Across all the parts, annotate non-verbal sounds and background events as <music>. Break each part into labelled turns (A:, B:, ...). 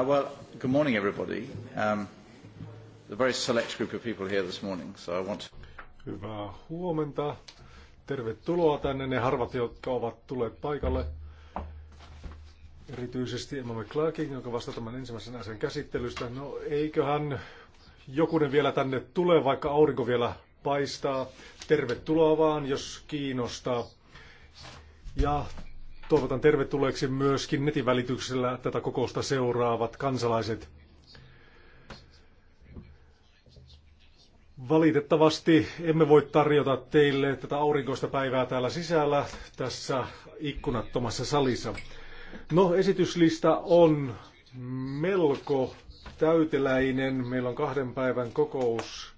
A: Uh, well, good morning, everybody. Um, the very select group of people here this morning, so I want to...
B: Hyvää huomenta. Tervetuloa tänne ne harvat, jotka ovat tulleet paikalle. Erityisesti Emma McClarkin, joka vastaa tämän ensimmäisen asian käsittelystä. No eiköhän jokunen vielä tänne tule, vaikka aurinko vielä paistaa. Tervetuloa vaan, jos kiinnostaa. Ja Toivotan tervetulleeksi myöskin netin välityksellä tätä kokousta seuraavat kansalaiset. Valitettavasti emme voi tarjota teille tätä aurinkoista päivää täällä sisällä tässä ikkunattomassa salissa. No, esityslista on melko täyteläinen. Meillä on kahden päivän kokous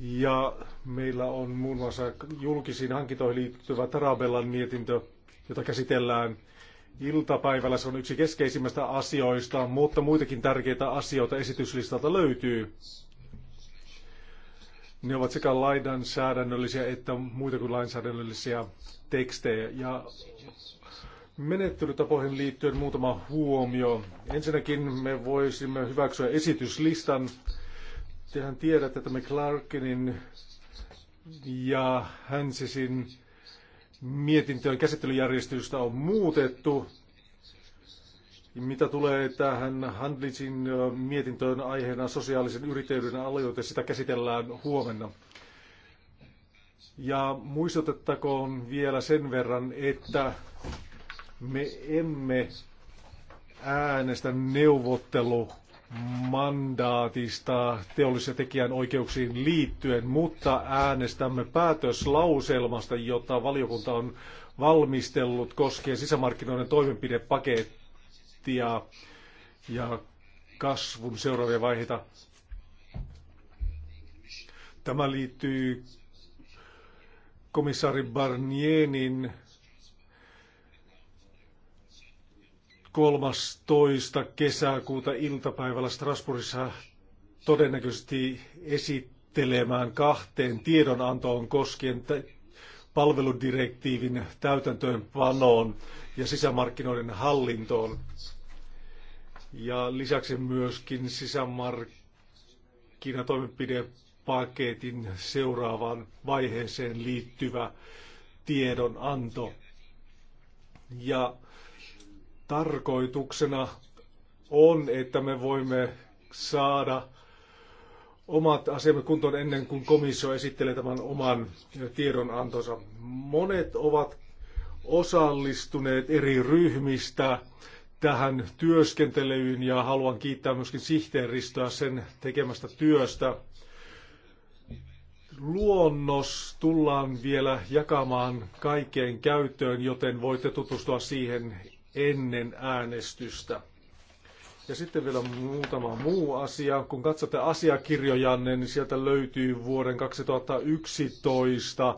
B: ja meillä on muun muassa julkisiin hankintoihin liittyvä Tarabellan mietintö, jota käsitellään iltapäivällä. Se on yksi keskeisimmistä asioista, mutta muitakin tärkeitä asioita esityslistalta löytyy. Ne ovat sekä lainsäädännöllisiä että muita kuin lainsäädännöllisiä tekstejä. Ja menettelytapoihin liittyen muutama huomio. Ensinnäkin me voisimme hyväksyä esityslistan Tehän tiedätte, että McClarkinin ja Hänsisin mietintöön käsittelyjärjestystä on muutettu. Mitä tulee tähän Handlisin mietintöön aiheena sosiaalisen yrittäjyyden aloite, sitä käsitellään huomenna. Ja muistutettakoon vielä sen verran, että me emme äänestä neuvottelu mandaatista teollis- ja tekijänoikeuksiin liittyen, mutta äänestämme päätöslauselmasta, jota valiokunta on valmistellut koskien sisämarkkinoiden toimenpidepakettia ja kasvun seuraavia vaiheita. Tämä liittyy komissaari Barnierin 13. kesäkuuta iltapäivällä Strasbourgissa todennäköisesti esittelemään kahteen tiedonantoon koskien palveludirektiivin täytäntöönpanoon ja sisämarkkinoiden hallintoon. Ja lisäksi myöskin sisämarkkinatoimenpidepaketin seuraavaan vaiheeseen liittyvä tiedonanto. Ja tarkoituksena on, että me voimme saada omat asiamme kuntoon ennen kuin komissio esittelee tämän oman tiedonantonsa. Monet ovat osallistuneet eri ryhmistä tähän työskentelyyn ja haluan kiittää myöskin sihteeristöä sen tekemästä työstä. Luonnos tullaan vielä jakamaan kaikkeen käyttöön, joten voitte tutustua siihen ennen äänestystä. Ja sitten vielä muutama muu asia. Kun katsotte asiakirjojanne, niin sieltä löytyy vuoden 2011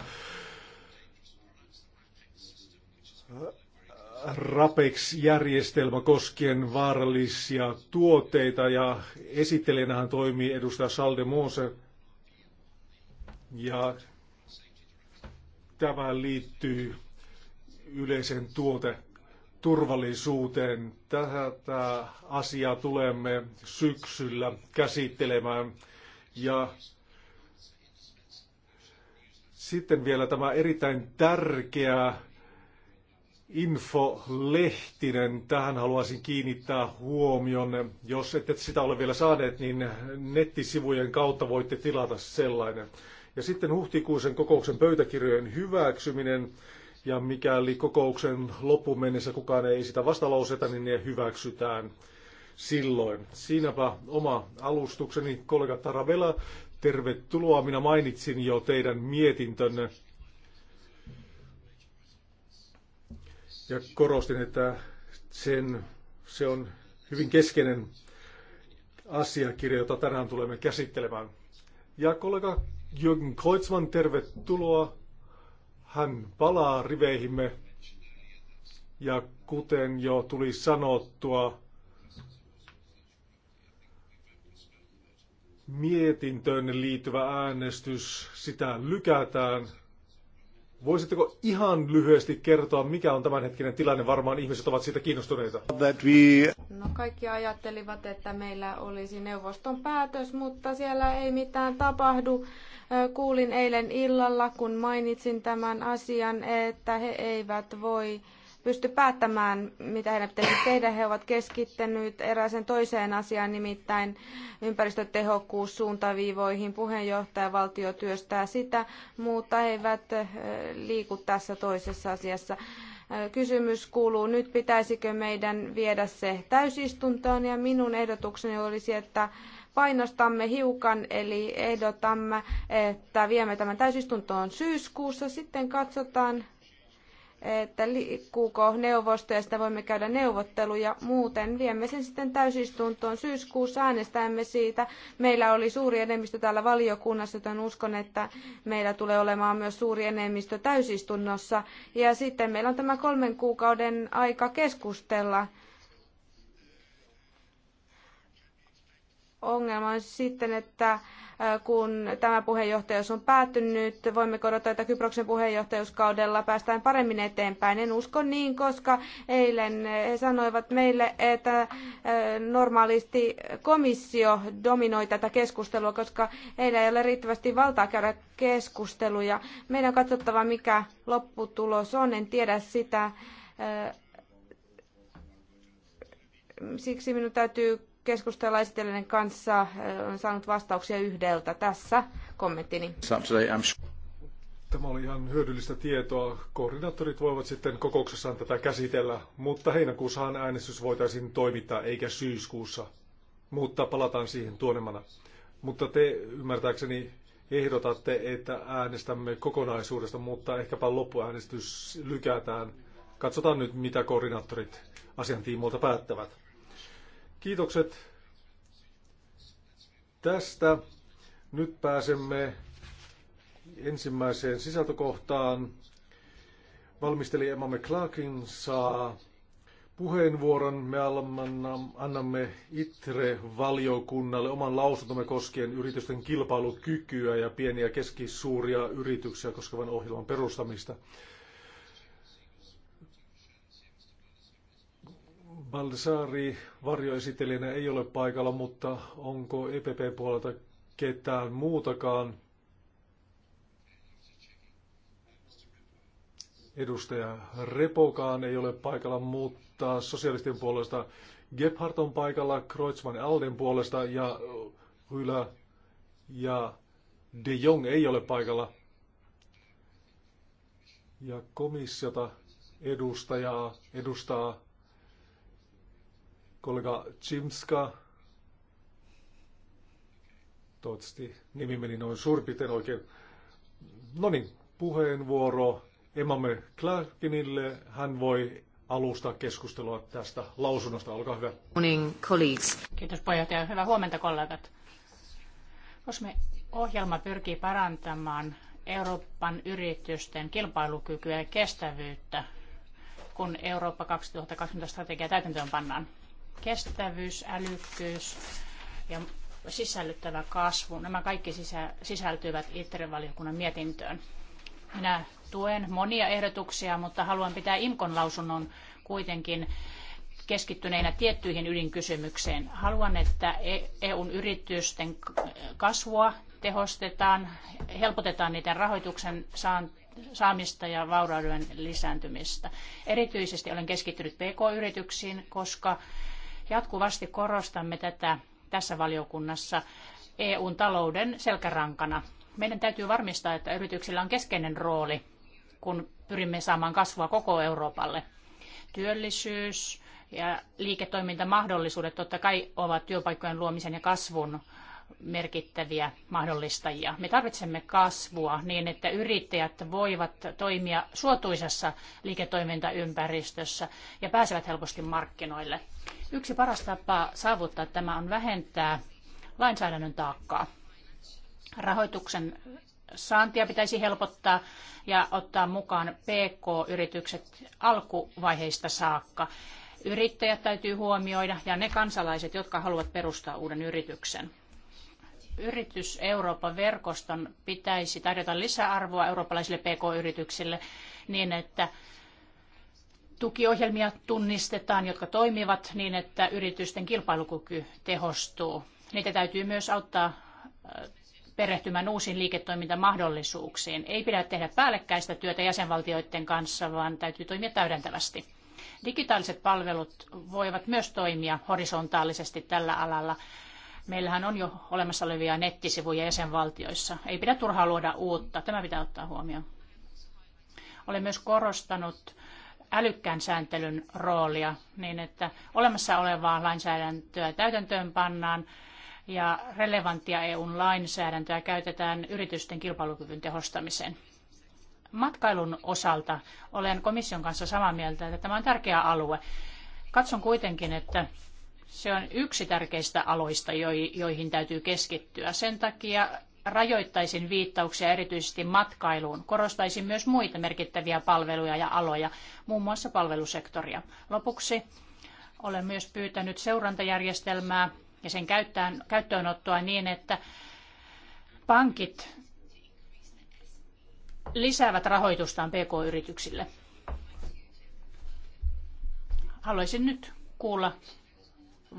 B: RAPEX-järjestelmä koskien vaarallisia tuotteita ja esittelijänähän toimii edustaja Salde Moose. Ja tämä liittyy yleisen tuote turvallisuuteen. Tätä asiaa tulemme syksyllä käsittelemään. Ja sitten vielä tämä erittäin tärkeä infolehtinen. Tähän haluaisin kiinnittää huomion. Jos ette sitä ole vielä saaneet, niin nettisivujen kautta voitte tilata sellainen. Ja sitten huhtikuisen kokouksen pöytäkirjojen hyväksyminen. Ja mikäli kokouksen loppuun mennessä kukaan ei esitä vastalauseita niin ne hyväksytään silloin. Siinäpä oma alustukseni, kollega Tarabella, tervetuloa. Minä mainitsin jo teidän mietintönne. Ja korostin, että sen, se on hyvin keskeinen asiakirja, jota tänään tulemme käsittelemään. Ja kollega Jürgen Kreutzmann, tervetuloa hän palaa riveihimme ja kuten jo tuli sanottua, mietintöön liittyvä äänestys, sitä lykätään. Voisitteko ihan lyhyesti kertoa, mikä on tämänhetkinen tilanne? Varmaan ihmiset ovat siitä kiinnostuneita.
C: No kaikki ajattelivat, että meillä olisi neuvoston päätös, mutta siellä ei mitään tapahdu. Kuulin eilen illalla, kun mainitsin tämän asian, että he eivät voi pysty päättämään, mitä heidän pitäisi tehdä. He ovat keskittyneet erääseen toiseen asiaan, nimittäin ympäristötehokkuussuuntaviivoihin. Puheenjohtajavaltio työstää sitä, mutta he eivät liiku tässä toisessa asiassa. Kysymys kuuluu, nyt pitäisikö meidän viedä se täysistuntoon ja minun ehdotukseni olisi, että painostamme hiukan, eli ehdotamme, että viemme tämän täysistuntoon syyskuussa. Sitten katsotaan, että liikkuuko neuvosto ja sitä voimme käydä neuvotteluja. Muuten viemme sen sitten täysistuntoon syyskuussa, äänestämme siitä. Meillä oli suuri enemmistö täällä valiokunnassa, joten uskon, että meillä tulee olemaan myös suuri enemmistö täysistunnossa. Ja sitten meillä on tämä kolmen kuukauden aika keskustella ongelma on sitten, että äh, kun tämä puheenjohtajuus on päättynyt, voimmeko odottaa, että Kyproksen puheenjohtajuuskaudella päästään paremmin eteenpäin. En usko niin, koska eilen he sanoivat meille, että äh, normaalisti komissio dominoi tätä keskustelua, koska heillä ei ole riittävästi valtaa käydä keskusteluja. Meidän on katsottava, mikä lopputulos on. En tiedä sitä. Äh, siksi minun täytyy keskustella esittelijän kanssa. Äh, olen saanut vastauksia yhdeltä. Tässä kommenttini.
B: Tämä oli ihan hyödyllistä tietoa. Koordinaattorit voivat sitten kokouksessaan tätä käsitellä, mutta heinäkuussahan äänestys voitaisiin toimittaa, eikä syyskuussa. Mutta palataan siihen tuonemana. Mutta te ymmärtääkseni ehdotatte, että äänestämme kokonaisuudesta, mutta ehkäpä loppuäänestys lykätään. Katsotaan nyt, mitä koordinaattorit asiantiimolta päättävät. Kiitokset tästä. Nyt pääsemme ensimmäiseen sisältökohtaan. Valmistelija Emma McClarkin saa puheenvuoron. Me annamme ITRE-valiokunnalle oman lausuntomme koskien yritysten kilpailukykyä ja pieniä keskisuuria yrityksiä koskevan ohjelman perustamista. Balsaari varjoesittelijänä ei ole paikalla, mutta onko EPP puolelta ketään muutakaan? Edustaja Repokaan ei ole paikalla, mutta sosialistien puolesta Gebhardt on paikalla, Kreutzmann Alden puolesta ja Hylä ja De Jong ei ole paikalla. Ja komissiota edustajaa edustaa kollega Chimska. Toivottavasti nimi meni noin suurin oikein. No niin, puheenvuoro Emamme Clarkinille. Hän voi alustaa keskustelua tästä lausunnosta. Olkaa hyvä.
A: Morning, colleagues. Kiitos puheenjohtaja. Hyvää huomenta kollegat. me ohjelma pyrkii parantamaan Euroopan yritysten kilpailukykyä ja kestävyyttä, kun Eurooppa 2020 strategia täytäntöön pannaan kestävyys, älykkyys ja sisällyttävä kasvu. Nämä kaikki sisältyvät ITRE-valiokunnan mietintöön. Minä tuen monia ehdotuksia, mutta haluan pitää IMKON lausunnon kuitenkin keskittyneinä tiettyihin ydinkysymykseen. Haluan, että e, EUn yritysten kasvua tehostetaan, helpotetaan niiden rahoituksen saamista ja vaurauden lisääntymistä. Erityisesti olen keskittynyt PK-yrityksiin, koska Jatkuvasti korostamme tätä tässä valiokunnassa EUn talouden selkärankana. Meidän täytyy varmistaa, että yrityksillä on keskeinen rooli, kun pyrimme saamaan kasvua koko Euroopalle. Työllisyys ja liiketoimintamahdollisuudet totta kai ovat työpaikkojen luomisen ja kasvun merkittäviä mahdollistajia. Me tarvitsemme kasvua niin, että yrittäjät voivat toimia suotuisessa liiketoimintaympäristössä ja pääsevät helposti markkinoille. Yksi paras tapa saavuttaa tämä on vähentää lainsäädännön taakkaa. Rahoituksen saantia pitäisi helpottaa ja ottaa mukaan PK-yritykset alkuvaiheista saakka. Yrittäjät täytyy huomioida ja ne kansalaiset, jotka haluavat perustaa uuden yrityksen yritys Euroopan verkoston pitäisi tarjota lisäarvoa eurooppalaisille pk-yrityksille niin, että tukiohjelmia tunnistetaan, jotka toimivat niin, että yritysten kilpailukyky tehostuu. Niitä täytyy myös auttaa perehtymään uusiin liiketoimintamahdollisuuksiin. Ei pidä tehdä päällekkäistä työtä jäsenvaltioiden kanssa, vaan täytyy toimia täydentävästi. Digitaaliset palvelut voivat myös toimia horisontaalisesti tällä alalla Meillähän on jo olemassa olevia nettisivuja jäsenvaltioissa. Ei pidä turhaa luoda uutta. Tämä pitää ottaa huomioon. Olen myös korostanut älykkään sääntelyn roolia niin, että olemassa olevaa lainsäädäntöä täytäntöön pannaan ja relevanttia EUn lainsäädäntöä käytetään yritysten kilpailukyvyn tehostamiseen. Matkailun osalta olen komission kanssa samaa mieltä, että tämä on tärkeä alue. Katson kuitenkin, että se on yksi tärkeistä aloista, joihin täytyy keskittyä. Sen takia rajoittaisin viittauksia erityisesti matkailuun. Korostaisin myös muita merkittäviä palveluja ja aloja, muun muassa palvelusektoria. Lopuksi olen myös pyytänyt seurantajärjestelmää ja sen käyttöön, käyttöönottoa niin, että pankit lisäävät rahoitustaan pk-yrityksille. Haluaisin nyt kuulla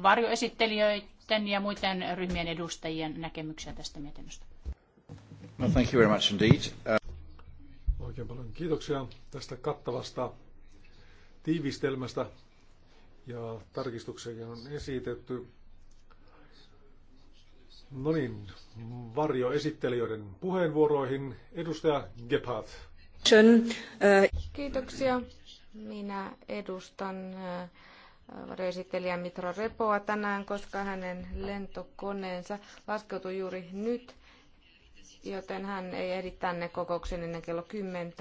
A: varjoesittelijöiden ja muiden ryhmien edustajien näkemyksiä tästä mietinnöstä. thank you very much indeed.
D: Uh...
B: Oikein paljon kiitoksia tästä kattavasta tiivistelmästä ja tarkistuksia on esitetty. No niin, varjoesittelijöiden puheenvuoroihin. Edustaja Gebhardt.
C: Uh, kiitoksia. Minä edustan uh, varjoesittelijä Mitra Repoa tänään, koska hänen lentokoneensa laskeutui juuri nyt, joten hän ei ehdi tänne kokouksen ennen kello 10.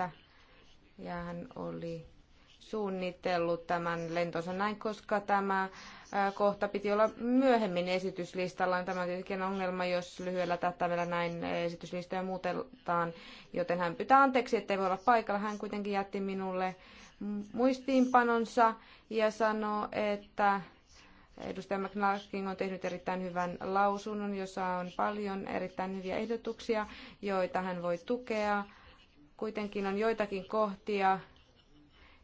C: Ja hän oli suunnitellut tämän lentonsa näin, koska tämä kohta piti olla myöhemmin esityslistalla. Tämä on tietenkin ongelma, jos lyhyellä tähtäimellä näin esityslistoja muutetaan, joten hän pyytää anteeksi, ettei voi olla paikalla. Hän kuitenkin jätti minulle muistiinpanonsa ja sanoo, että Edustaja McNarkin on tehnyt erittäin hyvän lausunnon, jossa on paljon erittäin hyviä ehdotuksia, joita hän voi tukea. Kuitenkin on joitakin kohtia,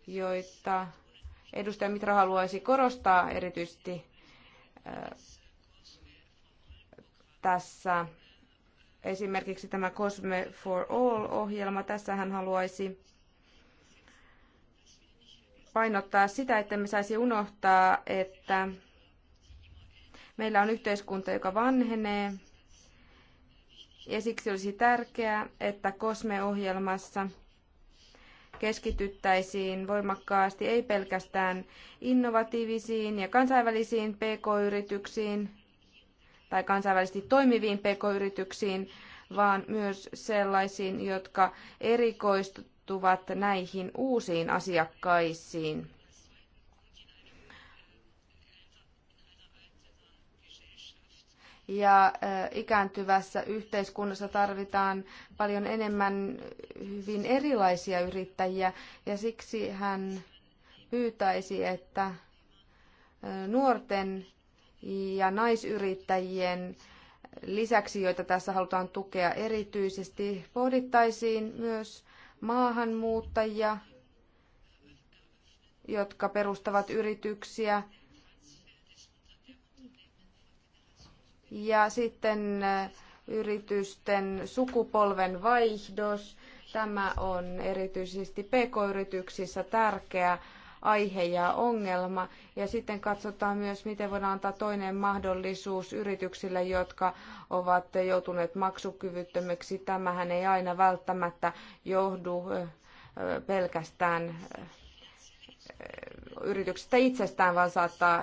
C: joita edustaja Mitra haluaisi korostaa erityisesti äh, tässä. Esimerkiksi tämä Cosme for All-ohjelma. Tässä hän haluaisi painottaa sitä, että me saisi unohtaa, että meillä on yhteiskunta, joka vanhenee. Ja siksi olisi tärkeää, että kosmeohjelmassa keskityttäisiin voimakkaasti ei pelkästään innovatiivisiin ja kansainvälisiin pk-yrityksiin tai kansainvälisesti toimiviin pk-yrityksiin, vaan myös sellaisiin, jotka erikoistuvat ulottuvat näihin uusiin asiakkaisiin. ja ikääntyvässä yhteiskunnassa tarvitaan paljon enemmän hyvin erilaisia yrittäjiä ja siksi hän pyytäisi, että nuorten ja naisyrittäjien lisäksi, joita tässä halutaan tukea erityisesti, pohdittaisiin myös maahanmuuttajia, jotka perustavat yrityksiä. Ja sitten äh, yritysten sukupolven vaihdos. Tämä on erityisesti pk-yrityksissä tärkeä aihe ja ongelma. Ja sitten katsotaan myös, miten voidaan antaa toinen mahdollisuus yrityksille, jotka ovat joutuneet maksukyvyttömyksi. Tämähän ei aina välttämättä johdu pelkästään yrityksestä itsestään, vaan saattaa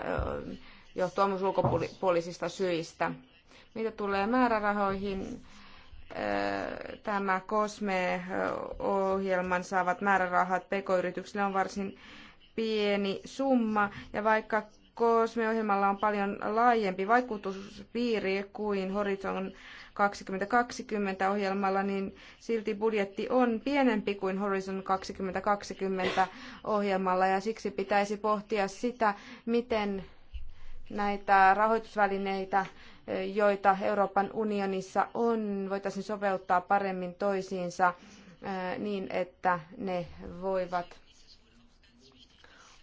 C: johtua myös ulkopuolisista syistä. Mitä tulee määrärahoihin, tämä COSME-ohjelman saavat määrärahat pk-yrityksille on varsin pieni summa ja vaikka COSME-ohjelmalla on paljon laajempi vaikutuspiiri kuin Horizon 2020 ohjelmalla, niin silti budjetti on pienempi kuin Horizon 2020 ohjelmalla ja siksi pitäisi pohtia sitä, miten näitä rahoitusvälineitä, joita Euroopan unionissa on, voitaisiin sopeuttaa paremmin toisiinsa niin, että ne voivat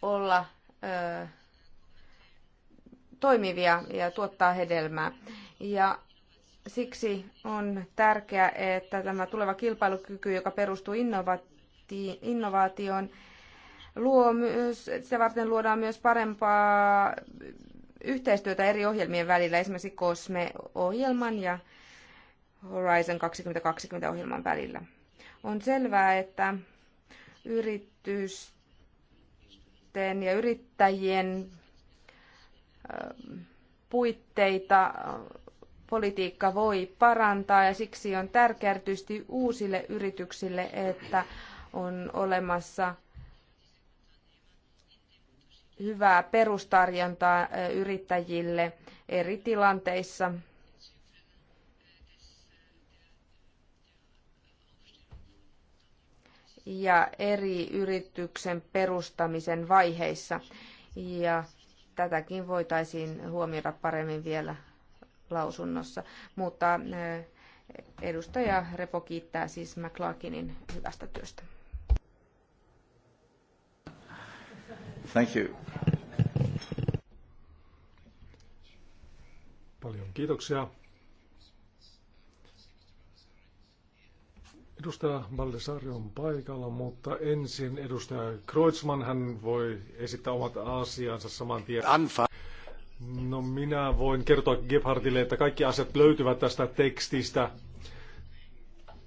C: olla toimivia ja tuottaa hedelmää. Ja siksi on tärkeää, että tämä tuleva kilpailukyky, joka perustuu innovaatioon, luo myös, sitä varten luodaan myös parempaa yhteistyötä eri ohjelmien välillä, esimerkiksi COSME-ohjelman ja Horizon 2020-ohjelman välillä. On selvää, että yritys yritysten ja yrittäjien puitteita politiikka voi parantaa ja siksi on tärkeää erityisesti uusille yrityksille, että on olemassa hyvää perustarjontaa yrittäjille eri tilanteissa – ja eri yrityksen perustamisen vaiheissa. Ja tätäkin voitaisiin huomioida paremmin vielä lausunnossa. Mutta eh, edustaja Repo kiittää siis McLaakinin hyvästä työstä.
A: Thank you.
B: Paljon kiitoksia. Edustaja Baldessari on paikalla, mutta ensin edustaja Kreutzmann, hän voi esittää omat asiansa saman tien. Anfa. No minä voin kertoa Gebhardille, että kaikki asiat löytyvät tästä tekstistä.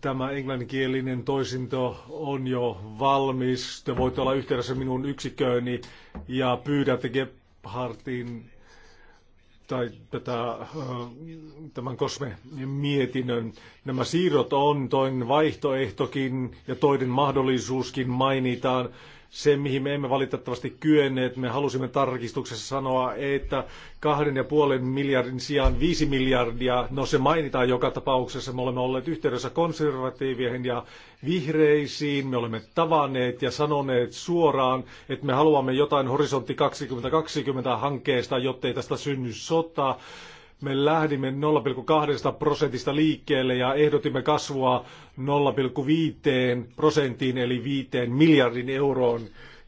B: Tämä englanninkielinen toisinto on jo valmis. Te voitte olla yhteydessä minun yksikööni ja pyydätte Gebhardin tai tätä, äh, tämän Kosme-mietinnön. Nämä siirrot on toinen vaihtoehtokin ja toinen mahdollisuuskin mainitaan se, mihin me emme valitettavasti kyenneet. Me halusimme tarkistuksessa sanoa, että kahden ja puolen miljardin sijaan viisi miljardia, no se mainitaan joka tapauksessa. Me olemme olleet yhteydessä konservatiivien ja vihreisiin, me olemme tavanneet ja sanoneet suoraan, että me haluamme jotain horisontti 2020 hankkeesta, jottei tästä synny sotaa me lähdimme 0,2 prosentista liikkeelle ja ehdotimme kasvua 0,5 prosenttiin eli 5 miljardin euroon.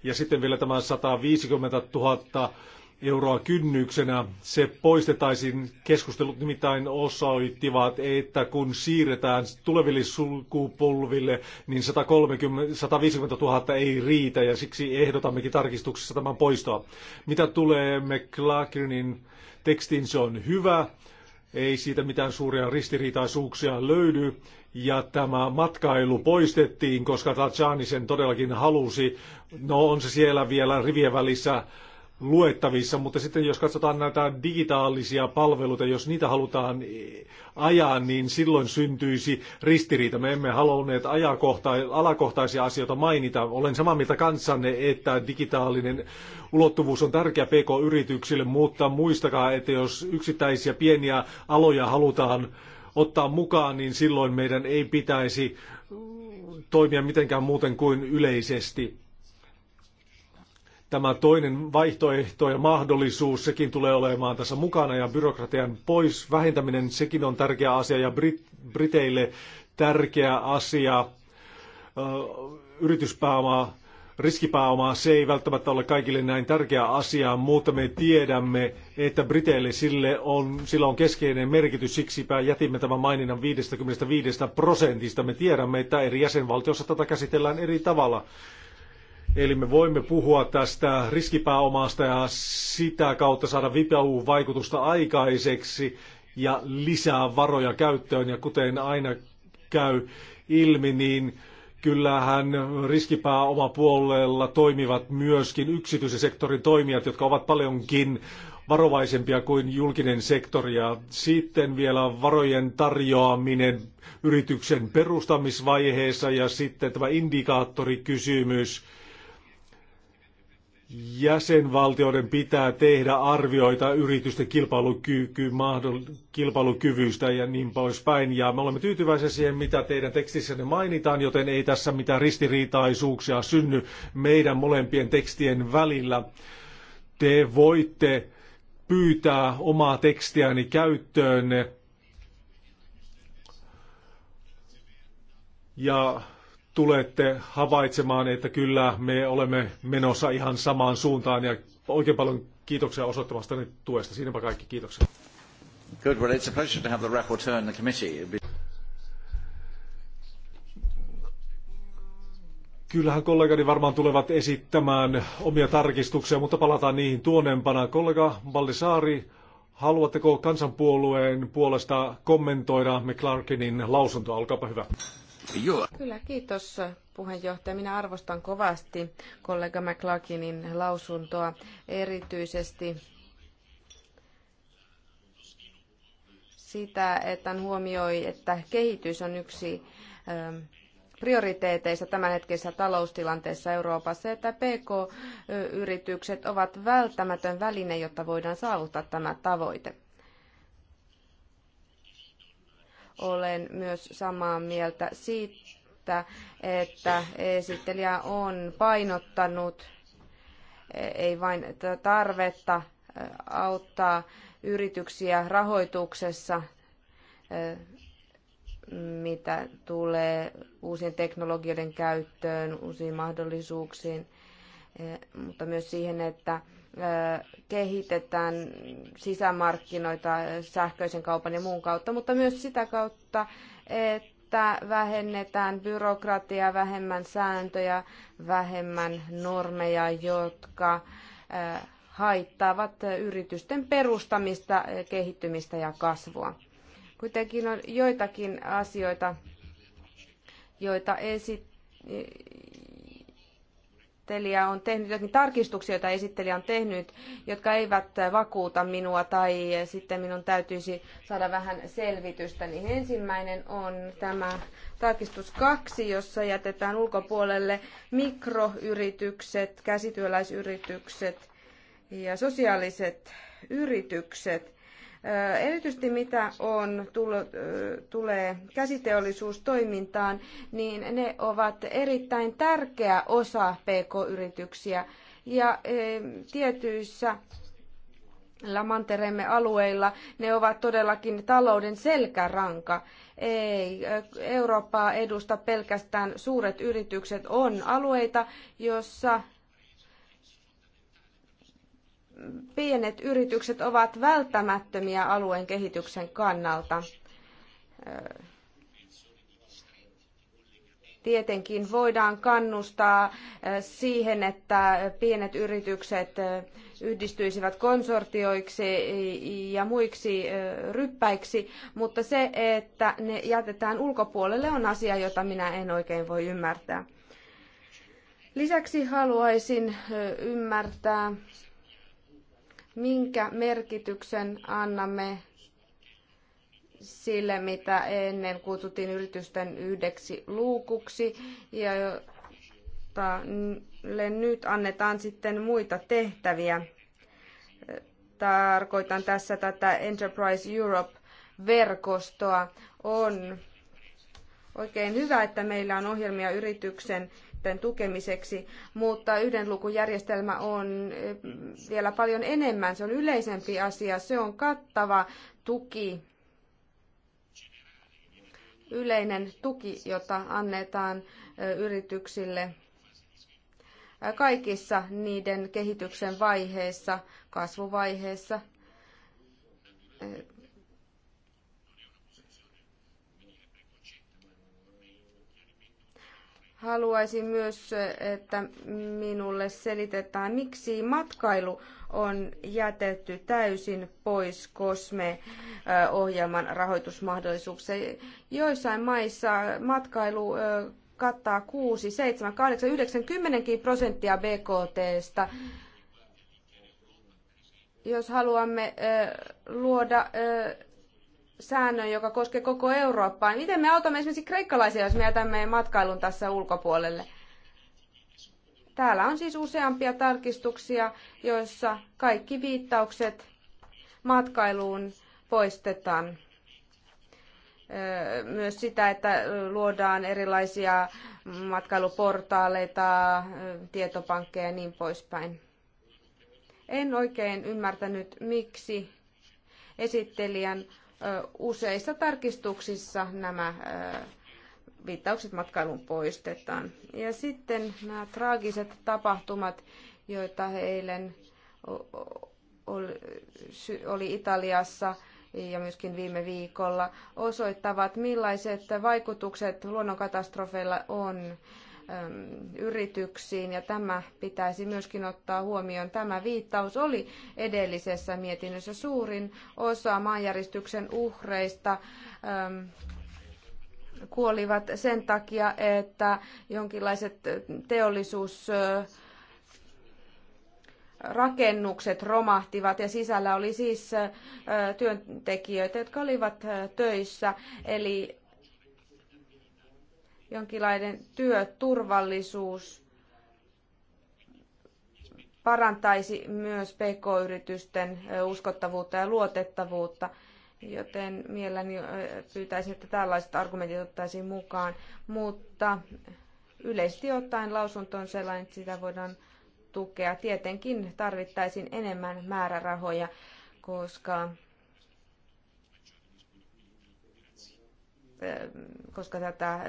B: Ja sitten vielä tämä 150 000 euroa kynnyksenä. Se poistetaisiin. Keskustelut nimittäin osoittivat, että kun siirretään tuleville sulkupolville, niin 130, 150 000 ei riitä ja siksi ehdotammekin tarkistuksessa tämän poistoa. Mitä tulee McLaughlinin tekstin. Se on hyvä, ei siitä mitään suuria ristiriitaisuuksia löydy. Ja tämä matkailu poistettiin, koska Tajani sen todellakin halusi. No on se siellä vielä rivien välissä luettavissa, mutta sitten jos katsotaan näitä digitaalisia palveluita, jos niitä halutaan e, ajaa, niin silloin syntyisi ristiriita. Me emme halunneet ajakohta- alakohtaisia asioita mainita. Olen samaa mieltä kanssanne, että digitaalinen ulottuvuus on tärkeä PK-yrityksille, mutta muistakaa, että jos yksittäisiä pieniä aloja halutaan ottaa mukaan, niin silloin meidän ei pitäisi mm, toimia mitenkään muuten kuin yleisesti Tämä toinen vaihtoehto ja mahdollisuus, sekin tulee olemaan tässä mukana ja byrokratian pois vähentäminen, sekin on tärkeä asia ja Brit- Briteille tärkeä asia. Yrityspääomaa, riskipääomaa, se ei välttämättä ole kaikille näin tärkeä asia, mutta me tiedämme, että Briteille sille on, sillä on keskeinen merkitys, siksipä jätimme tämän maininnan 55 prosentista. Me tiedämme, että eri jäsenvaltiossa tätä käsitellään eri tavalla. Eli me voimme puhua tästä riskipääomasta ja sitä kautta saada vipau-vaikutusta aikaiseksi ja lisää varoja käyttöön. Ja kuten aina käy ilmi, niin kyllähän puolella toimivat myöskin yksityisen sektorin toimijat, jotka ovat paljonkin varovaisempia kuin julkinen sektori. Ja sitten vielä varojen tarjoaminen yrityksen perustamisvaiheessa ja sitten tämä indikaattorikysymys jäsenvaltioiden pitää tehdä arvioita yritysten kilpailukyky, kilpailukyvystä ja niin poispäin. Ja me olemme tyytyväisiä siihen, mitä teidän tekstissänne mainitaan, joten ei tässä mitään ristiriitaisuuksia synny meidän molempien tekstien välillä. Te voitte pyytää omaa tekstiäni käyttöönne. Ja tulette havaitsemaan, että kyllä me olemme menossa ihan samaan suuntaan ja oikein paljon kiitoksia osoittamasta nyt tuesta. Siinäpä kaikki, kiitoksia. Good, well it's a
D: pleasure to have the rapporteur in the committee.
B: Kyllähän kollegani varmaan tulevat esittämään omia tarkistuksia, mutta palataan niihin tuonempana. Kollega Ballisaari, haluatteko kansanpuolueen puolesta kommentoida McClarkinin lausuntoa? Olkaapa hyvä.
C: Kyllä, kiitos puheenjohtaja. Minä arvostan kovasti kollega McLaughlinin lausuntoa, erityisesti sitä, että hän huomioi, että kehitys on yksi ähm, prioriteeteista tämänhetkisessä taloustilanteessa Euroopassa, että PK-yritykset ovat välttämätön väline, jotta voidaan saavuttaa tämä tavoite. Olen myös samaa mieltä siitä, että esittelijä on painottanut eh, ei vain tarvetta eh, auttaa yrityksiä rahoituksessa, eh, mitä tulee uusien teknologioiden käyttöön, uusiin mahdollisuuksiin, mutta myös siihen, että kehitetään sisämarkkinoita sähköisen kaupan ja muun kautta, mutta myös sitä kautta, että vähennetään byrokratiaa, vähemmän sääntöjä, vähemmän normeja, jotka haittaavat yritysten perustamista, kehittymistä ja kasvua. Kuitenkin on joitakin asioita, joita esit- esittelijä on tehnyt, jotakin tarkistuksia, joita esittelijä on tehnyt, jotka eivät vakuuta minua tai sitten minun täytyisi saada vähän selvitystä, niin ensimmäinen on tämä tarkistus kaksi, jossa jätetään ulkopuolelle mikroyritykset, käsityöläisyritykset ja sosiaaliset yritykset. Erityisesti mitä on, tulo, tulee käsiteollisuustoimintaan, niin ne ovat erittäin tärkeä osa PK-yrityksiä. Ja tietyissä Lamanteremme alueilla ne ovat todellakin talouden selkäranka. Ei Eurooppaa edusta pelkästään suuret yritykset. On alueita, joissa pienet yritykset ovat välttämättömiä alueen kehityksen kannalta. Tietenkin voidaan kannustaa eh, siihen, että pienet yritykset eh, yhdistyisivät konsortioiksi eh, ja muiksi ryppäiksi, mutta se, että ne jätetään ulkopuolelle, on asia, jota minä en oikein voi ymmärtää. Lisäksi haluaisin ymmärtää minkä merkityksen annamme sille, mitä ennen kutsuttiin yritysten yhdeksi luukuksi, ja jolle nyt annetaan sitten muita tehtäviä. Tarkoitan tässä tätä Enterprise Europe-verkostoa. On oikein hyvä, että meillä on ohjelmia yrityksen tukemiseksi, mutta yhden lukujärjestelmä on eh, vielä paljon enemmän. Se on yleisempi asia, se on kattava tuki, yleinen tuki, jota annetaan eh, yrityksille eh, kaikissa niiden kehityksen vaiheissa, kasvuvaiheessa, Haluaisin myös, että minulle selitetään, miksi matkailu on jätetty täysin pois COSME-ohjelman rahoitusmahdollisuuksia. Joissain maissa matkailu kattaa 6, 7, 8, 90 prosenttia BKTstä. Jos haluamme luoda säännön, joka koskee koko Eurooppaa. Miten me autamme esimerkiksi kreikkalaisia, jos me jätämme matkailun tässä ulkopuolelle? Täällä on siis useampia tarkistuksia, joissa kaikki viittaukset matkailuun poistetaan. Myös sitä, että luodaan erilaisia matkailuportaaleita, tietopankkeja ja niin poispäin. En oikein ymmärtänyt, miksi esittelijän useissa tarkistuksissa nämä viittaukset matkailun poistetaan. Ja sitten nämä traagiset tapahtumat, joita eilen oli Italiassa ja myöskin viime viikolla, osoittavat millaiset vaikutukset luonnonkatastrofeilla on yrityksiin ja tämä pitäisi myöskin ottaa huomioon. Tämä viittaus oli edellisessä mietinnössä suurin osa maanjäristyksen uhreista kuolivat sen takia, että jonkinlaiset teollisuus rakennukset romahtivat ja sisällä oli siis työntekijöitä, jotka olivat töissä. Eli jonkinlainen työturvallisuus parantaisi myös pk-yritysten uskottavuutta ja luotettavuutta, joten mielelläni pyytäisin, että tällaiset argumentit ottaisiin mukaan. Mutta yleisesti ottaen lausunto on sellainen, että sitä voidaan tukea. Tietenkin tarvittaisiin enemmän määrärahoja, koska koska tätä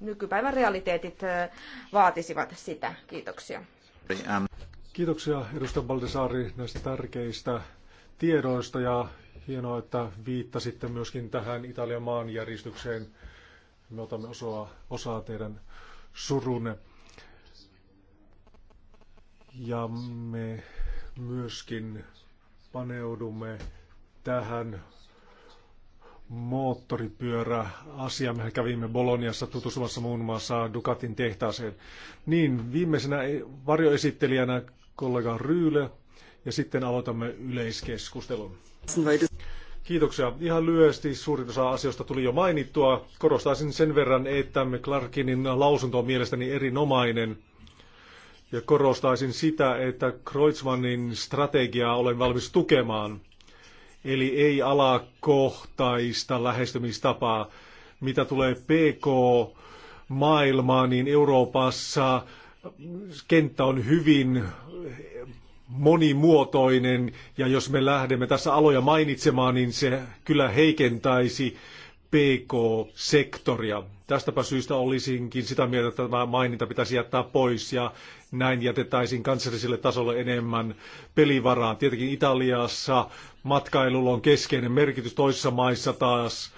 C: nykypäivän realiteetit vaatisivat sitä. Kiitoksia.
B: Kiitoksia edustaja Baldessari näistä tärkeistä tiedoista ja hienoa, että viittasitte myöskin tähän Italian maanjäristykseen. Me otamme osaa, osaa teidän surunne. Ja me myöskin paneudumme tähän moottoripyörä-asia. Mehän kävimme Boloniassa tutustumassa muun muassa Ducatin tehtaaseen. Niin, viimeisenä e- varjoesittelijänä kollega Ryyle ja sitten aloitamme yleiskeskustelun. Kiitoksia. Ihan lyhyesti suurin osa asioista tuli jo mainittua. Korostaisin sen verran, että Clarkinin lausunto on mielestäni erinomainen. Ja korostaisin sitä, että Kreutzmannin strategiaa olen valmis tukemaan – eli ei alakohtaista lähestymistapaa. Mitä tulee PK-maailmaan, niin Euroopassa kenttä on hyvin monimuotoinen, ja jos me lähdemme tässä aloja mainitsemaan, niin se kyllä heikentäisi PK-sektoria. Tästäpä syystä olisinkin sitä mieltä, että tämä maininta pitäisi jättää pois ja näin jätettäisiin kansalliselle tasolle enemmän pelivaraa. Tietenkin Italiassa matkailulla on keskeinen merkitys, toisissa maissa taas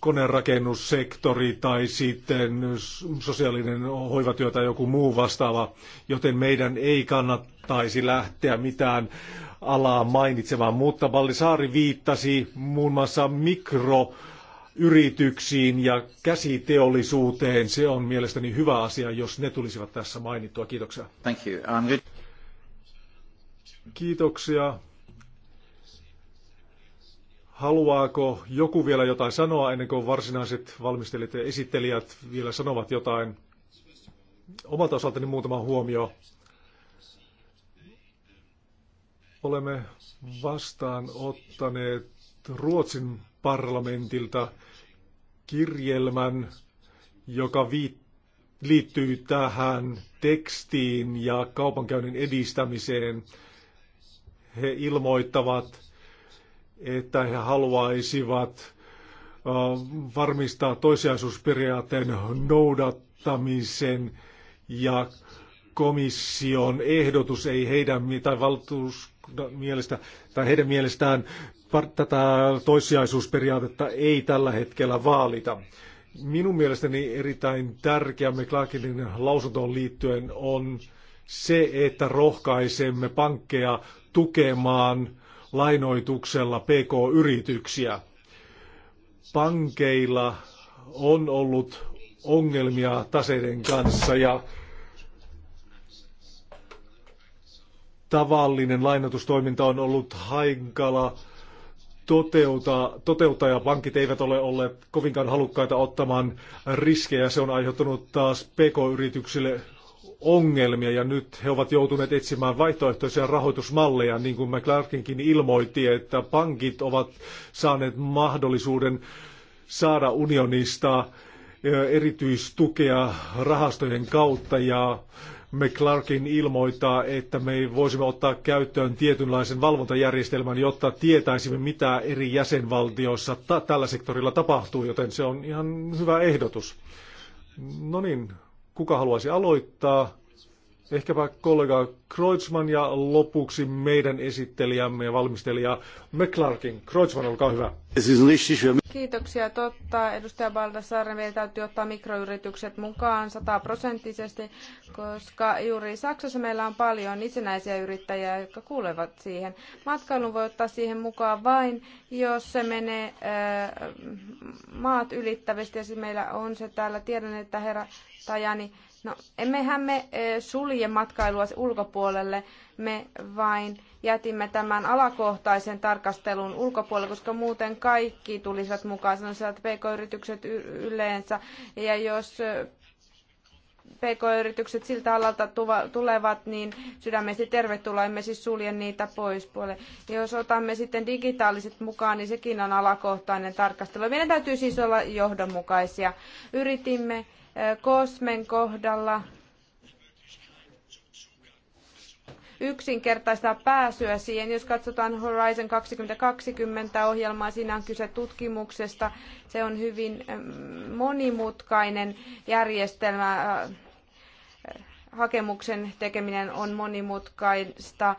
B: konerakennussektori tai sitten sosiaalinen hoivatyö tai joku muu vastaava, joten meidän ei kannattaisi lähteä mitään alaa mainitsemaan, mutta Ballisaari viittasi muun muassa mikro yrityksiin ja käsiteollisuuteen. Se on mielestäni hyvä asia, jos ne tulisivat tässä mainittua. Kiitoksia. Thank you. Kiitoksia. Haluaako joku vielä jotain sanoa ennen kuin varsinaiset valmistelijat ja esittelijät vielä sanovat jotain? Omalta osaltani muutama huomio. Olemme vastaan ottaneet Ruotsin parlamentilta kirjelmän, joka viittaa liittyy tähän tekstiin ja kaupankäynnin edistämiseen. He ilmoittavat, että he haluaisivat varmistaa toisiaisuusperiaatteen noudattamisen ja komission ehdotus ei heidän tai valtuus mielestä, tai heidän mielestään tätä toissijaisuusperiaatetta ei tällä hetkellä vaalita. Minun mielestäni erittäin tärkeä McClarkinin lausuntoon liittyen on se, että rohkaisemme pankkeja tukemaan lainoituksella PK-yrityksiä. Pankeilla on ollut ongelmia taseiden kanssa ja tavallinen lainatustoiminta on ollut hankala toteuta, toteuttajapankit eivät ole olleet kovinkaan halukkaita ottamaan riskejä. Se on aiheuttanut taas PK-yrityksille ongelmia ja nyt he ovat joutuneet etsimään vaihtoehtoisia rahoitusmalleja, niin kuin McClarkinkin ilmoitti, että pankit ovat saaneet mahdollisuuden saada unionista erityistukea rahastojen kautta ja McClarkin ilmoittaa, että me voisimme ottaa käyttöön tietynlaisen valvontajärjestelmän, jotta tietäisimme, mitä eri jäsenvaltioissa tällä sektorilla tapahtuu, joten se on ihan hyvä ehdotus. No niin, kuka haluaisi aloittaa? Ehkäpä kollega Kreutzmann ja lopuksi meidän esittelijämme ja valmistelija McClarkin. Kreutzmann, olkaa hyvä.
C: Kiitoksia. Totta, edustaja Baldassarre, meidän täytyy ottaa mikroyritykset mukaan sataprosenttisesti, koska juuri Saksassa meillä on paljon itsenäisiä yrittäjiä, jotka kuulevat siihen. Matkailun voi ottaa siihen mukaan vain, jos se menee äh, maat ylittävästi ja siis meillä on se täällä. Tiedän, että herra Tajani No, emmehän me sulje matkailua ulkopuolelle, me vain jätimme tämän alakohtaisen tarkastelun ulkopuolelle, koska muuten kaikki tulisivat mukaan, sanoisivat pk-yritykset yleensä, ja jos PK-yritykset siltä alalta tulevat, niin sydämesti tervetuloa, emme siis sulje niitä pois puolelle. Jos otamme sitten digitaaliset mukaan, niin sekin on alakohtainen tarkastelu. Meidän täytyy siis olla johdonmukaisia. Yritimme Kosmen kohdalla yksinkertaistaa pääsyä siihen. Jos katsotaan Horizon 2020 ohjelmaa, siinä on kyse tutkimuksesta. Se on hyvin monimutkainen järjestelmä hakemuksen tekeminen on monimutkaista.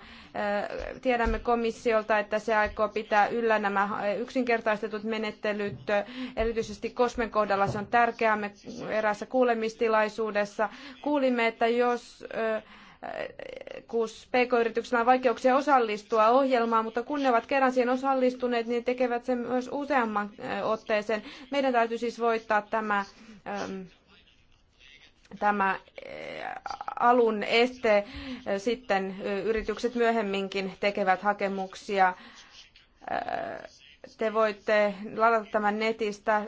C: Tiedämme komissiolta, että se aikoo pitää yllä nämä yksinkertaistetut menettelyt. Erityisesti Kosmen kohdalla se on tärkeää. Me eräässä kuulemistilaisuudessa kuulimme, että jos kun PK-yrityksillä on vaikeuksia osallistua ohjelmaan, mutta kun ne ovat kerran siihen osallistuneet, niin tekevät sen myös useamman otteeseen. Meidän täytyy siis voittaa tämä tämä eh, alun este sitten eh, yritykset myöhemminkin tekevät hakemuksia. Eh, te voitte ladata tämän netistä.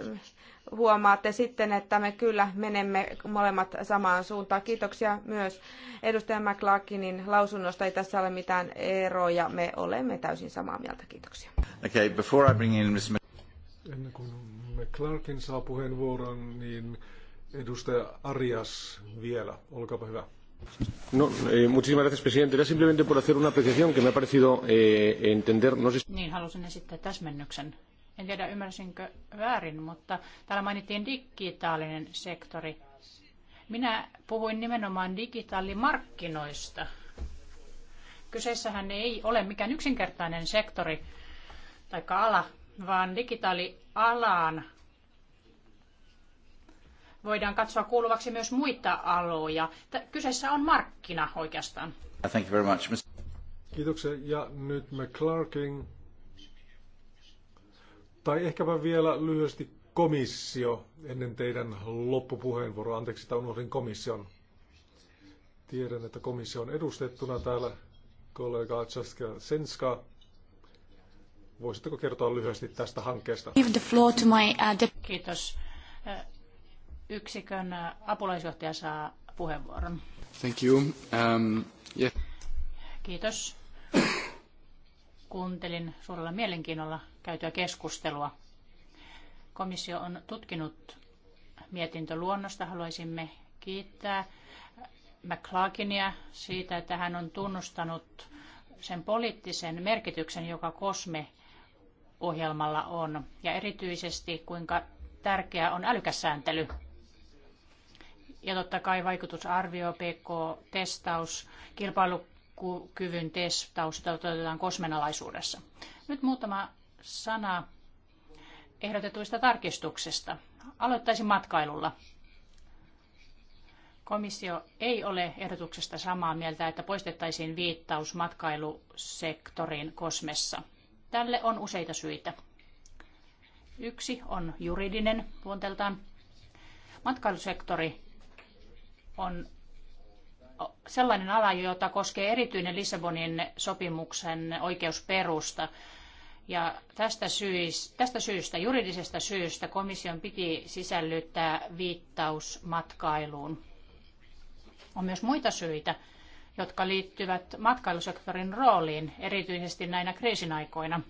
C: Huomaatte sitten, että me kyllä menemme molemmat samaan suuntaan. Kiitoksia myös edustaja McLaakinin lausunnosta. Ei tässä ole mitään eroja. Me olemme täysin samaa mieltä. Kiitoksia.
A: Okay, before I bring in Ms.
B: Ennen kuin McClarkin saa puheenvuoron, niin Edustaja Arias vielä, olkaapa hyvä. No, eh, muchísimas gracias, presidente. Era simplemente por hacer una apreciación que me ha parecido eh, entender. No sé...
A: Niin, halusin esittää täsmennyksen. En tiedä, ymmärsinkö väärin, mutta täällä mainittiin digitaalinen sektori. Minä puhuin nimenomaan digitaalimarkkinoista. Kyseessähän ei ole mikään yksinkertainen sektori tai ala, vaan digitaalialaan voidaan katsoa kuuluvaksi myös muita aloja. Kyseessä on markkina oikeastaan.
B: Thank you very much. Kiitoksia. Ja nyt McClarkin. Tai ehkäpä vielä lyhyesti komissio ennen teidän loppupuheenvuoroa. Anteeksi, että unohdin komission. Tiedän, että komissio on edustettuna täällä kollega Czeska Senska. Voisitteko kertoa lyhyesti tästä hankkeesta?
A: Uh, Kiitos yksikön apulaisjohtaja saa puheenvuoron.
E: Thank you. Um,
F: yeah.
A: Kiitos. Kuuntelin suurella mielenkiinnolla käytyä keskustelua. Komissio on tutkinut mietintöluonnosta. Haluaisimme kiittää McClarkinia siitä, että hän on tunnustanut sen poliittisen merkityksen, joka COSME-ohjelmalla on, ja erityisesti kuinka tärkeää on älykäs sääntely ja totta kai vaikutusarvio, PK-testaus, kilpailukyvyn testaus toteutetaan kosmenalaisuudessa. Nyt muutama sana ehdotetuista tarkistuksista. Aloittaisin matkailulla. Komissio ei ole ehdotuksesta samaa mieltä, että poistettaisiin viittaus matkailusektorin kosmessa. Tälle on useita syitä. Yksi on juridinen luonteeltaan. Matkailusektori on sellainen ala, jota koskee erityinen Lissabonin sopimuksen oikeusperusta. Ja tästä, syystä, tästä syystä, juridisesta syystä, komission piti sisällyttää viittaus matkailuun. On myös muita syitä, jotka liittyvät matkailusektorin rooliin, erityisesti näinä kriisin aikoina.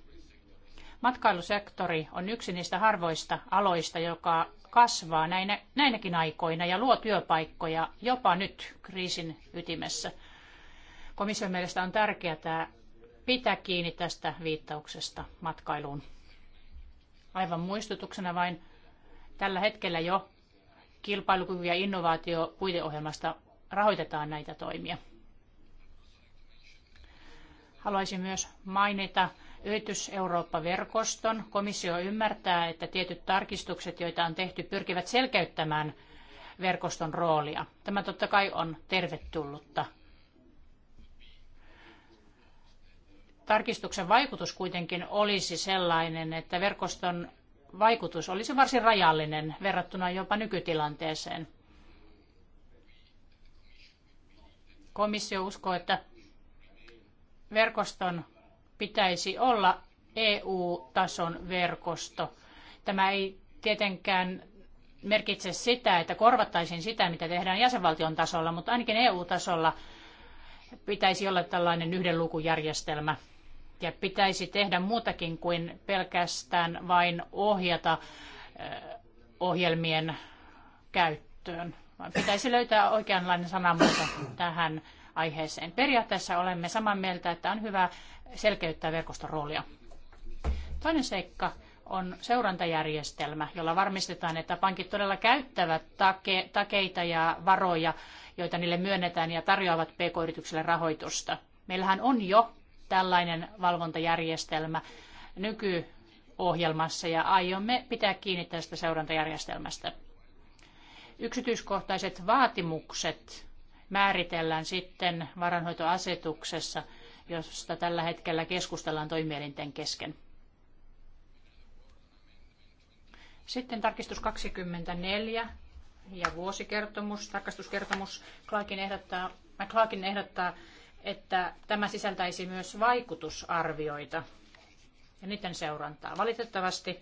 A: Matkailusektori on yksi niistä harvoista aloista, joka kasvaa näinä, näinäkin aikoina ja luo työpaikkoja jopa nyt kriisin ytimessä. Komission mielestä on tärkeää pitää kiinni tästä viittauksesta matkailuun. Aivan muistutuksena vain tällä hetkellä jo kilpailukyky- ja innovaatiopuiteohjelmasta rahoitetaan näitä toimia. Haluaisin myös mainita Yritys Eurooppa-verkoston. Komissio ymmärtää, että tietyt tarkistukset, joita on tehty, pyrkivät selkeyttämään verkoston roolia. Tämä totta kai on tervetullutta. Tarkistuksen vaikutus kuitenkin olisi sellainen, että verkoston vaikutus olisi varsin rajallinen verrattuna jopa nykytilanteeseen. Komissio uskoo, että verkoston pitäisi olla EU-tason verkosto. Tämä ei tietenkään merkitse sitä, että korvattaisiin sitä, mitä tehdään jäsenvaltion tasolla, mutta ainakin EU-tasolla pitäisi olla tällainen yhden lukujärjestelmä. Ja pitäisi tehdä muutakin kuin pelkästään vain ohjata eh, ohjelmien käyttöön. Vaan pitäisi löytää oikeanlainen sanamuoto tähän aiheeseen. Periaatteessa olemme samaa mieltä, että on hyvä selkeyttää verkoston roolia. Toinen seikka on seurantajärjestelmä, jolla varmistetaan, että pankit todella käyttävät take, takeita ja varoja, joita niille myönnetään ja tarjoavat pk-yrityksille rahoitusta. Meillähän on jo tällainen valvontajärjestelmä nykyohjelmassa ja aiomme pitää kiinni tästä seurantajärjestelmästä. Yksityiskohtaiset vaatimukset määritellään sitten varanhoitoasetuksessa – josta tällä hetkellä keskustellaan toimielinten kesken. Sitten tarkistus 24 ja vuosikertomus, tarkastuskertomus. Clarkin ehdottaa, äh, Clarkin ehdottaa, että tämä sisältäisi myös vaikutusarvioita ja niiden seurantaa. Valitettavasti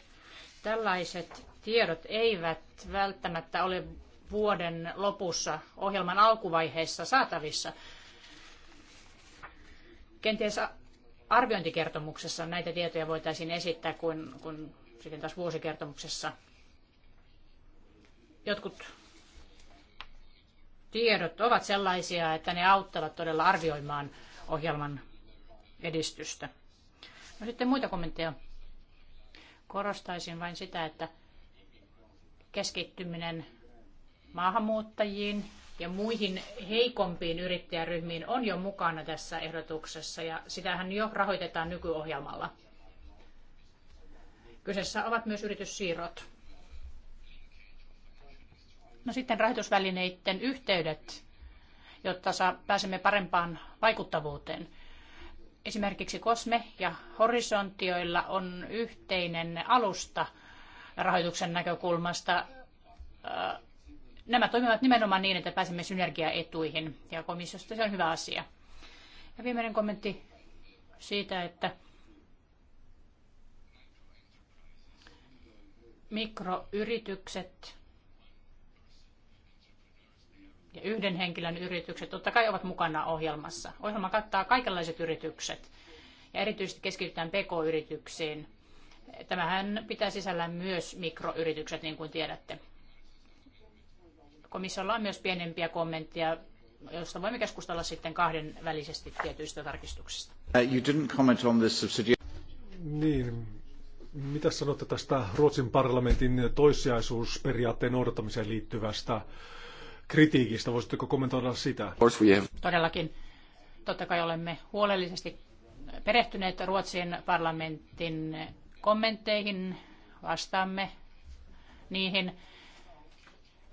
A: tällaiset tiedot eivät välttämättä ole vuoden lopussa ohjelman alkuvaiheessa saatavissa, Kenties arviointikertomuksessa näitä tietoja voitaisiin esittää kuin, kuin sitten taas vuosikertomuksessa. Jotkut tiedot ovat sellaisia, että ne auttavat todella arvioimaan ohjelman edistystä. No sitten muita kommentteja. Korostaisin vain sitä, että keskittyminen maahanmuuttajiin ja muihin heikompiin yrittäjäryhmiin on jo mukana tässä ehdotuksessa ja sitähän jo rahoitetaan nykyohjelmalla. Kyseessä ovat myös yrityssiirrot. No sitten rahoitusvälineiden yhteydet, jotta saa, pääsemme parempaan vaikuttavuuteen. Esimerkiksi Kosme ja Horisontioilla on yhteinen alusta rahoituksen näkökulmasta nämä toimivat nimenomaan niin, että pääsemme synergiaetuihin ja komissiosta se on hyvä asia. Ja viimeinen kommentti siitä, että mikroyritykset ja yhden henkilön yritykset totta kai ovat mukana ohjelmassa. Ohjelma kattaa kaikenlaiset yritykset ja erityisesti keskitytään pk-yrityksiin. Tämähän pitää sisällään myös mikroyritykset, niin kuin tiedätte. Komissiolla on myös pienempiä kommentteja, joista voimme keskustella sitten kahden välisesti tietyistä tarkistuksista. Uh, you didn't comment on this subsidiary... Niin,
B: mitä sanotte tästä Ruotsin parlamentin toissijaisuusperiaatteen noudattamiseen liittyvästä kritiikistä? Voisitteko kommentoida sitä?
A: Todellakin. Totta kai olemme huolellisesti perehtyneet Ruotsin parlamentin kommentteihin, vastaamme niihin.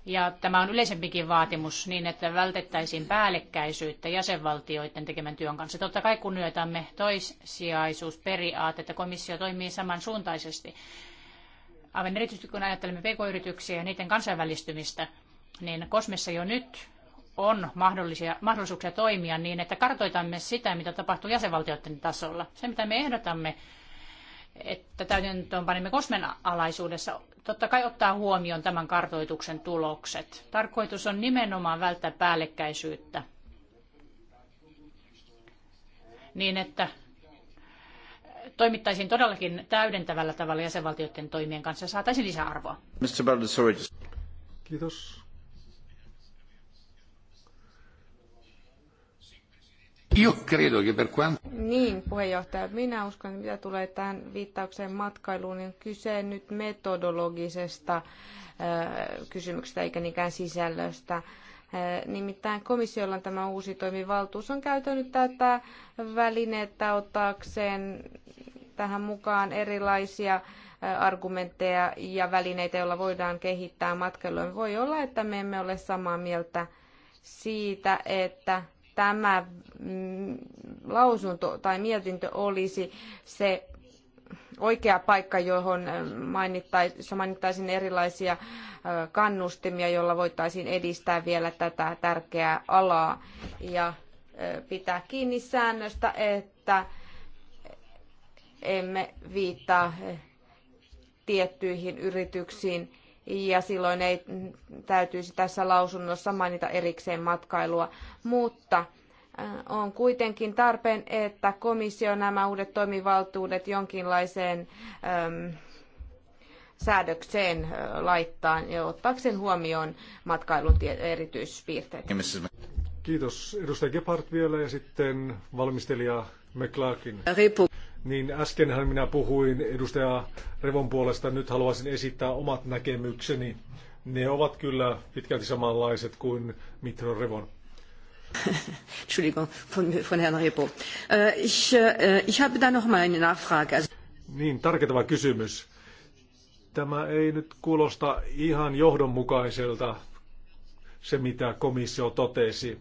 A: Ja tämä on yleisempikin vaatimus niin, että vältettäisiin päällekkäisyyttä jäsenvaltioiden tekemän työn kanssa. Totta kai kunnioitamme toissijaisuusperiaatetta, komissio toimii samansuuntaisesti. Aivan erityisesti kun ajattelemme pk-yrityksiä ja niiden kansainvälistymistä, niin Kosmessa jo nyt on mahdollisia, mahdollisuuksia toimia niin, että kartoitamme sitä, mitä tapahtuu jäsenvaltioiden tasolla. Se, mitä me ehdotamme, että täytäntöönpanemme kosmen alaisuudessa totta kai ottaa huomioon tämän kartoituksen tulokset. Tarkoitus on nimenomaan välttää päällekkäisyyttä niin, että toimittaisiin todellakin täydentävällä tavalla jäsenvaltioiden toimien kanssa ja saataisiin lisäarvoa. Mr. Kiitos.
F: Io credo che per quanto...
C: Niin, puheenjohtaja, minä uskon, että mitä tulee tähän viittaukseen matkailuun, niin kyse nyt metodologisesta äh, kysymyksestä eikä niinkään sisällöstä. Äh, nimittäin komissiolla tämä uusi toimivaltuus on käytänyt tätä välineettä ottaakseen tähän mukaan erilaisia äh, argumentteja ja välineitä, joilla voidaan kehittää matkailua. Voi olla, että me emme ole samaa mieltä siitä, että tämä mm, lausunto tai mietintö olisi se oikea paikka, johon mainittaisiin, erilaisia kannustimia, joilla voitaisiin edistää vielä tätä tärkeää alaa ja pitää kiinni säännöstä, että emme viittaa tiettyihin yrityksiin ja silloin ei täytyisi tässä lausunnossa mainita erikseen matkailua, mutta äh, on kuitenkin tarpeen, että komissio nämä uudet toimivaltuudet jonkinlaiseen äm, säädökseen äh, laittaa ja ottaakseen huomioon matkailun erityispiirteet.
B: Kiitos. Edustaja Gebhardt vielä ja sitten valmistelija McClarkin niin äskenhän minä puhuin edustaja Revon puolesta, nyt haluaisin esittää omat näkemykseni. Ne ovat kyllä pitkälti samanlaiset kuin Mitro Revon.
C: <laughs> Entschuldigung, von, von Herrn Repo. Äh, ich, äh, ich habe da noch mal eine Nachfrage.
B: Niin, tarkentava kysymys. Tämä ei nyt kuulosta ihan johdonmukaiselta, se mitä komissio totesi.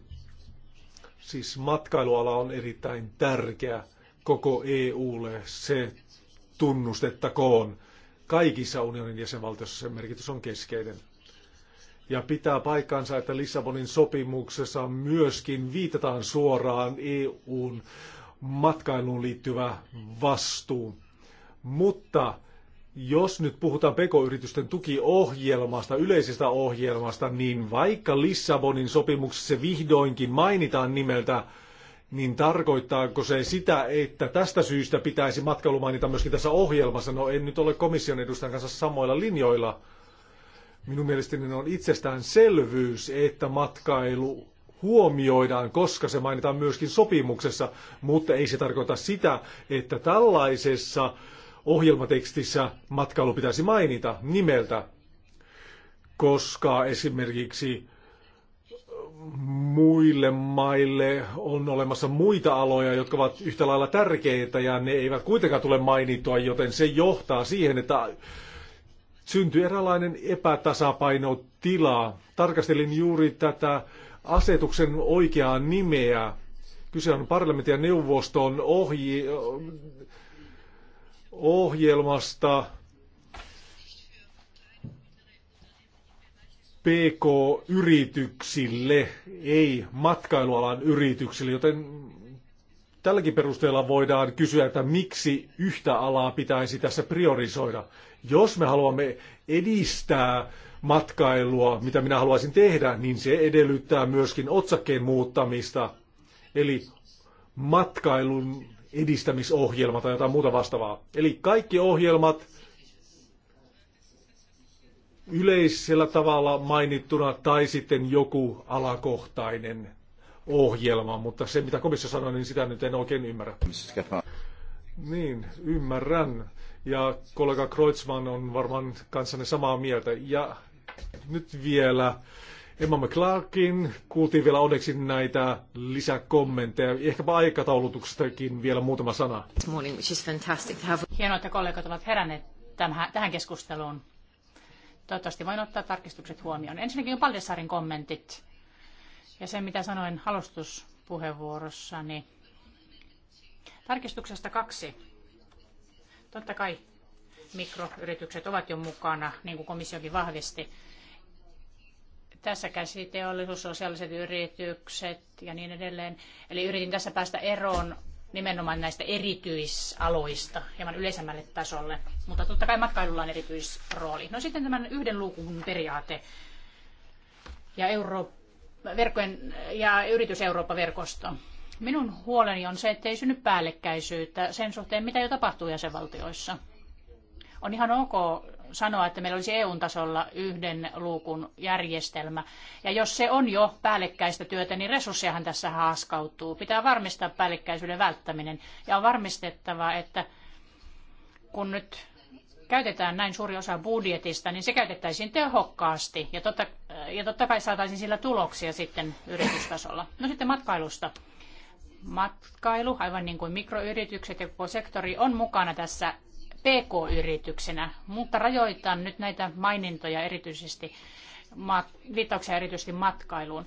B: Siis matkailuala on erittäin tärkeä koko EUlle. Se tunnustettakoon. Kaikissa unionin jäsenvaltioissa sen merkitys on keskeinen. Ja pitää paikkansa, että Lissabonin sopimuksessa myöskin viitataan suoraan EUn matkailuun liittyvä vastuu. Mutta jos nyt puhutaan pk-yritysten tukiohjelmasta, yleisestä ohjelmasta, niin vaikka Lissabonin sopimuksessa se vihdoinkin mainitaan nimeltä niin tarkoittaako se sitä, että tästä syystä pitäisi matkailu mainita myöskin tässä ohjelmassa? No en nyt ole komission edustajan kanssa samoilla linjoilla. Minun mielestäni on itsestäänselvyys, että matkailu huomioidaan, koska se mainitaan myöskin sopimuksessa, mutta ei se tarkoita sitä, että tällaisessa ohjelmatekstissä matkailu pitäisi mainita nimeltä, koska esimerkiksi muille maille on olemassa muita aloja, jotka ovat yhtä lailla tärkeitä ja ne eivät kuitenkaan tule mainittua, joten se johtaa siihen, että syntyy eräänlainen epätasapainotila. Tarkastelin juuri tätä asetuksen oikeaa nimeä. Kyse on parlamentin ja neuvoston ohje- ohjelmasta – PK-yrityksille, ei matkailualan yrityksille, joten tälläkin perusteella voidaan kysyä, että miksi yhtä alaa pitäisi tässä priorisoida. Jos me haluamme edistää matkailua, mitä minä haluaisin tehdä, niin se edellyttää myöskin otsakkeen muuttamista, eli matkailun edistämisohjelma tai jotain muuta vastaavaa. Eli kaikki ohjelmat, yleisellä tavalla mainittuna tai sitten joku alakohtainen ohjelma, mutta se mitä komissio sanoi, niin sitä nyt en oikein ymmärrä. Niin, ymmärrän. Ja kollega Kreutzmann on varmaan kanssanne samaa mieltä. Ja nyt vielä Emma McClarkin. Kuultiin vielä onneksi näitä lisäkommentteja. Ehkäpä aikataulutuksestakin vielä muutama sana.
A: Morning, which is fantastic Hienoa, että kollegat ovat heränneet tähän keskusteluun. Toivottavasti voin ottaa tarkistukset huomioon. Ensinnäkin on Paldessarin kommentit ja se, mitä sanoin alustuspuheenvuorossani. Tarkistuksesta kaksi. Totta kai mikroyritykset ovat jo mukana, niin kuin komissiokin vahvisti. Tässä käsiteollisuus, sosiaaliset yritykset ja niin edelleen. Eli yritin tässä päästä eroon nimenomaan näistä erityisaloista hieman yleisemmälle tasolle, mutta totta kai matkailulla on erityisrooli. No sitten tämän yhden luukun periaate ja Euro- verkkojen ja yritys Eurooppa-verkosto. Minun huoleni on se, että ei synny päällekkäisyyttä sen suhteen, mitä jo tapahtuu jäsenvaltioissa. On ihan ok sanoa, että meillä olisi EU-tasolla yhden luukun järjestelmä. Ja jos se on jo päällekkäistä työtä, niin resurssejahan tässä haaskautuu. Pitää varmistaa päällekkäisyyden välttäminen. Ja on varmistettava, että kun nyt käytetään näin suuri osa budjetista, niin se käytettäisiin tehokkaasti. Ja totta, ja totta kai saataisiin sillä tuloksia sitten yritystasolla. No sitten matkailusta matkailu, aivan niin kuin mikroyritykset ja koko sektori on mukana tässä PK-yrityksenä, mutta rajoitan nyt näitä mainintoja erityisesti, viittauksia erityisesti matkailuun.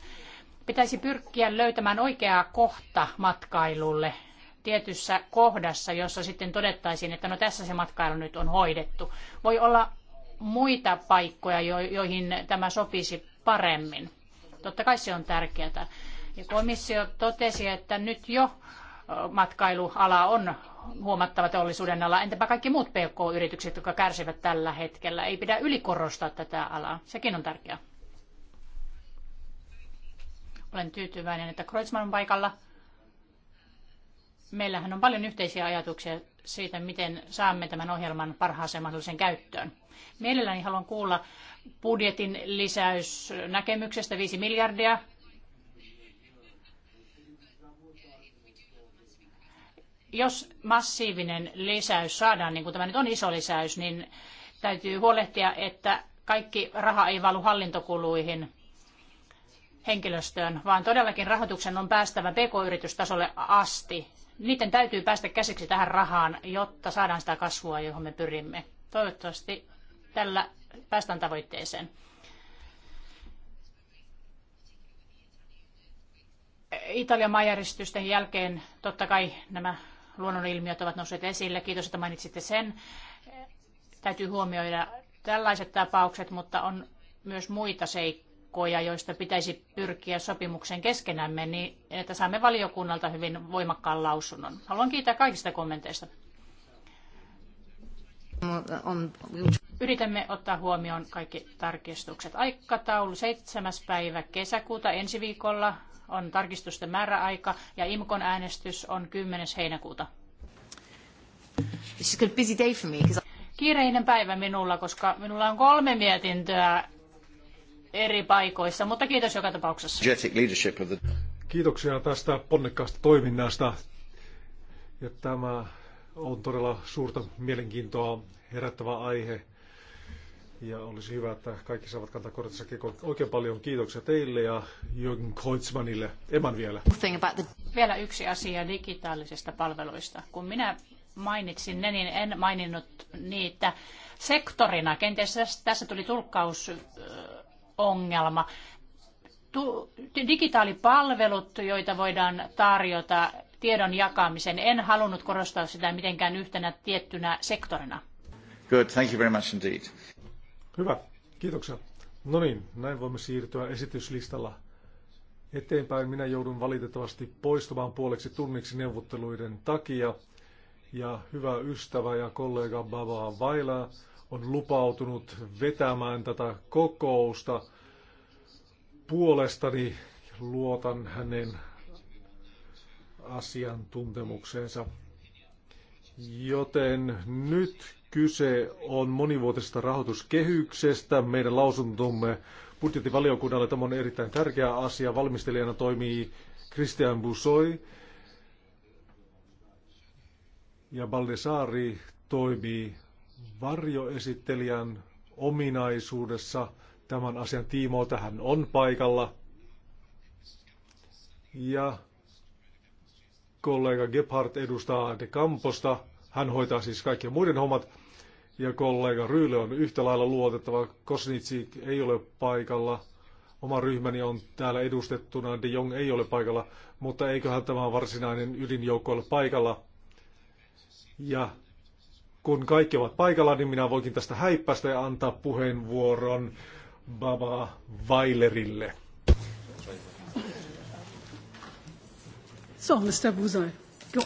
A: Pitäisi pyrkiä löytämään oikeaa kohta matkailulle tietyssä kohdassa, jossa sitten todettaisiin, että no tässä se matkailu nyt on hoidettu. Voi olla muita paikkoja, joihin tämä sopisi paremmin. Totta kai se on tärkeää. Ja komissio totesi, että nyt jo matkailuala on huomattava teollisuuden ala. Entäpä kaikki muut PK-yritykset, jotka kärsivät tällä hetkellä? Ei pidä ylikorostaa tätä alaa. Sekin on tärkeää. Olen tyytyväinen, että Kreutzmann on paikalla. Meillähän on paljon yhteisiä ajatuksia siitä, miten saamme tämän ohjelman parhaaseen mahdolliseen käyttöön. Mielelläni haluan kuulla budjetin lisäysnäkemyksestä 5 miljardia Jos massiivinen lisäys saadaan, niin kuin tämä nyt on iso lisäys, niin täytyy huolehtia, että kaikki raha ei valu hallintokuluihin henkilöstöön, vaan todellakin rahoituksen on päästävä pk-yritystasolle asti. Niiden täytyy päästä käsiksi tähän rahaan, jotta saadaan sitä kasvua, johon me pyrimme. Toivottavasti tällä päästään tavoitteeseen. Italian maanjäristysten jälkeen totta kai nämä luonnonilmiöt ovat nousseet esille. Kiitos, että mainitsitte sen. Täytyy huomioida tällaiset tapaukset, mutta on myös muita seikkoja, joista pitäisi pyrkiä sopimuksen keskenämme, niin että saamme valiokunnalta hyvin voimakkaan lausunnon. Haluan kiittää kaikista kommenteista. Yritämme ottaa huomioon kaikki tarkistukset. Aikataulu 7. päivä kesäkuuta ensi viikolla on tarkistusten määräaika ja IMKON äänestys on 10. heinäkuuta. This a busy day for me, cause... Kiireinen päivä minulla, koska minulla on kolme mietintöä eri paikoissa, mutta kiitos joka tapauksessa.
B: Kiitoksia tästä ponnekkaasta toiminnasta. Ja tämä on todella suurta mielenkiintoa herättävä aihe. Ja olisi hyvä, että kaikki saavat kantaa kortissa kekoon. Oikein paljon kiitoksia teille ja Jürgen Koitsmanille. Eman vielä.
A: Vielä yksi asia digitaalisista palveluista. Kun minä mainitsin ne, niin en maininnut niitä sektorina. Kenties tässä tuli tulkkausongelma. Digitaalipalvelut, joita voidaan tarjota tiedon jakamisen. En halunnut korostaa sitä mitenkään yhtenä tiettynä sektorina.
B: Good, thank you very much indeed. Hyvä, kiitoksia. No niin, näin voimme siirtyä esityslistalla eteenpäin. Minä joudun valitettavasti poistumaan puoleksi tunniksi neuvotteluiden takia. Ja hyvä ystävä ja kollega Baba Vaila on lupautunut vetämään tätä kokousta puolestani. Luotan hänen asiantuntemukseensa. Joten nyt Kyse on monivuotisesta rahoituskehyksestä. Meidän lausuntomme budjettivaliokunnalle tämä on erittäin tärkeä asia. Valmistelijana toimii Christian Busoi ja Baldessari toimii varjoesittelijän ominaisuudessa tämän asian tiimoilta. Hän on paikalla. Ja kollega Gebhardt edustaa De Camposta. Hän hoitaa siis kaikkien muiden hommat ja kollega Ryyle on yhtä lailla luotettava. Kosnitsi ei ole paikalla. Oma ryhmäni on täällä edustettuna, De Jong ei ole paikalla, mutta eiköhän tämä varsinainen ydinjoukko ole paikalla. Ja kun kaikki ovat paikalla, niin minä voikin tästä häippästä ja antaa puheenvuoron Baba Weilerille.
F: So, Mr. Busoy,
C: go.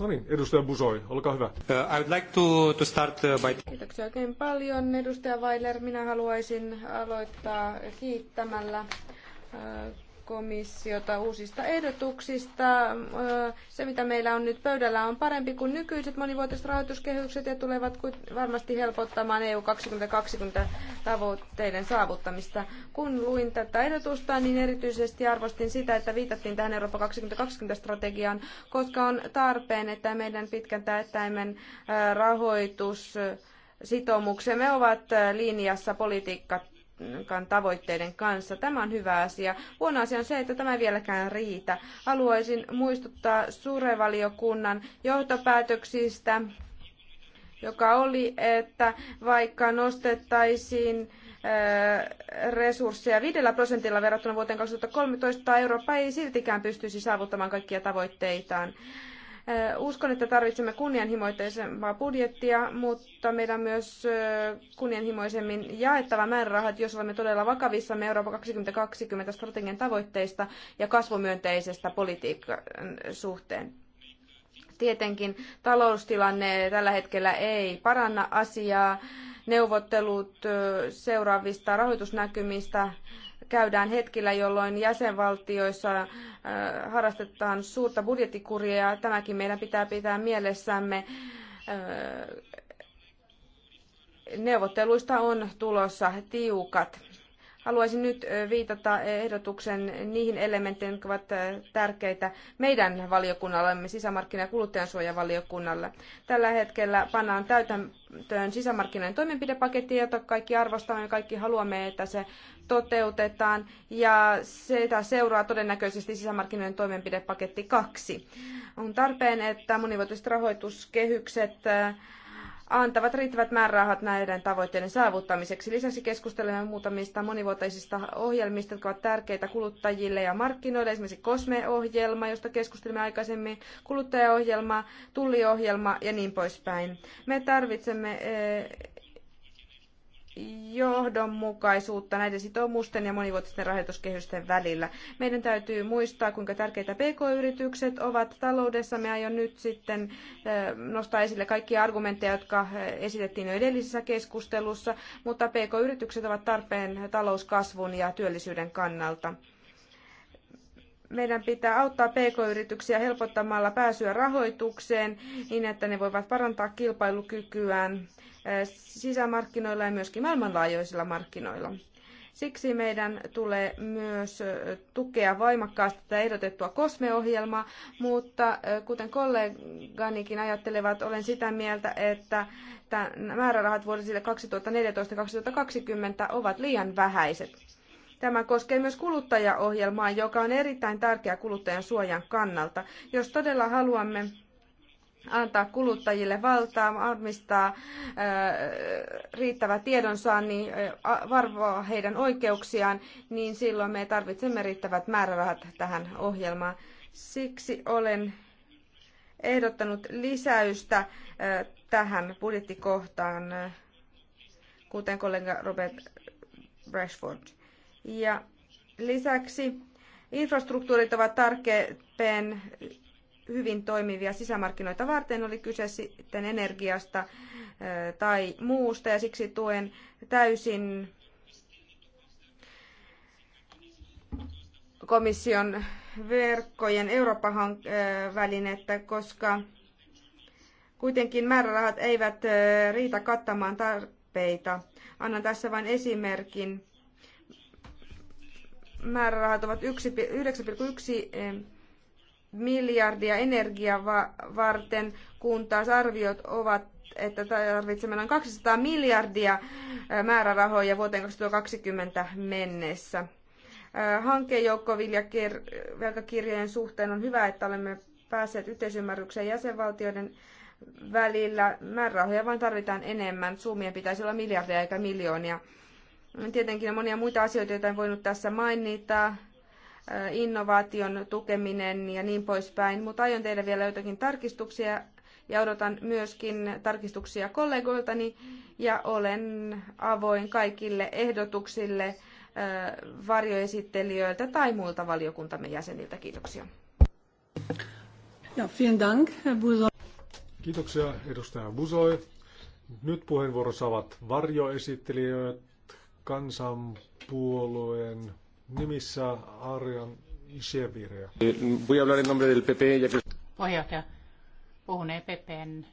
B: No niin, edustaja Busoi, olkaa hyvä. Uh, I would like to, to start
C: uh, by... Kiitoksia oikein paljon, edustaja Weiler. Minä haluaisin aloittaa kiittämällä uh, komissiota uusista ehdotuksista. Se, mitä meillä on nyt pöydällä, on parempi kuin nykyiset monivuotiset rahoituskehykset ja tulevat varmasti helpottamaan EU 2020 tavoitteiden saavuttamista. Kun luin tätä ehdotusta, niin erityisesti arvostin sitä, että viitattiin tähän Eurooppa 2020-strategiaan, koska on tarpeen, että meidän pitkän tähtäimen rahoitus sitoumuksemme ovat linjassa politiikka tavoitteiden kanssa. Tämä on hyvä asia. Huono asia on se, että tämä ei vieläkään riitä. Haluaisin muistuttaa suurevaliokunnan johtopäätöksistä, joka oli, että vaikka nostettaisiin äh, resursseja 5 prosentilla verrattuna vuoteen 2013, Eurooppa ei siltikään pystyisi saavuttamaan kaikkia tavoitteitaan. Uskon, että tarvitsemme kunnianhimoisempaa budjettia, mutta meidän on myös kunnianhimoisemmin jaettava määrärahat, jos olemme todella vakavissamme Euroopan 2020 strategian tavoitteista ja kasvumyönteisestä politiikan suhteen. Tietenkin taloustilanne tällä hetkellä ei paranna asiaa. Neuvottelut seuraavista rahoitusnäkymistä käydään hetkillä, jolloin jäsenvaltioissa äh, harrastetaan suurta budjettikuria ja tämäkin meidän pitää pitää mielessämme. Äh, neuvotteluista on tulossa tiukat. Haluaisin nyt äh, viitata ehdotuksen niihin elementteihin, jotka ovat tärkeitä meidän valiokunnallemme, sisämarkkina- ja kuluttajansuojavaliokunnalle. Tällä hetkellä pannaan täytäntöön sisämarkkinoiden toimenpidepaketti, jota kaikki arvostamme ja kaikki haluamme, että se toteutetaan ja sitä seuraa todennäköisesti sisämarkkinoiden toimenpidepaketti 2. On tarpeen, että monivuotiset rahoituskehykset äh, antavat riittävät määrärahat näiden tavoitteiden saavuttamiseksi. Lisäksi keskustelemme muutamista monivuotisista ohjelmista, jotka ovat tärkeitä kuluttajille ja markkinoille. Esimerkiksi COSME-ohjelma, josta keskustelimme aikaisemmin, kuluttajaohjelma, tulliohjelma ja niin poispäin. Me tarvitsemme äh, johdonmukaisuutta näiden sitoumusten ja monivuotisten rahoituskehysten välillä. Meidän täytyy muistaa, kuinka tärkeitä pk-yritykset ovat taloudessamme. Aion nyt sitten nostaa esille kaikkia argumentteja, jotka esitettiin jo edellisessä keskustelussa, mutta pk-yritykset ovat tarpeen talouskasvun ja työllisyyden kannalta meidän pitää auttaa pk-yrityksiä helpottamalla pääsyä rahoitukseen niin, että ne voivat parantaa kilpailukykyään sisämarkkinoilla ja myöskin maailmanlaajuisilla markkinoilla. Siksi meidän tulee myös tukea voimakkaasti tätä ehdotettua kosmeohjelmaa, mutta kuten kolleganikin ajattelevat, olen sitä mieltä, että määrärahat vuosille 2014-2020 ovat liian vähäiset. Tämä koskee myös kuluttajaohjelmaa, joka on erittäin tärkeä kuluttajan suojan kannalta. Jos todella haluamme antaa kuluttajille valtaa, varmistaa äh, riittävä tiedonsaanti, äh, varvoa heidän oikeuksiaan, niin silloin me tarvitsemme riittävät määrärahat tähän ohjelmaan. Siksi olen ehdottanut lisäystä äh, tähän budjettikohtaan, kuten kollega Robert Rashford. Ja lisäksi infrastruktuurit ovat tarpeen hyvin toimivia sisämarkkinoita varten, oli kyse sitten energiasta tai muusta, ja siksi tuen täysin komission verkkojen Euroopan välinettä, koska kuitenkin määrärahat eivät riitä kattamaan tarpeita. Annan tässä vain esimerkin. Määrärahat ovat 9,1 miljardia energiaa varten, kun taas arviot ovat, että tarvitsemme noin 200 miljardia määrärahoja vuoteen 2020 mennessä. Hankejoukkovelkakirjojen suhteen on hyvä, että olemme päässeet yhteisymmärrykseen jäsenvaltioiden välillä. Määrärahoja vain tarvitaan enemmän. Summien pitäisi olla miljardeja eikä miljoonia. Tietenkin on monia muita asioita, joita en voinut tässä mainita innovaation tukeminen ja niin poispäin, mutta aion tehdä vielä jotakin tarkistuksia ja odotan myöskin tarkistuksia kollegoiltani ja olen avoin kaikille ehdotuksille varjoesittelijöiltä tai muilta valiokuntamme jäseniltä. Kiitoksia.
F: Ja, vielen Dank, Herr
B: Kiitoksia edustaja Busoi. Nyt puheenvuoro saavat varjoesittelijät, kansanpuolueen nimissä Arjan Isievireä. Voy hablar en nombre del PP, ja
A: Puheenjohtaja, puhun EPPn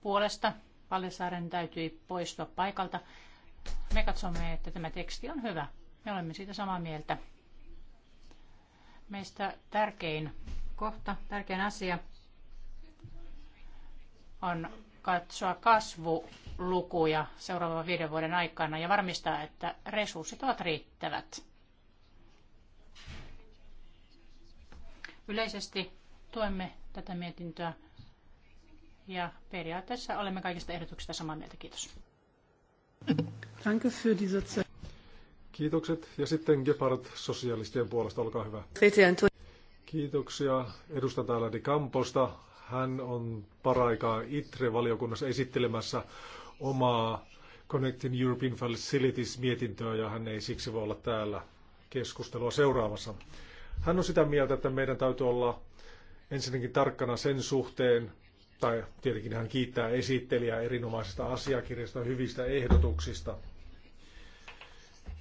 A: puolesta. Pallisaaren täytyi poistua paikalta. Me katsomme, että tämä teksti on hyvä. Me olemme siitä samaa mieltä. Meistä tärkein kohta, tärkein asia on katsoa kasvu lukuja seuraavan viiden vuoden aikana ja varmistaa, että resurssit ovat riittävät. Yleisesti tuemme tätä mietintöä ja periaatteessa olemme kaikista ehdotuksista samaa mieltä. Kiitos.
B: Kiitokset. Ja sitten Gepard sosialistien puolesta, olkaa hyvä. Kiitoksia. Edustan täällä Di Kamposta. Hän on paraikaa ITRE-valiokunnassa esittelemässä omaa Connecting European Facilities-mietintöä ja hän ei siksi voi olla täällä keskustelua seuraavassa. Hän on sitä mieltä, että meidän täytyy olla ensinnäkin tarkkana sen suhteen, tai tietenkin hän kiittää esittelijää erinomaisesta asiakirjasta hyvistä ehdotuksista.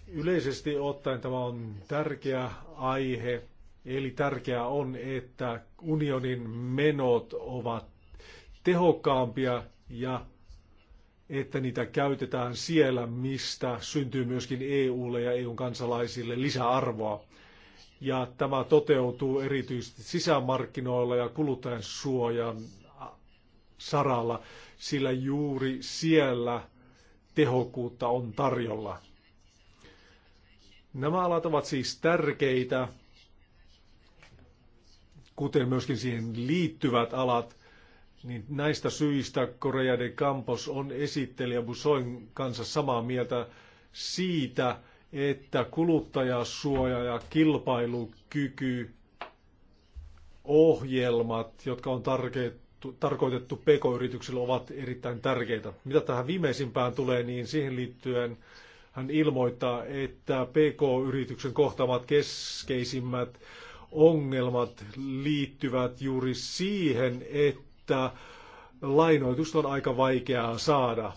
B: Yleisesti ottaen tämä on tärkeä aihe, eli tärkeää on, että unionin menot ovat tehokkaampia ja että niitä käytetään siellä, mistä syntyy myöskin EUlle ja EUn kansalaisille lisäarvoa. Ja tämä toteutuu erityisesti sisämarkkinoilla ja kuluttajan suojan saralla, sillä juuri siellä tehokkuutta on tarjolla. Nämä alat ovat siis tärkeitä, kuten myöskin siihen liittyvät alat, niin näistä syistä Korea de Campos on esittelijä Busoin kanssa samaa mieltä siitä, että kuluttajasuoja ja kilpailukyky ohjelmat, jotka on tarkoitettu, pk-yrityksille, ovat erittäin tärkeitä. Mitä tähän viimeisimpään tulee, niin siihen liittyen hän ilmoittaa, että pk-yrityksen kohtaamat keskeisimmät ongelmat liittyvät juuri siihen, että että lainoitusta on aika vaikeaa saada.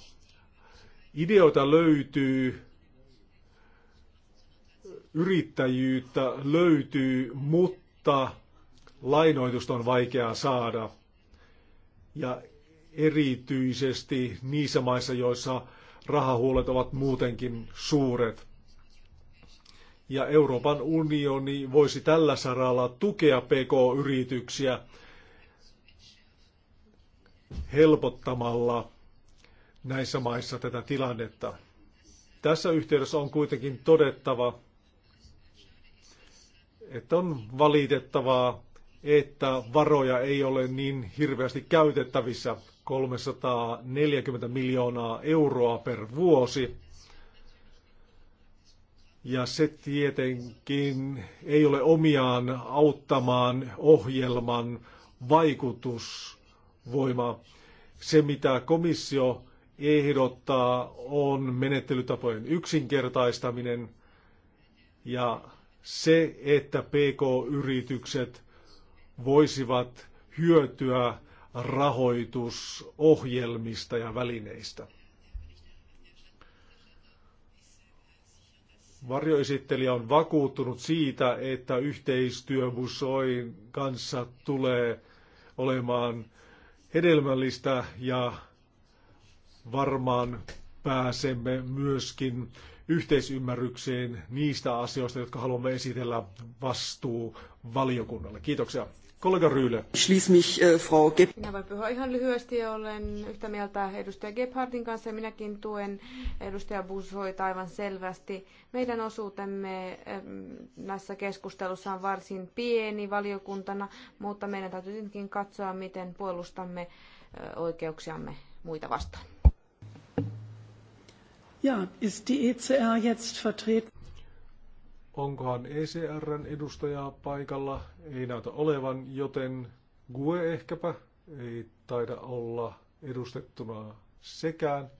B: Ideoita löytyy, yrittäjyyttä löytyy, mutta lainoitusta on vaikeaa saada. Ja erityisesti niissä maissa, joissa rahahuolet ovat muutenkin suuret. Ja Euroopan unioni voisi tällä saralla tukea PK-yrityksiä – helpottamalla näissä maissa tätä tilannetta. Tässä yhteydessä on kuitenkin todettava, että on valitettavaa, että varoja ei ole niin hirveästi käytettävissä, 340 miljoonaa euroa per vuosi. Ja se tietenkin ei ole omiaan auttamaan ohjelman vaikutus voimaa. Se, mitä komissio ehdottaa, on menettelytapojen yksinkertaistaminen ja se, että PK-yritykset voisivat hyötyä rahoitusohjelmista ja välineistä. Varjoesittelijä on vakuuttunut siitä, että yhteistyö Busoin kanssa tulee olemaan hedelmällistä ja varmaan pääsemme myöskin yhteisymmärrykseen niistä asioista, jotka haluamme esitellä vastuu valiokunnalle. Kiitoksia. Kollega Ryyle. Schließ mich, äh, Frau
C: Minä voin puhua ihan lyhyesti. Olen yhtä mieltä edustaja Gebhardin kanssa ja minäkin tuen edustaja Bushoita aivan selvästi. Meidän osuutemme ähm, näissä keskustelussa on varsin pieni valiokuntana, mutta meidän täytyy tietenkin katsoa, miten puolustamme äh, oikeuksiamme muita vastaan.
F: Ja, ist die ECR jetzt vertreten?
B: Onkohan ECRn edustajaa paikalla? Ei näytä olevan, joten GUE ehkäpä ei taida olla edustettuna sekään.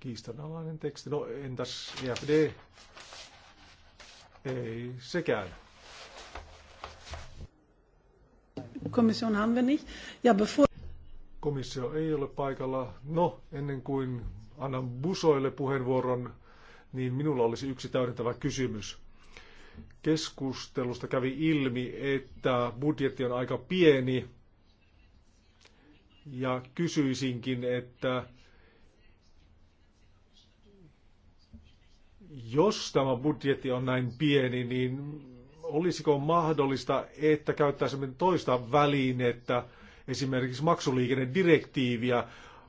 B: Kiistanalainen teksti. No entäs EFD? Ei sekään.
F: Komission hanveni? Ja
B: Komissio ei ole paikalla. No, ennen kuin annan Busoille puheenvuoron, niin minulla olisi yksi täydentävä kysymys. Keskustelusta kävi ilmi, että budjetti on aika pieni, ja kysyisinkin, että jos tämä budjetti on näin pieni, niin olisiko mahdollista, että käyttäisimme toista välinettä, esimerkiksi maksuliikennedirektiiviä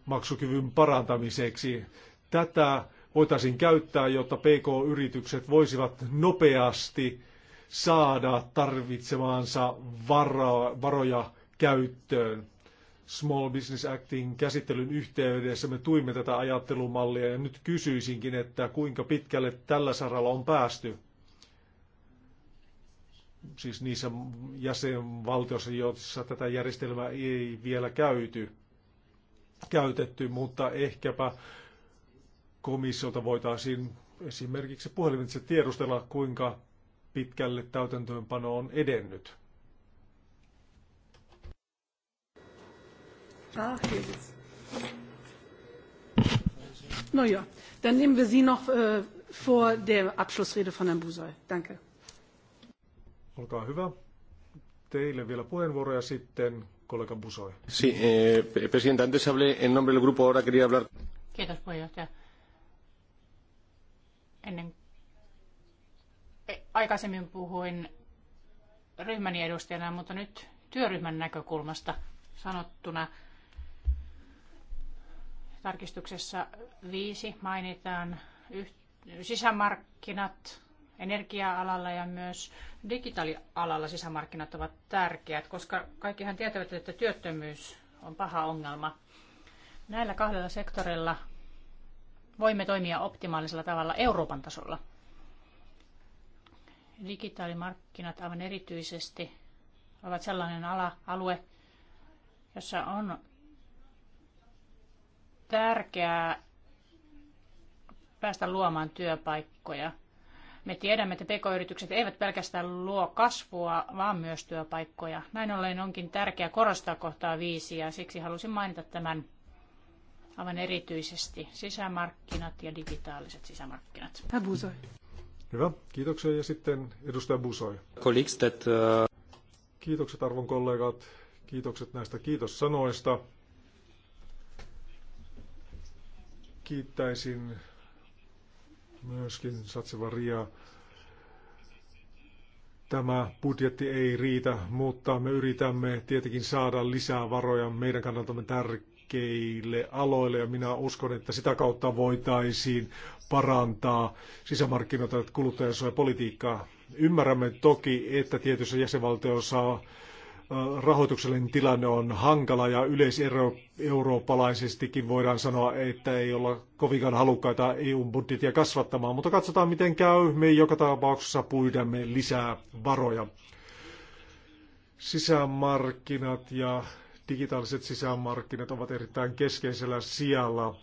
B: maksukyvyn parantamiseksi? Tätä voitaisiin käyttää, jotta PK-yritykset voisivat nopeasti saada tarvitsemaansa varo, varoja käyttöön. Small Business Actin käsittelyn yhteydessä me tuimme tätä ajattelumallia ja nyt kysyisinkin, että kuinka pitkälle tällä saralla on päästy. Siis niissä jäsenvaltioissa, joissa tätä järjestelmää ei vielä käyty, käytetty, mutta ehkäpä komissiolta voitaisiin esimerkiksi puhelimitse tiedustella, kuinka pitkälle täytäntöönpano on edennyt.
F: Ah, No joo, dann nehmen wir Sie noch äh, vor der Abschlussrede von Herrn Busoy. Danke. Olkaa hyvä.
B: Teille vielä puheenvuoroja ja sitten kollega Busoy. Sí, eh, presidente, antes hablé en nombre del grupo, ahora quería hablar...
A: Kiitos puheenjohtaja. Aikaisemmin puhuin ryhmäni edustajana, mutta nyt työryhmän näkökulmasta sanottuna tarkistuksessa viisi mainitaan sisämarkkinat energia-alalla ja myös digitaalialalla sisämarkkinat ovat tärkeät, koska kaikkihan tietävät, että työttömyys on paha ongelma. Näillä kahdella sektorilla voimme toimia optimaalisella tavalla Euroopan tasolla digitaalimarkkinat aivan erityisesti ovat sellainen ala, alue, jossa on tärkeää päästä luomaan työpaikkoja. Me tiedämme, että pk-yritykset eivät pelkästään luo kasvua, vaan myös työpaikkoja. Näin ollen onkin tärkeää korostaa kohtaa viisi ja siksi halusin mainita tämän aivan erityisesti sisämarkkinat ja digitaaliset sisämarkkinat.
B: Abusoi. Hyvä, kiitoksia. Ja sitten edustaja Busoi.
C: Uh,
B: kiitokset arvon kollegat, kiitokset näistä kiitossanoista. Kiittäisin myöskin Satsevaria. Tämä budjetti ei riitä, mutta me yritämme tietenkin saada lisää varoja meidän kannaltamme tärkeää tärkeille aloille ja minä uskon, että sitä kautta voitaisiin parantaa sisämarkkinoita ja politiikkaa. Ymmärrämme toki, että tietyissä jäsenvaltioissa äh, rahoituksellinen tilanne on hankala ja yleiseurooppalaisestikin voidaan sanoa, että ei olla kovinkaan halukkaita EU-budjettia kasvattamaan, mutta katsotaan miten käy. Me joka tapauksessa pyydämme lisää varoja. Sisämarkkinat ja digitaaliset sisämarkkinat ovat erittäin keskeisellä sijalla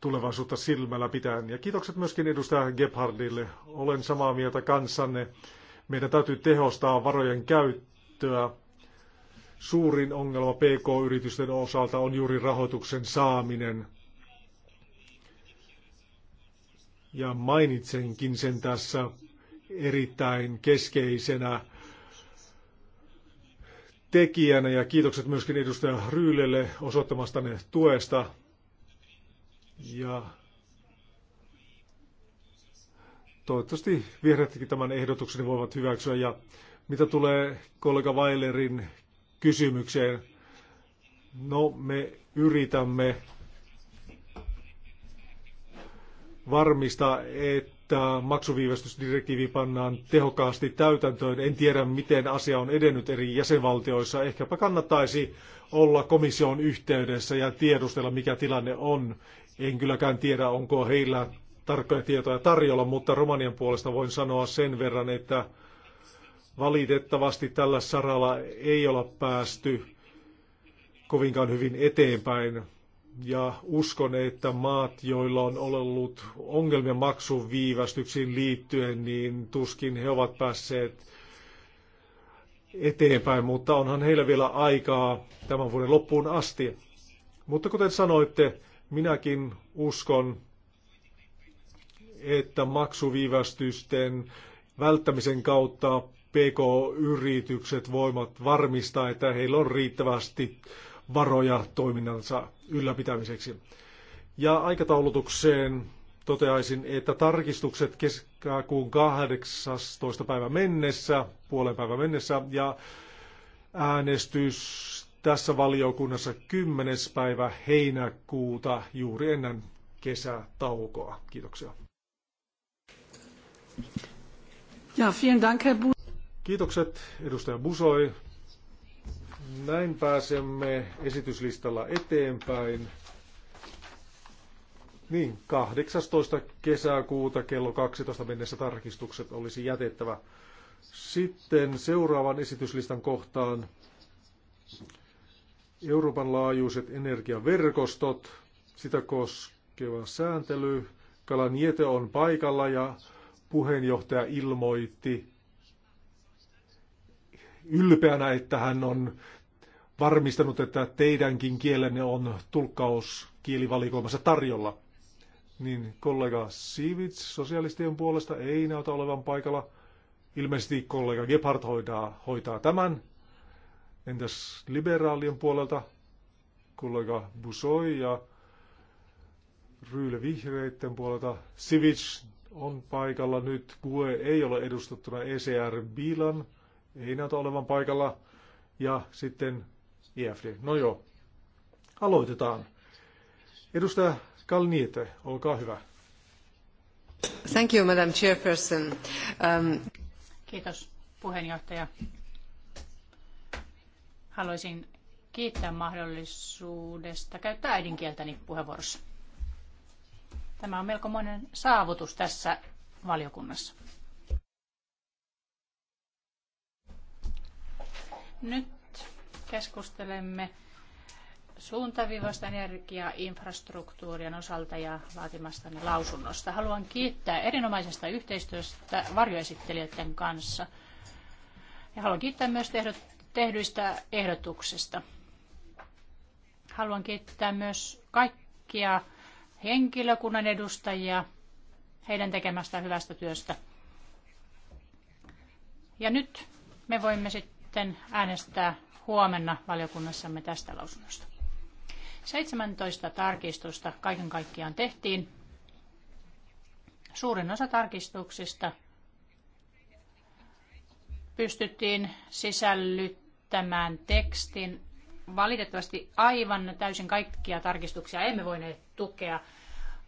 B: tulevaisuutta silmällä pitäen. Ja kiitokset myöskin edustaja Gebhardille. Olen samaa mieltä kanssanne. Meidän täytyy tehostaa varojen käyttöä. Suurin ongelma PK-yritysten osalta on juuri rahoituksen saaminen. Ja mainitsenkin sen tässä erittäin keskeisenä tekijänä ja kiitokset myöskin edustaja Ryylelle osoittamastanne tuesta. Ja toivottavasti vihreätkin tämän ehdotukseni niin voivat hyväksyä. Ja mitä tulee kollega Weilerin kysymykseen, no me yritämme varmistaa, että että maksuviivästysdirektiivi pannaan tehokkaasti täytäntöön. En tiedä, miten asia on edennyt eri jäsenvaltioissa. Ehkäpä kannattaisi olla komission yhteydessä ja tiedustella, mikä tilanne on. En kylläkään tiedä, onko heillä tarkkoja tietoja tarjolla, mutta Romanian puolesta voin sanoa sen verran, että valitettavasti tällä saralla ei olla päästy kovinkaan hyvin eteenpäin ja uskon, että maat, joilla on ollut ongelmia maksuviivästyksiin liittyen, niin tuskin he ovat päässeet eteenpäin, mutta onhan heillä vielä aikaa tämän vuoden loppuun asti. Mutta kuten sanoitte, minäkin uskon, että maksuviivästysten välttämisen kautta PK-yritykset voivat varmistaa, että heillä on riittävästi varoja toiminnansa ylläpitämiseksi. Ja aikataulutukseen toteaisin, että tarkistukset kesäkuun 18. päivä mennessä, puolen päivän mennessä ja äänestys tässä valiokunnassa 10. päivä heinäkuuta juuri ennen kesätaukoa. Kiitoksia.
F: Ja, vielen Dank, Herr
B: Kiitokset edustaja Busoi. Näin pääsemme esityslistalla eteenpäin. Niin, 18. kesäkuuta kello 12 mennessä tarkistukset olisi jätettävä. Sitten seuraavan esityslistan kohtaan Euroopan laajuiset energiaverkostot, sitä koskeva sääntely. Kalaniete on paikalla ja puheenjohtaja ilmoitti ylpeänä, että hän on varmistanut, että teidänkin kielenne on tulkkaus kielivalikoimassa tarjolla. Niin kollega Sivits sosialistien puolesta ei näytä olevan paikalla. Ilmeisesti kollega Gebhardt hoitaa, hoitaa tämän. Entäs liberaalien puolelta kollega Busoi ja Ryyle vihreitten puolelta. Sivits on paikalla nyt. Kue ei ole edustettuna ECR Bilan. Ei näytä olevan paikalla. Ja sitten IFD. No joo, aloitetaan. Edustaja Kalniete, olkaa hyvä. Thank you,
E: Madam
C: Chairperson. Um...
A: Kiitos, puheenjohtaja. Haluaisin kiittää mahdollisuudesta käyttää äidinkieltäni puheenvuorossa. Tämä on melko monen saavutus tässä valiokunnassa. Nyt keskustelemme suuntaviivoista energiainfrastruktuurien infrastruktuurien osalta ja laatimastani lausunnosta. Haluan kiittää erinomaisesta yhteistyöstä varjoesittelijöiden kanssa. Ja haluan kiittää myös tehdyistä ehdotuksista. Haluan kiittää myös kaikkia henkilökunnan edustajia heidän tekemästään hyvästä työstä. Ja nyt me voimme sitten äänestää huomenna valiokunnassamme tästä lausunnosta. 17 tarkistusta kaiken kaikkiaan tehtiin. Suurin osa tarkistuksista pystyttiin sisällyttämään tekstin. Valitettavasti aivan täysin kaikkia tarkistuksia emme voineet tukea.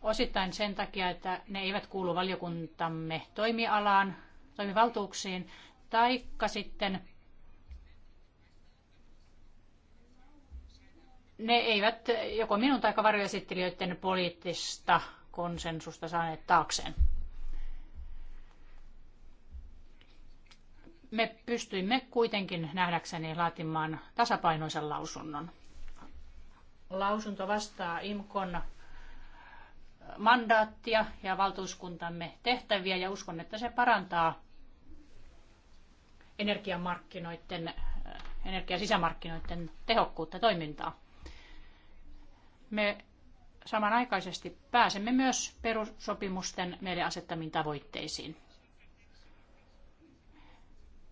A: Osittain sen takia, että ne eivät kuulu valiokuntamme toimialaan, toimivaltuuksiin, taikka sitten ne eivät joko minun tai varjoesittelijöiden poliittista konsensusta saaneet taakseen. Me pystyimme kuitenkin nähdäkseni laatimaan tasapainoisen lausunnon. Lausunto vastaa IMKON mandaattia ja valtuuskuntamme tehtäviä ja uskon, että se parantaa energiamarkkinoiden, energiasisämarkkinoiden tehokkuutta toimintaa me samanaikaisesti pääsemme myös perussopimusten meille asettamiin tavoitteisiin.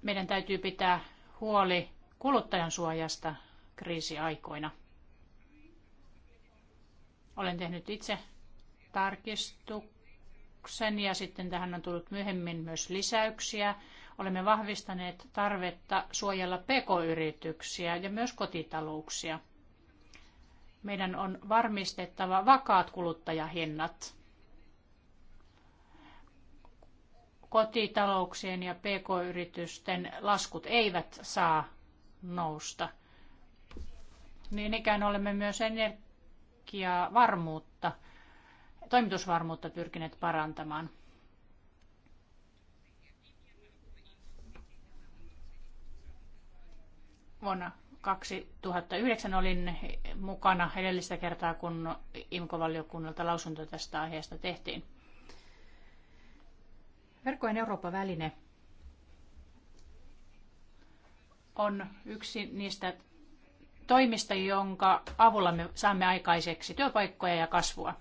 A: Meidän täytyy pitää huoli kuluttajan suojasta kriisiaikoina. Olen tehnyt itse tarkistuksen ja sitten tähän on tullut myöhemmin myös lisäyksiä. Olemme vahvistaneet tarvetta suojella pk-yrityksiä ja myös kotitalouksia. Meidän on varmistettava vakaat kuluttajahinnat. Kotitalouksien ja pk-yritysten laskut eivät saa nousta. Niin ikään olemme myös energiavarmuutta, toimitusvarmuutta pyrkineet parantamaan. vuonna 2009 olin mukana edellistä kertaa, kun imco valiokunnalta lausunto tästä aiheesta tehtiin. Verkkojen Eurooppa-väline on yksi niistä toimista, jonka avulla me saamme aikaiseksi työpaikkoja ja kasvua.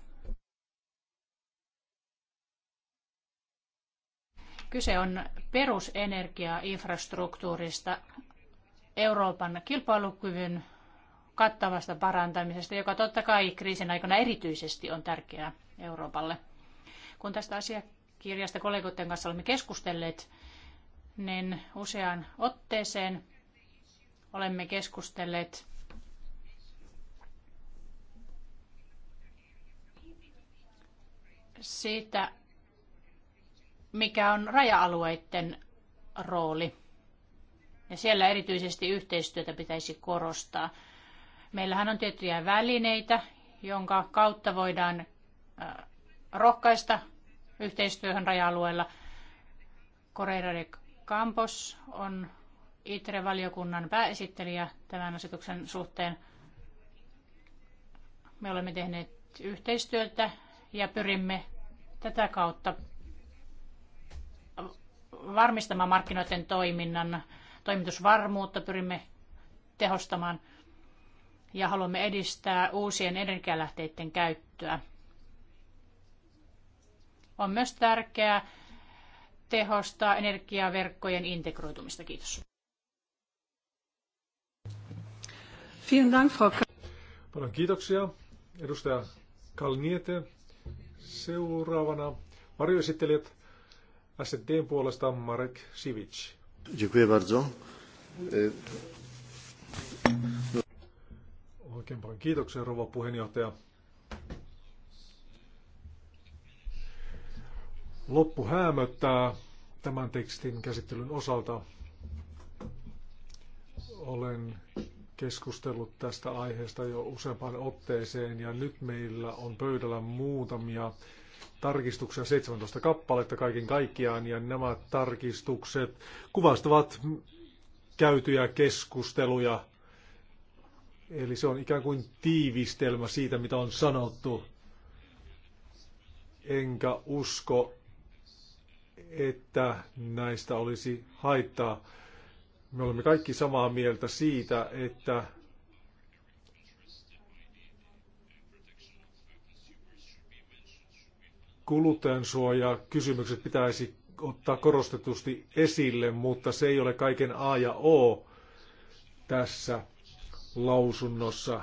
A: Kyse on perusenergiainfrastruktuurista, Euroopan kilpailukyvyn kattavasta parantamisesta, joka totta kai kriisin aikana erityisesti on tärkeää Euroopalle. Kun tästä asiakirjasta kollegoiden kanssa olemme keskustelleet, niin useaan otteeseen olemme keskustelleet siitä, mikä on raja-alueiden rooli ja siellä erityisesti yhteistyötä pitäisi korostaa. Meillähän on tiettyjä välineitä, jonka kautta voidaan rohkaista yhteistyöhön raja-alueella. Correira de Campos on ITRE-valiokunnan pääesittelijä tämän asetuksen suhteen. Me olemme tehneet yhteistyötä ja pyrimme tätä kautta varmistamaan markkinoiden toiminnan toimitusvarmuutta pyrimme tehostamaan ja haluamme edistää uusien energialähteiden käyttöä. On myös tärkeää tehostaa energiaverkkojen integroitumista. Kiitos.
B: Paljon kiitoksia. Edustaja Kalniete. Seuraavana varjoesittelijät SDn puolesta Marek Sivic.
D: Dziękuję bardzo.
B: Oikein paljon kiitoksia, rouva puheenjohtaja. Loppu häämöttää tämän tekstin käsittelyn osalta. Olen keskustellut tästä aiheesta jo useampaan otteeseen ja nyt meillä on pöydällä muutamia tarkistuksia, 17 kappaletta kaiken kaikkiaan, ja nämä tarkistukset kuvastavat käytyjä keskusteluja. Eli se on ikään kuin tiivistelmä siitä, mitä on sanottu. Enkä usko, että näistä olisi haittaa. Me olemme kaikki samaa mieltä siitä, että kuluttajansuoja kysymykset pitäisi ottaa korostetusti esille, mutta se ei ole kaiken A ja O tässä lausunnossa.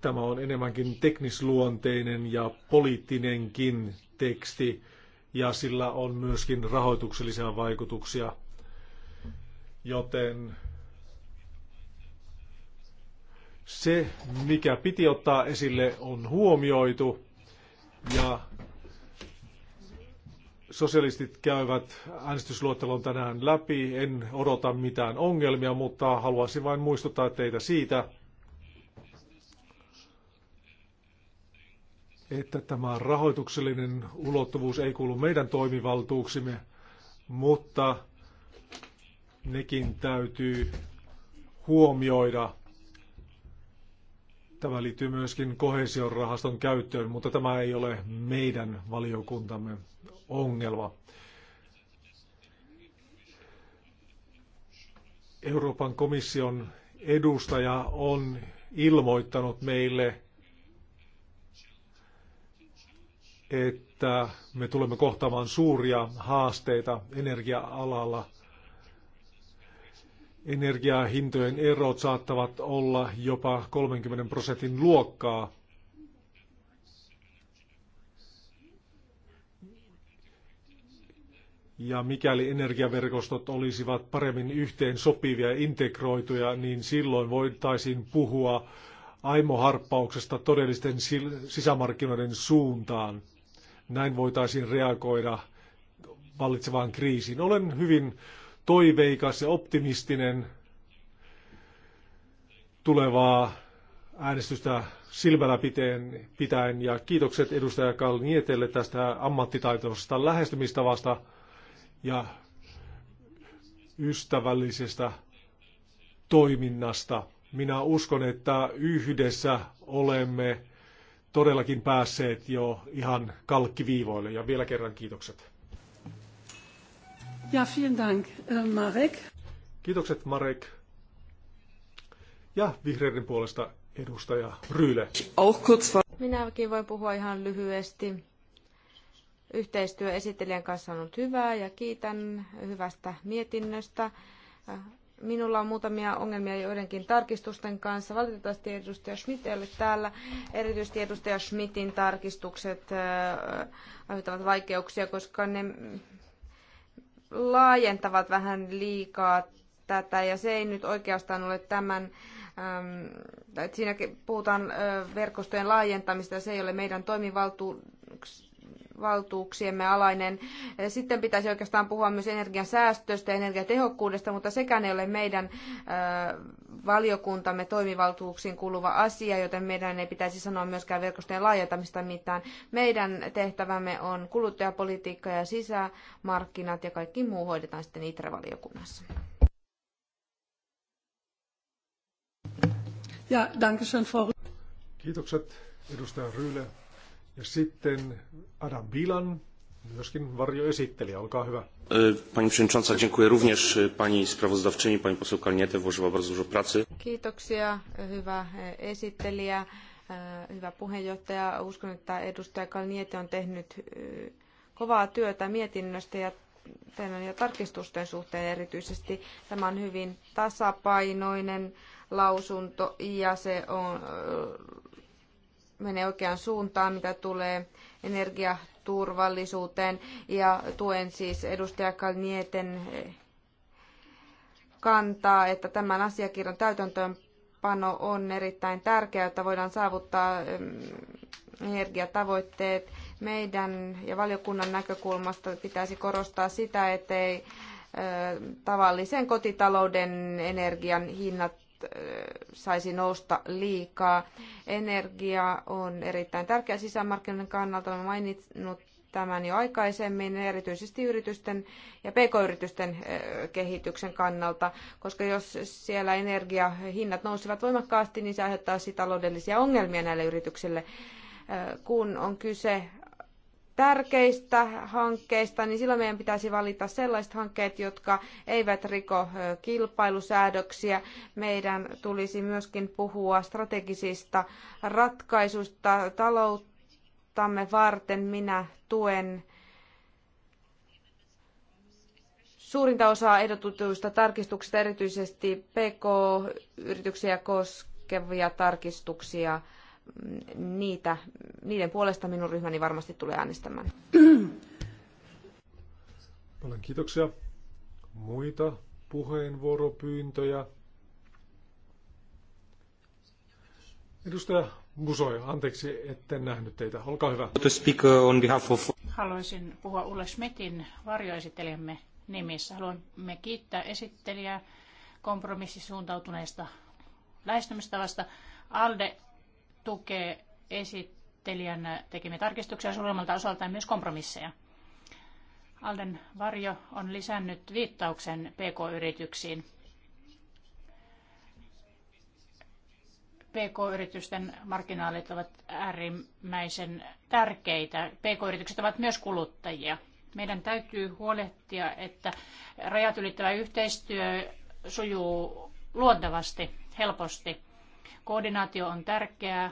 B: Tämä on enemmänkin teknisluonteinen ja poliittinenkin teksti, ja sillä on myöskin rahoituksellisia vaikutuksia. Joten se, mikä piti ottaa esille, on huomioitu, ja Sosialistit käyvät äänestysluettelon tänään läpi. En odota mitään ongelmia, mutta haluaisin vain muistuttaa teitä siitä, että tämä rahoituksellinen ulottuvuus ei kuulu meidän toimivaltuuksimme, mutta nekin täytyy huomioida Tämä liittyy myöskin kohesiorahaston käyttöön, mutta tämä ei ole meidän valiokuntamme ongelma. Euroopan komission edustaja on ilmoittanut meille, että me tulemme kohtaamaan suuria haasteita energia-alalla – Energiahintojen erot saattavat olla jopa 30 prosentin luokkaa. Ja mikäli energiaverkostot olisivat paremmin yhteen sopivia ja integroituja, niin silloin voitaisiin puhua aimoharppauksesta todellisten sisämarkkinoiden suuntaan. Näin voitaisiin reagoida vallitsevaan kriisiin. Olen hyvin toiveikas ja optimistinen tulevaa äänestystä silmällä piteen, pitäen. Ja kiitokset edustaja Kalnietelle tästä ammattitaitoisesta lähestymistavasta ja ystävällisestä toiminnasta. Minä uskon, että yhdessä olemme todellakin päässeet jo ihan kalkkiviivoille. Ja vielä kerran kiitokset.
F: Ja, vielen Dank, äh, Marek.
B: Kiitokset, Marek. Ja vihreiden puolesta edustaja Ryle.
C: Minäkin voin puhua ihan lyhyesti. Yhteistyö esittelijän kanssa on ollut hyvää ja kiitän hyvästä mietinnöstä. Minulla on muutamia ongelmia joidenkin tarkistusten kanssa. Valitettavasti edustaja Schmidt ei ole täällä. Erityisesti edustaja Schmidtin tarkistukset äh, aiheuttavat vaikeuksia, koska ne laajentavat vähän liikaa tätä, ja se ei nyt oikeastaan ole tämän, että siinäkin puhutaan verkostojen laajentamista, ja se ei ole meidän toimivaltuus valtuuksiemme alainen. Sitten pitäisi oikeastaan puhua myös energian säästöstä ja energiatehokkuudesta, mutta sekään ei ole meidän valiokuntamme toimivaltuuksiin kuuluva asia, joten meidän ei pitäisi sanoa myöskään verkostojen laajentamista mitään. Meidän tehtävämme on kuluttajapolitiikka ja sisämarkkinat ja kaikki muu hoidetaan sitten ITRE-valiokunnassa. Ja,
F: Frau
B: Kiitokset edustaja ja sitten Adam Bilan, myöskin varjoesittelijä, olkaa hyvä. E, pani przewodnicząca, dziękuję również e, pani sprawozdawczyni, pani poseł Kalniete, włożyła bardzo dużo
C: pracy. Kiitoksia, hyvä esittelijä, e, hyvä puheenjohtaja. Uskon, että edustaja Kalniete on tehnyt kovaa työtä mietinnöstä ja teidän ja tarkistusten suhteen erityisesti. Tämä on hyvin tasapainoinen lausunto ja se on menee oikeaan suuntaan, mitä tulee energiaturvallisuuteen. Ja tuen siis edustaja Kalnieten eh, kantaa, että tämän asiakirjan täytäntöönpano on erittäin tärkeää, että voidaan saavuttaa energiatavoitteet. Meidän ja valiokunnan näkökulmasta pitäisi korostaa sitä, ettei eh, tavallisen kotitalouden energian hinnat saisi nousta liikaa. Energia on erittäin tärkeä sisämarkkinoiden kannalta. Olen maininnut tämän jo aikaisemmin, erityisesti yritysten ja pk-yritysten kehityksen kannalta, koska jos siellä energiahinnat nousevat voimakkaasti, niin se aiheuttaa taloudellisia ongelmia näille yrityksille. Kun on kyse tärkeistä hankkeista, niin silloin meidän pitäisi valita sellaiset hankkeet, jotka eivät riko kilpailusäädöksiä. Meidän tulisi myöskin puhua strategisista ratkaisuista talouttamme varten. Minä tuen suurinta osaa ehdotetuista tarkistuksista, erityisesti PK-yrityksiä koskevia tarkistuksia niitä, niiden puolesta minun ryhmäni varmasti tulee äänestämään.
B: Paljon kiitoksia. Muita puheenvuoropyyntöjä? Edustaja Musoja, anteeksi, etten nähnyt teitä. Olkaa hyvä.
A: Haluaisin puhua Ulle Schmidtin varjoesittelijämme nimissä. Haluamme kiittää esittelijää kompromissisuuntautuneesta lähestymistavasta. ALDE tukee esittelijän tekemiä tarkistuksia suuremmalta osaltaan myös kompromisseja. Alden Varjo on lisännyt viittauksen PK-yrityksiin. PK-yritysten marginaalit ovat äärimmäisen tärkeitä. PK-yritykset ovat myös kuluttajia. Meidän täytyy huolehtia, että rajat ylittävä yhteistyö sujuu luontevasti, helposti. Koordinaatio on tärkeää,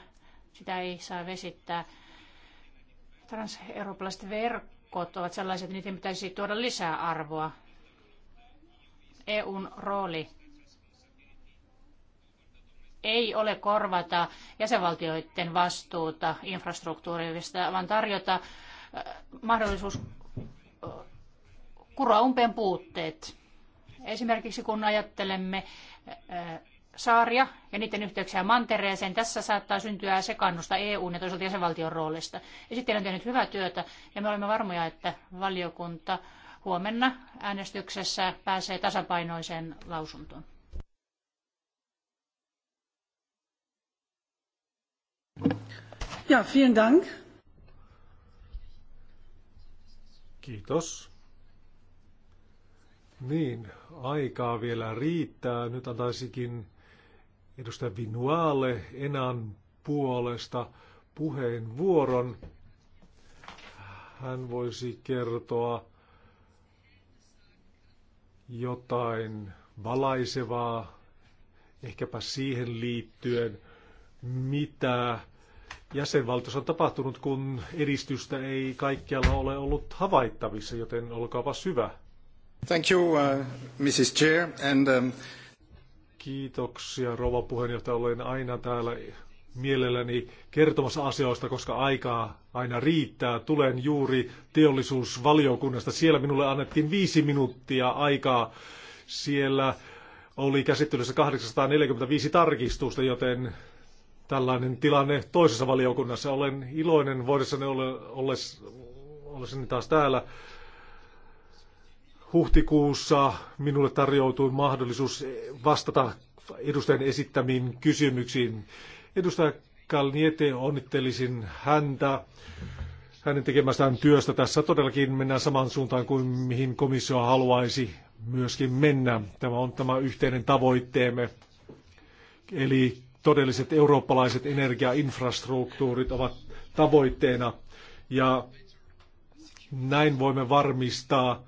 A: sitä ei saa vesittää. Transeurooppalaiset verkot ovat sellaiset, että niiden pitäisi tuoda lisää arvoa. EUn rooli ei ole korvata jäsenvaltioiden vastuuta infrastruktuurista, vaan tarjota äh, mahdollisuus äh, kuroa umpeen puutteet. Esimerkiksi kun ajattelemme äh, saaria ja niiden yhteyksiä mantereeseen. Tässä saattaa syntyä sekannusta EUn ja toisaalta jäsenvaltion roolista. Esittelijä on tehnyt hyvää työtä ja me olemme varmoja, että valiokunta huomenna äänestyksessä pääsee tasapainoiseen lausuntoon.
F: Ja, vielen Dank.
B: Kiitos. Niin, aikaa vielä riittää. Nyt antaisikin edustaja Vinualle Enan puolesta puheenvuoron. Hän voisi kertoa jotain valaisevaa, ehkäpä siihen liittyen, mitä jäsenvaltiossa on tapahtunut, kun edistystä ei kaikkialla ole ollut havaittavissa, joten olkaapa syvä. Thank you, uh, Mrs. Chair, and um, Kiitoksia, rouva puheenjohtaja. Olen aina täällä mielelläni kertomassa asioista, koska aikaa aina riittää. Tulen juuri teollisuusvaliokunnasta. Siellä minulle annettiin viisi minuuttia aikaa. Siellä oli käsittelyssä 845 tarkistusta, joten tällainen tilanne toisessa valiokunnassa. Olen iloinen voidessani olla, ollessani taas täällä huhtikuussa minulle tarjoutui mahdollisuus vastata edustajan esittämiin kysymyksiin. Edustaja Kalniete, onnittelisin häntä hänen tekemästään työstä. Tässä todellakin mennään saman suuntaan kuin mihin komissio haluaisi myöskin mennä. Tämä on tämä yhteinen tavoitteemme. Eli todelliset eurooppalaiset energiainfrastruktuurit ovat tavoitteena. Ja näin voimme varmistaa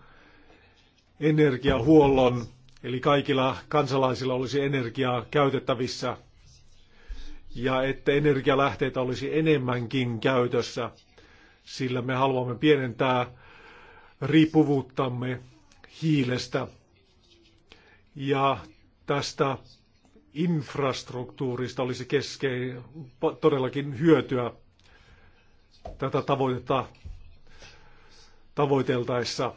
B: energiahuollon, eli kaikilla kansalaisilla olisi energiaa käytettävissä ja että energialähteitä olisi enemmänkin käytössä, sillä me haluamme pienentää riippuvuuttamme hiilestä. Ja tästä infrastruktuurista olisi keskein todellakin hyötyä tätä tavoitetta tavoiteltaessa.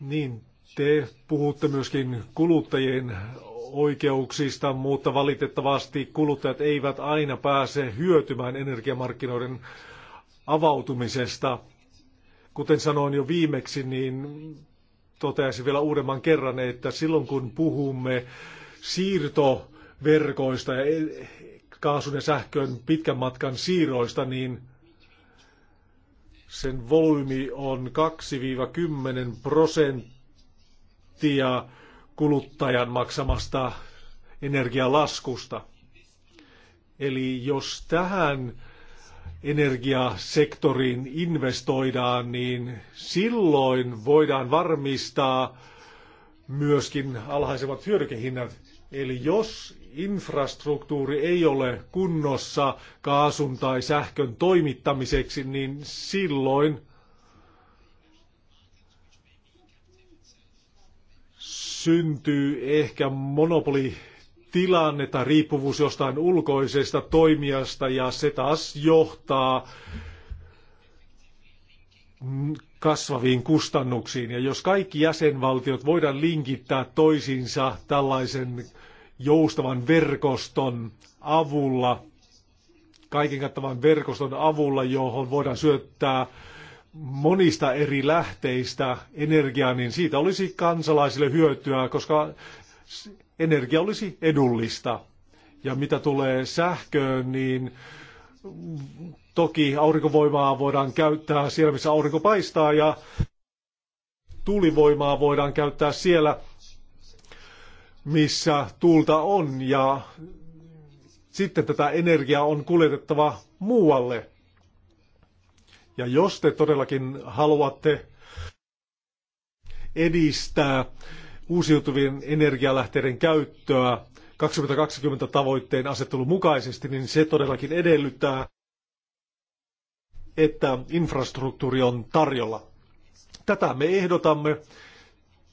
B: Niin, te puhutte myöskin kuluttajien oikeuksista, mutta valitettavasti kuluttajat eivät aina pääse hyötymään energiamarkkinoiden avautumisesta. Kuten sanoin jo viimeksi, niin toteaisin vielä uudemman kerran, että silloin kun puhumme siirtoverkoista ja e- kaasun ja sähkön pitkän matkan siirroista, niin sen volyymi on 2-10 prosenttia kuluttajan maksamasta energialaskusta. Eli jos tähän energiasektoriin investoidaan, niin silloin voidaan varmistaa myöskin alhaisemmat hyödykehinnat. Eli jos infrastruktuuri ei ole kunnossa kaasun tai sähkön toimittamiseksi, niin silloin syntyy ehkä monopoli tilanne tai riippuvuus jostain ulkoisesta toimijasta ja se taas johtaa kasvaviin kustannuksiin. Ja jos kaikki jäsenvaltiot voidaan linkittää toisiinsa tällaisen joustavan verkoston avulla, kaiken kattavan verkoston avulla, johon voidaan syöttää monista eri lähteistä energiaa, niin siitä olisi kansalaisille hyötyä, koska energia olisi edullista. Ja mitä tulee sähköön, niin toki aurinkovoimaa voidaan käyttää siellä, missä aurinko paistaa, ja tuulivoimaa voidaan käyttää siellä, missä tuulta on ja sitten tätä energiaa on kuljetettava muualle. Ja jos te todellakin haluatte edistää uusiutuvien energialähteiden käyttöä 2020 tavoitteen asettelun mukaisesti, niin se todellakin edellyttää, että infrastruktuuri on tarjolla. Tätä me ehdotamme,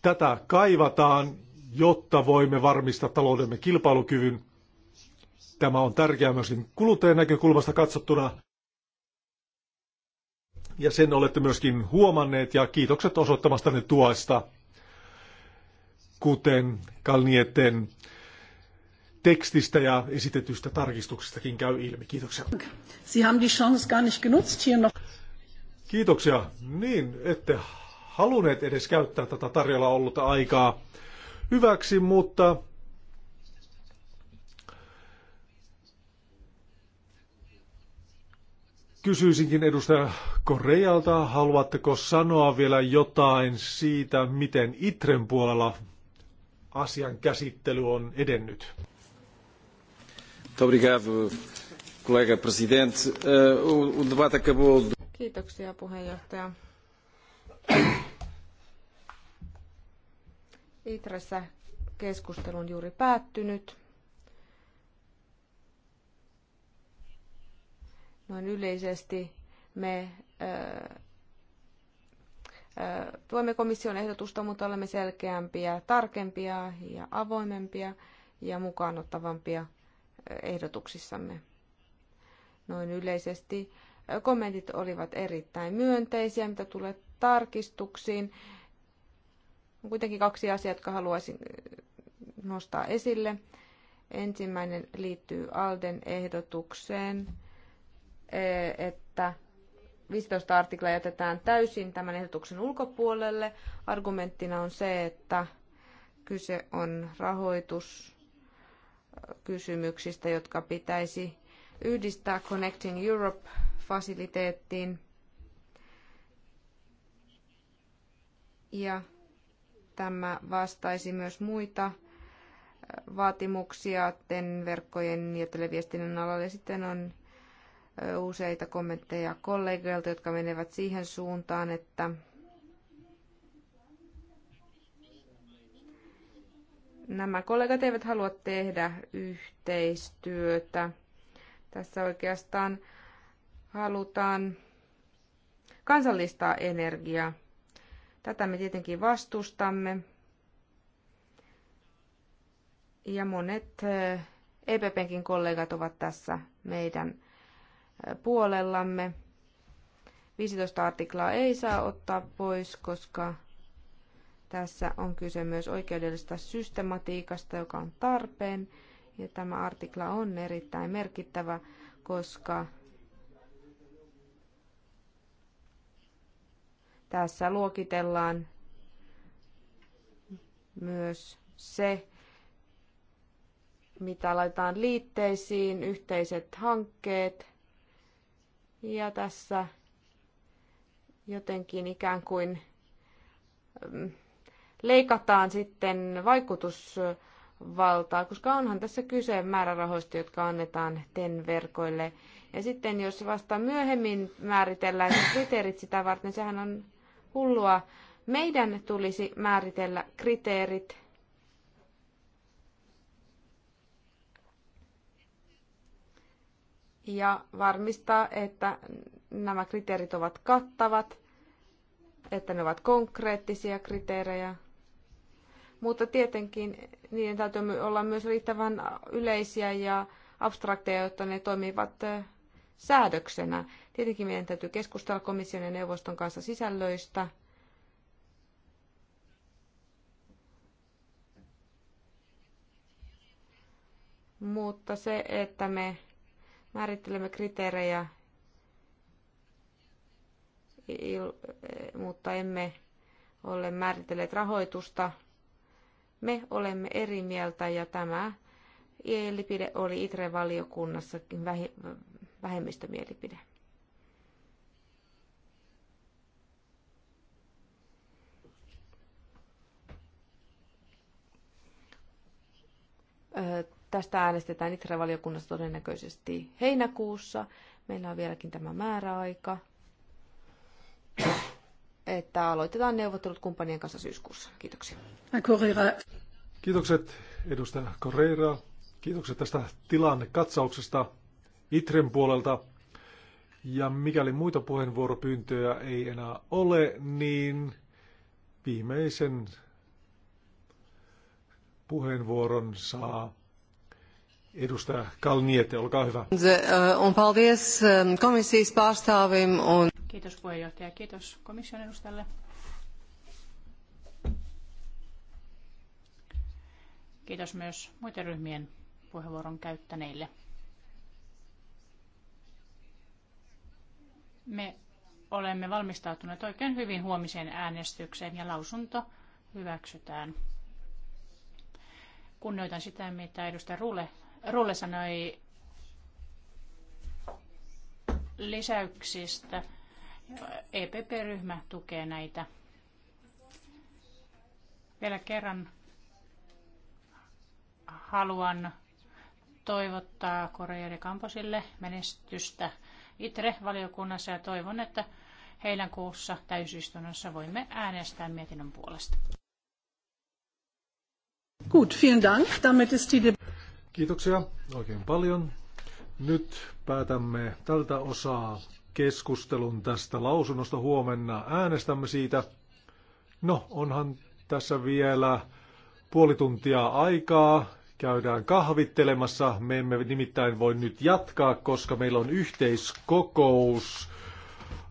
B: tätä kaivataan jotta voimme varmistaa taloudemme kilpailukyvyn. Tämä on tärkeää myöskin kuluttajan näkökulmasta katsottuna. Ja sen olette myöskin huomanneet ja kiitokset osoittamastanne tuosta, kuten Kalnieten tekstistä ja esitetystä tarkistuksestakin käy ilmi. Kiitoksia.
F: Sie haben die Chance
B: gar nicht genutzt hier noch. Kiitoksia. Niin, ette haluneet edes käyttää tätä tarjolla ollutta aikaa hyväksi, mutta kysyisinkin edustaja Korealta, haluatteko sanoa vielä jotain siitä, miten Itren puolella asian käsittely on edennyt? Eh,
C: Kiitoksia puheenjohtaja. Itressä keskustelu on juuri päättynyt. Noin yleisesti me tuemme komission ehdotusta, mutta olemme selkeämpiä, tarkempia ja avoimempia ja mukaanottavampia ehdotuksissamme. Noin yleisesti kommentit olivat erittäin myönteisiä, mitä tulee tarkistuksiin. On kuitenkin kaksi asiaa, jotka haluaisin äh, nostaa esille. Ensimmäinen liittyy Alden ehdotukseen, äh, että 15 artikla jätetään täysin tämän ehdotuksen ulkopuolelle. Argumenttina on se, että kyse on rahoituskysymyksistä, jotka pitäisi yhdistää Connecting Europe-fasiliteettiin. Ja Tämä vastaisi myös muita äh, vaatimuksia verkkojen ja televiestinnän alalle. Sitten on äh, useita kommentteja kollegoilta, jotka menevät siihen suuntaan, että nämä kollegat eivät halua tehdä yhteistyötä. Tässä oikeastaan halutaan kansallista energiaa. Tätä me tietenkin vastustamme. Ja monet EPPnkin eh, e kollegat ovat tässä meidän eh, puolellamme. 15 artiklaa ei saa ottaa pois, koska tässä on kyse myös oikeudellisesta systematiikasta, joka on tarpeen. Ja tämä artikla on erittäin merkittävä, koska Tässä luokitellaan myös se, mitä laitetaan liitteisiin, yhteiset hankkeet. Ja tässä jotenkin ikään kuin mm, leikataan sitten vaikutusvaltaa, koska onhan tässä kyse määrärahoista, jotka annetaan TEN-verkoille. Ja sitten jos vasta myöhemmin määritellään kriteerit sitä varten, sehän on hullua. Meidän tulisi määritellä kriteerit ja varmistaa, että nämä kriteerit ovat kattavat, että ne ovat konkreettisia kriteerejä. Mutta tietenkin niiden täytyy olla myös riittävän yleisiä ja abstrakteja, jotta ne toimivat säädöksenä. Tietenkin meidän täytyy keskustella komission ja neuvoston kanssa sisällöistä. Mutta se, että me määrittelemme kriteerejä, mutta emme ole määritelleet rahoitusta, me olemme eri mieltä ja tämä mielipide oli ITRE-valiokunnassakin vähemmistömielipide. Tästä äänestetään ITRE-valiokunnassa todennäköisesti heinäkuussa. Meillä on vieläkin tämä määräaika, että aloitetaan neuvottelut kumppanien kanssa syyskuussa. Kiitoksia.
B: Kiitokset edustaja Correira. Kiitokset tästä tilannekatsauksesta ITREn puolelta. Ja mikäli muita puheenvuoropyyntöjä ei enää ole, niin viimeisen puheenvuoron saa edustaja Kalniete, olkaa hyvä.
E: Eh, on paldies eh, komissiis
C: on...
A: Kiitos puheenjohtaja, kiitos komission edustajalle. Kiitos myös muiden ryhmien puheenvuoron käyttäneille. Me olemme valmistautuneet oikein hyvin huomiseen äänestykseen ja lausunto hyväksytään Kunnioitan sitä, mitä edustaja Rulle, Rulle sanoi lisäyksistä. EPP-ryhmä tukee näitä. Vielä kerran haluan toivottaa Korjeri Kamposille menestystä ITRE-valiokunnassa ja toivon, että heinäkuussa täysistunnossa voimme äänestää mietinnön puolesta.
F: Gut, vielen Dank. Damit ist die Kiitoksia oikein
B: paljon. Nyt päätämme tältä osaa keskustelun tästä lausunnosta. Huomenna äänestämme siitä. No, onhan tässä vielä puoli tuntia aikaa. Käydään kahvittelemassa. Me emme nimittäin voi nyt jatkaa, koska meillä on yhteiskokous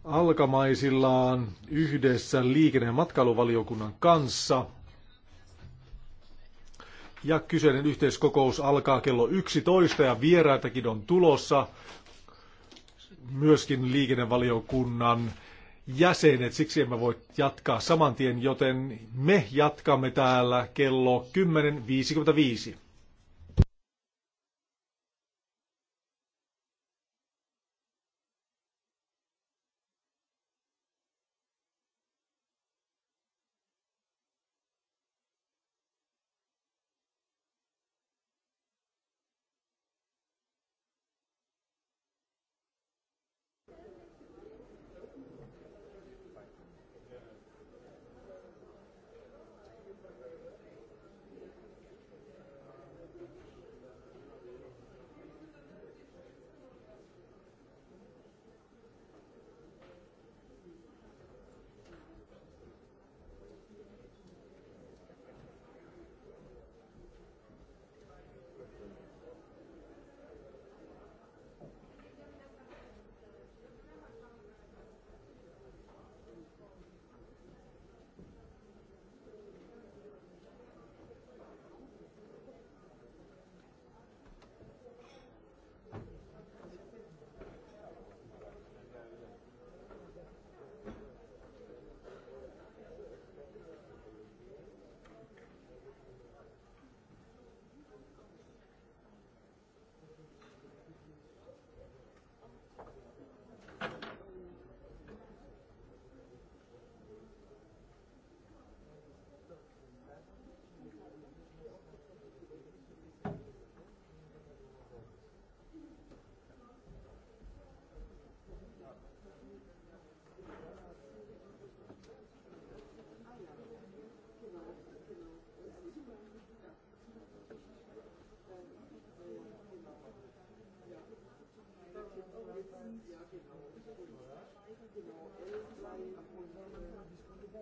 B: alkamaisillaan yhdessä liikenne- ja matkailuvaliokunnan kanssa. Ja kyseinen yhteiskokous alkaa kello 11 ja vieraitakin on tulossa. Myöskin liikennevaliokunnan jäsenet, siksi emme voi jatkaa saman tien, joten me jatkamme täällä kello 10.55.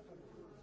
F: Gracias.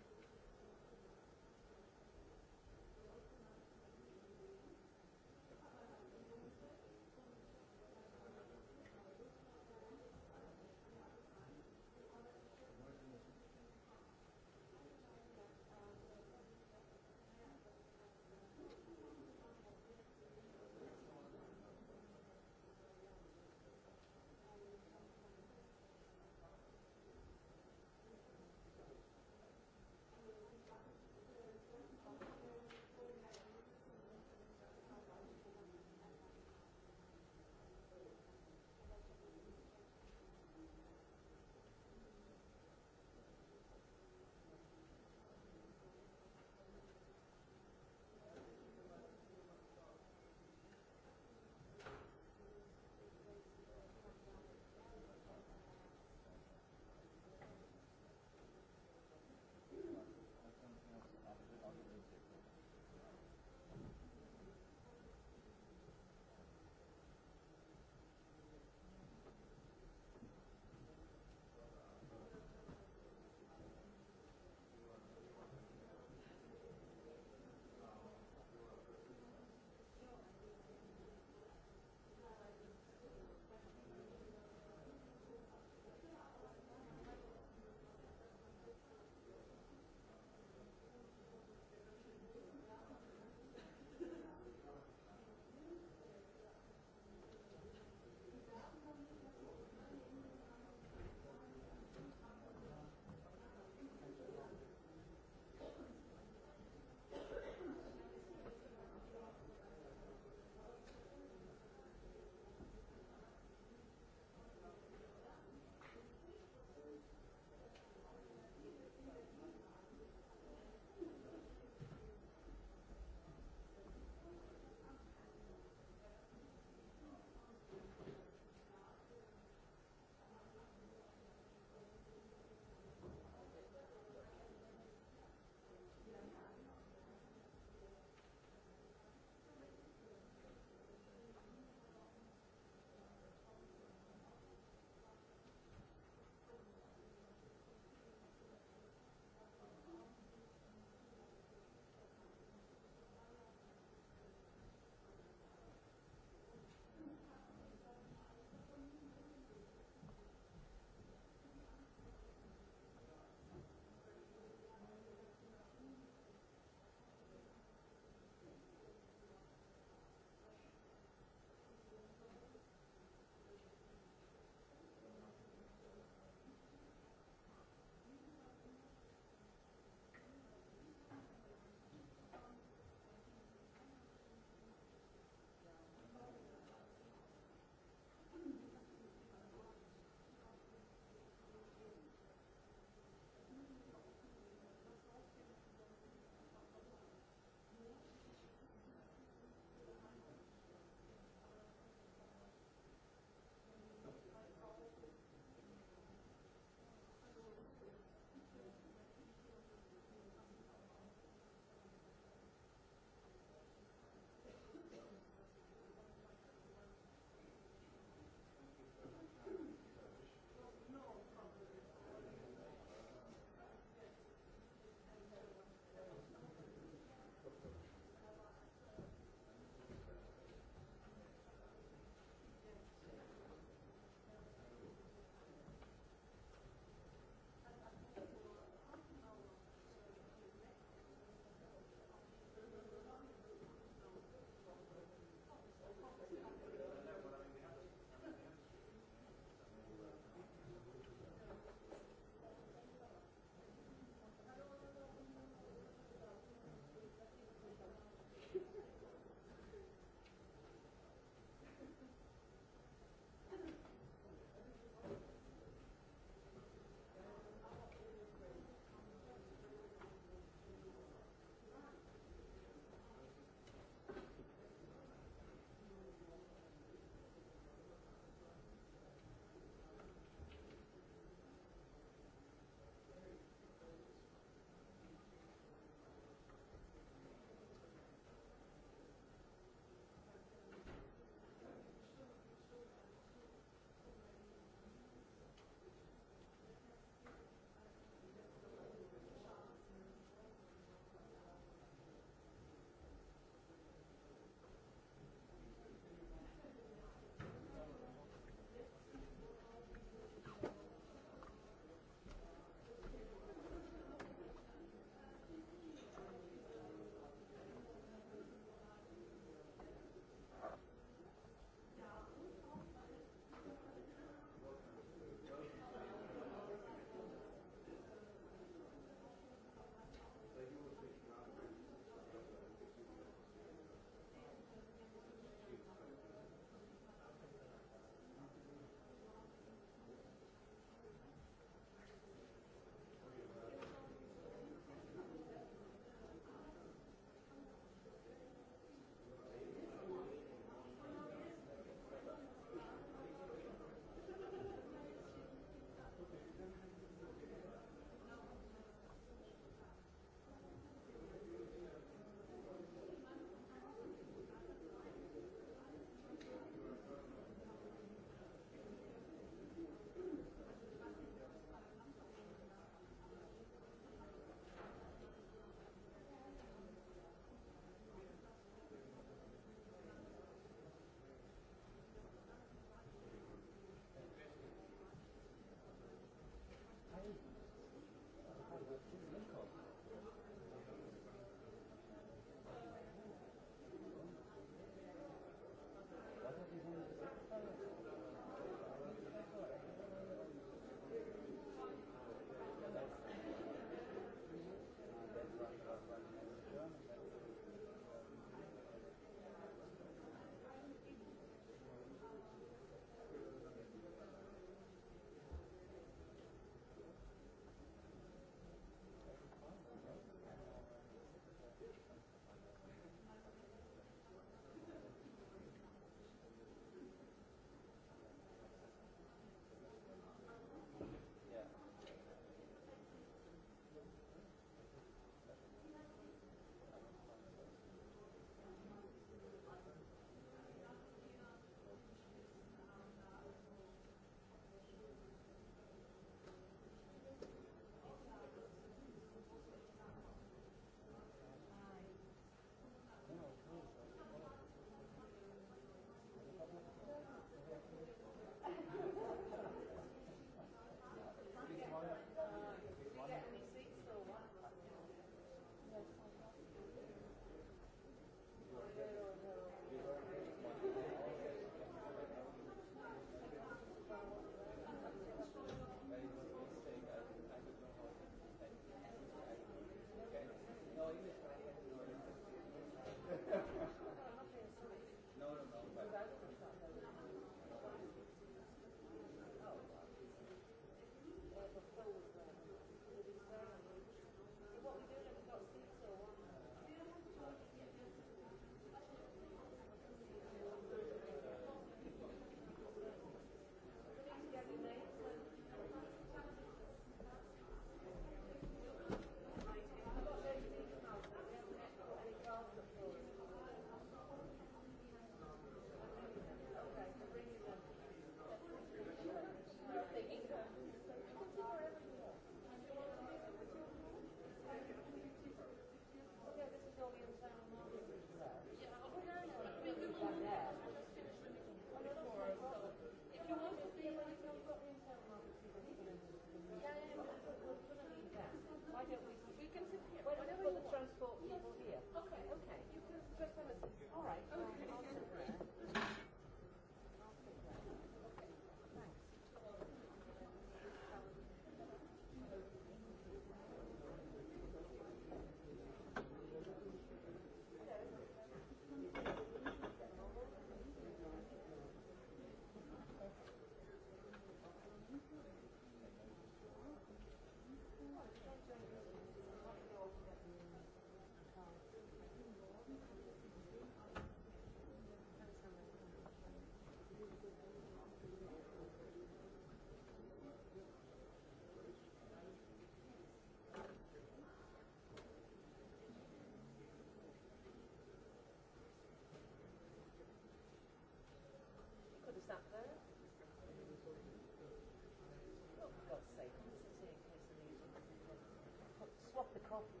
F: coffee.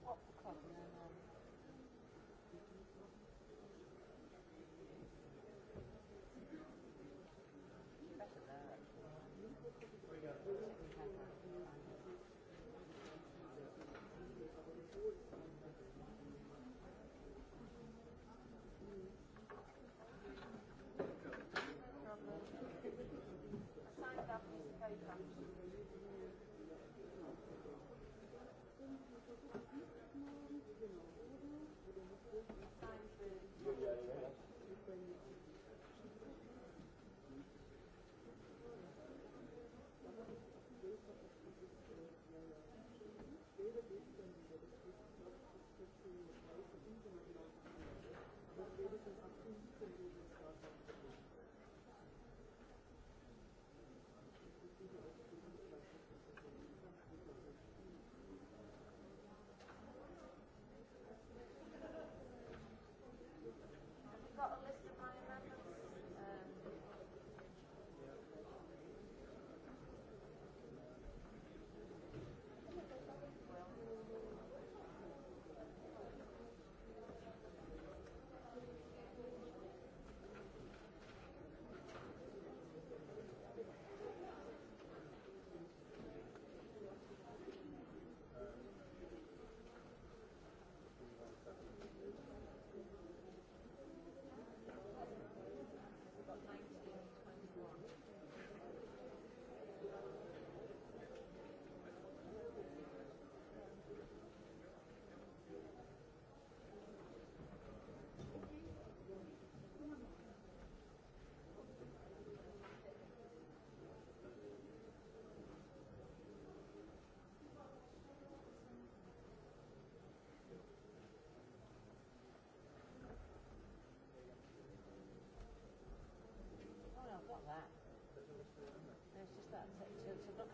F: Swap the coffee.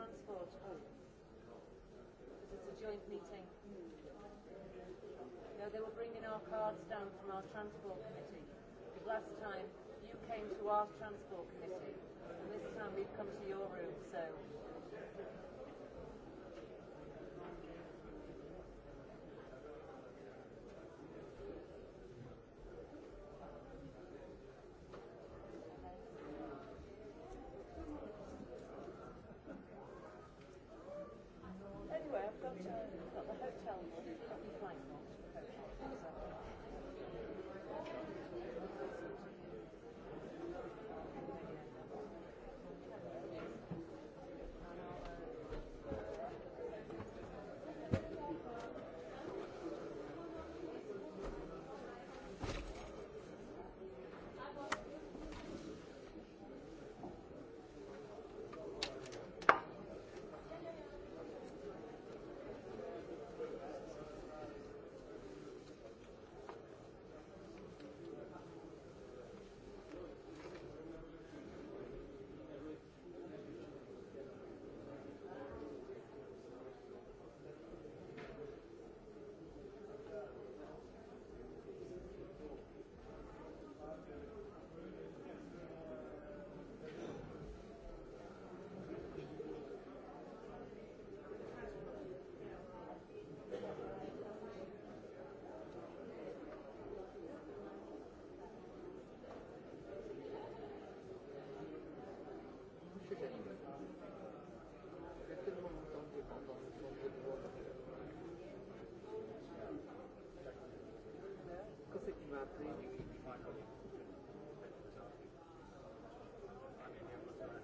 E: Transport? Oh. it's a joint meeting. Mm. No, they were bringing our cards down from our Transport Committee. Because last time you came to our Transport Committee, and this time we've come to your room, so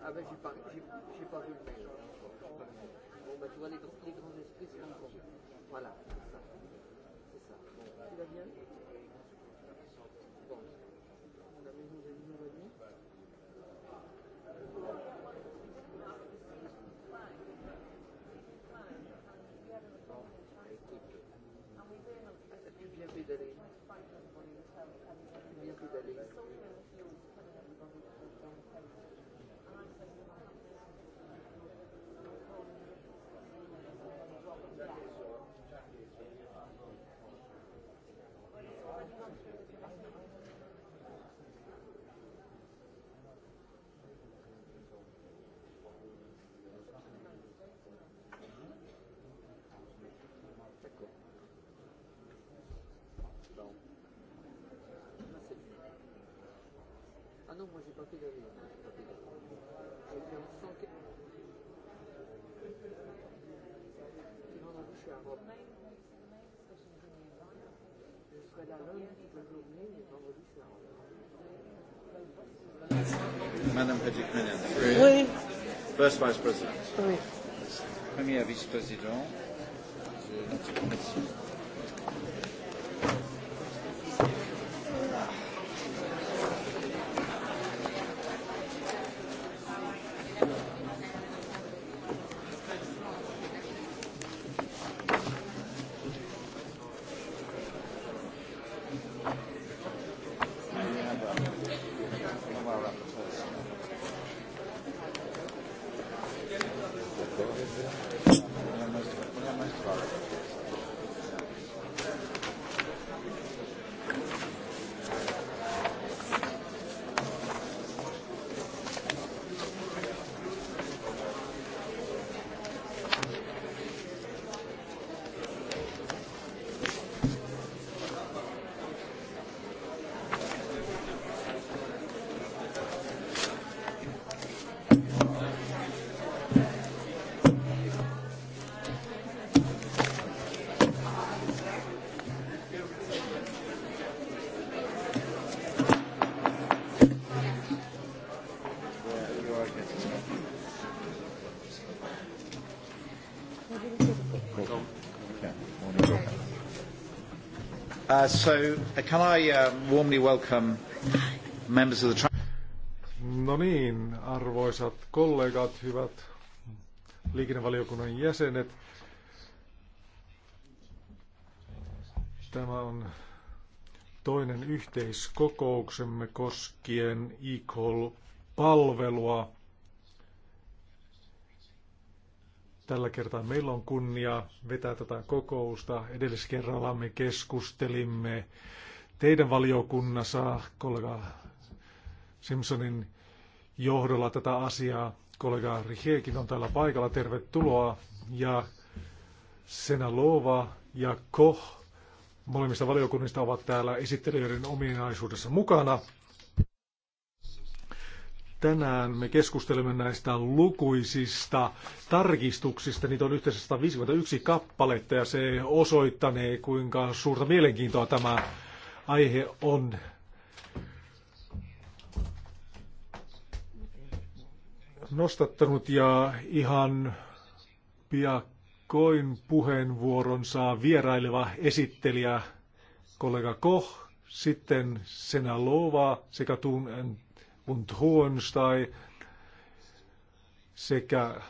E: Ah ben j'ai pas, j'ai, j'ai pas vu le mail. Bon, ben, tu vois, les, les grands esprits,
F: c'est bon. Voilà.
A: Madame Petikmanian. Oui. First Vice President. Oui. Premier vice-président
E: Uh, so, uh, can I
F: um, warmly welcome members of the...
B: No niin, arvoisat kollegat, hyvät liikennevaliokunnan jäsenet. Tämä on toinen yhteiskokouksemme koskien e palvelua Tällä kertaa meillä on kunnia vetää tätä kokousta. Edelliskerralla me keskustelimme teidän valiokunnassa kollega Simpsonin johdolla tätä asiaa. Kollega Rihiekin on täällä paikalla. Tervetuloa. Ja Lova ja Koh molemmista valiokunnista ovat täällä esittelijöiden ominaisuudessa mukana. Tänään me keskustelemme näistä lukuisista tarkistuksista. Niitä on yhteensä 151 kappaletta ja se osoittanee, kuinka suurta mielenkiintoa tämä aihe on. nostattanut ja ihan piakkoin puheenvuoron saa vieraileva esittelijä kollega Koh, sitten Senalova sekä Tun und Hohenstein sekä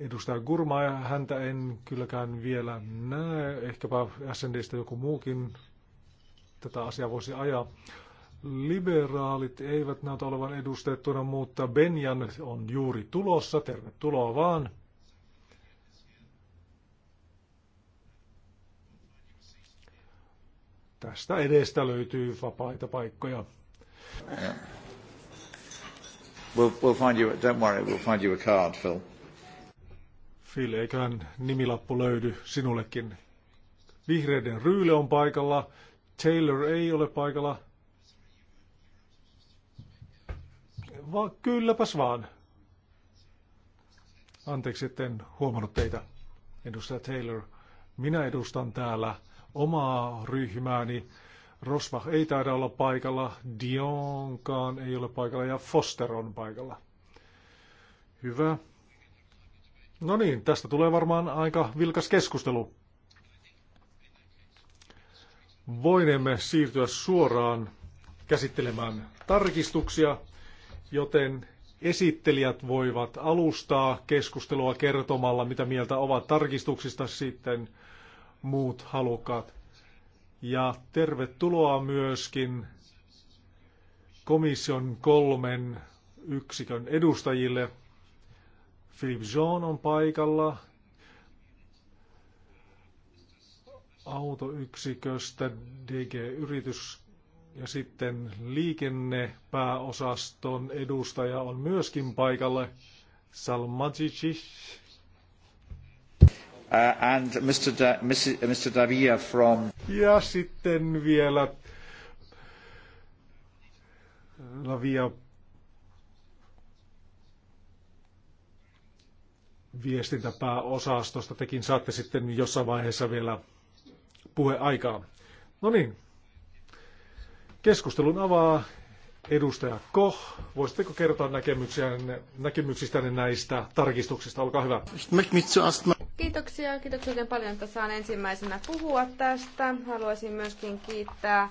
B: edustaja Gurma, ja häntä en kylläkään vielä näe. Ehkäpä SNDstä joku muukin tätä asiaa voisi ajaa. Liberaalit eivät näytä olevan edustettuna, mutta Benjan on juuri tulossa. Tervetuloa vaan. Tästä edestä löytyy vapaita paikkoja.
A: Ja. We'll, we'll find you, don't worry, we'll find you a card, Phil.
B: Phil, eiköhän nimilappu löydy sinullekin. Vihreiden Ryyle on paikalla, Taylor ei ole paikalla. Va, kylläpäs vaan. Anteeksi, etten huomannut teitä, edustaja Taylor. Minä edustan täällä omaa ryhmääni. Rosbach ei taida olla paikalla, Dionkaan ei ole paikalla ja Foster on paikalla. Hyvä. No niin, tästä tulee varmaan aika vilkas keskustelu. Voinemme siirtyä suoraan käsittelemään tarkistuksia, joten esittelijät voivat alustaa keskustelua kertomalla, mitä mieltä ovat tarkistuksista sitten muut halukkaat ja tervetuloa myöskin komission kolmen yksikön edustajille. Philip Jean on paikalla autoyksiköstä, DG-yritys ja sitten liikennepääosaston edustaja on myöskin paikalle, Salmacic.
A: Uh, and Mr. Da, Mr. Uh, Davia from
B: ja sitten vielä Lavia viestintäpääosastosta. Tekin saatte sitten jossain vaiheessa vielä puheaikaa. No niin, keskustelun avaa Edustaja Koch, voisitteko kertoa näkemyksistänne näistä tarkistuksista? Olkaa hyvä.
C: Kiitoksia, kiitoksia oikein paljon, että saan ensimmäisenä puhua tästä. Haluaisin myöskin kiittää äh,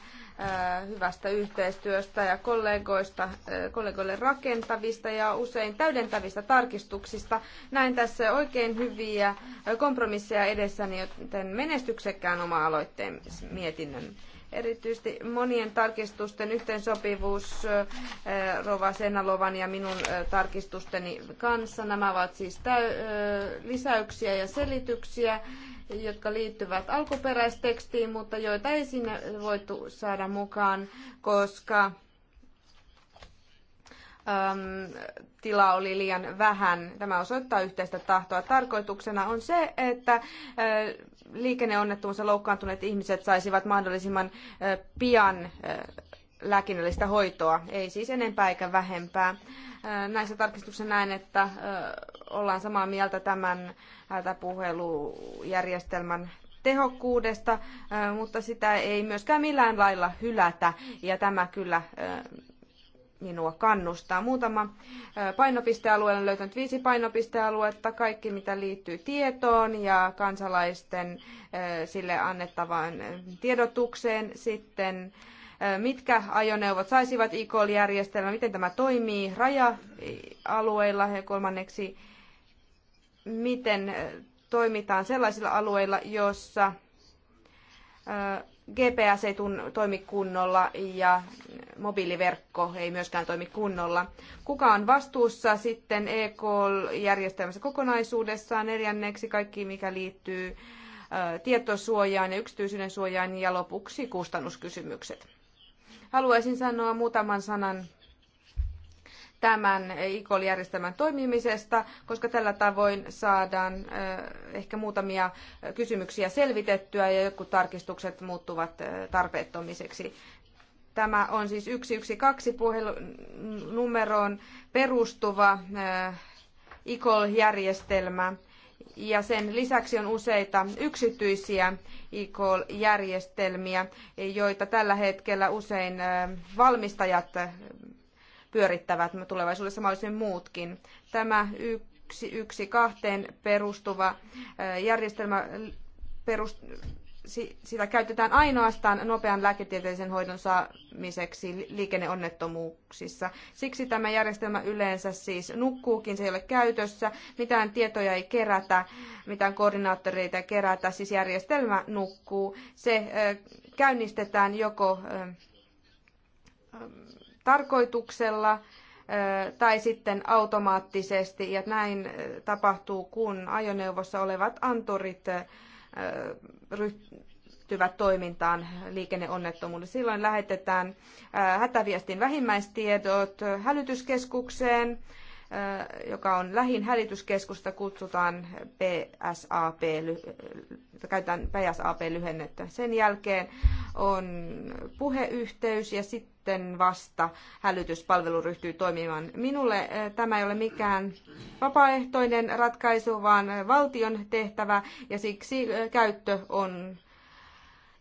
C: hyvästä yhteistyöstä ja kollegoista, äh, kollegoille rakentavista ja usein täydentävistä tarkistuksista. Näin tässä oikein hyviä äh, kompromisseja edessäni, joten menestyksekkään oma aloitteen mietinnön. Erityisesti monien tarkistusten yhteensopivuus eh, Rova Senalovan ja minun eh, tarkistusteni kanssa. Nämä ovat siis eh, lisäyksiä ja selityksiä, jotka liittyvät alkuperäistekstiin, mutta joita ei sinne voitu saada mukaan, koska tila oli liian vähän. Tämä osoittaa yhteistä tahtoa. Tarkoituksena on se, että liikenneonnettomuudessa loukkaantuneet ihmiset saisivat mahdollisimman pian lääkinnällistä hoitoa, ei siis enempää eikä vähempää. Näissä tarkistuksissa näen, että ollaan samaa mieltä tämän hätäpuhelujärjestelmän tehokkuudesta, mutta sitä ei myöskään millään lailla hylätä, ja tämä kyllä minua kannustaa. Muutama painopistealue, olen löytänyt viisi painopistealuetta, kaikki mitä liittyy tietoon ja kansalaisten sille annettavaan tiedotukseen. Sitten mitkä ajoneuvot saisivat e-call-järjestelmän, miten tämä toimii raja-alueilla ja kolmanneksi, miten toimitaan sellaisilla alueilla, joissa GPS ei toimi kunnolla ja mobiiliverkko ei myöskään toimi kunnolla. Kuka on vastuussa sitten EK-järjestelmässä kokonaisuudessaan? Neljänneksi kaikki, mikä liittyy tietosuojaan ja yksityisyyden suojaan ja lopuksi kustannuskysymykset. Haluaisin sanoa muutaman sanan tämän ICOL-järjestelmän toimimisesta, koska tällä tavoin saadaan eh, ehkä muutamia eh, kysymyksiä selvitettyä ja jotkut tarkistukset muuttuvat eh, tarpeettomiksi, Tämä on siis 112 puhelunumeroon perustuva ICOL-järjestelmä. Ja sen lisäksi on useita yksityisiä ICOL-järjestelmiä, joita tällä hetkellä usein valmistajat pyörittävät tulevaisuudessa mahdollisimman muutkin. Tämä yksi, yksi kahteen perustuva järjestelmä perust, sitä käytetään ainoastaan nopean lääketieteellisen hoidon saamiseksi liikenneonnettomuuksissa. Siksi tämä järjestelmä yleensä siis nukkuukin, se ei ole käytössä, mitään tietoja ei kerätä, mitään koordinaattoreita ei kerätä, siis järjestelmä nukkuu. Se käynnistetään joko tarkoituksella tai sitten automaattisesti. Ja näin tapahtuu, kun ajoneuvossa olevat anturit ryhtyvät toimintaan liikenneonnettomuudessa. Silloin lähetetään hätäviestin vähimmäistiedot hälytyskeskukseen joka on lähin hälytyskeskusta, kutsutaan PSAP, käytetään PSAP-lyhennettä. Sen jälkeen on puheyhteys ja sitten vasta hälytyspalvelu ryhtyy toimimaan. Minulle tämä ei ole mikään vapaaehtoinen ratkaisu, vaan valtion tehtävä ja siksi käyttö on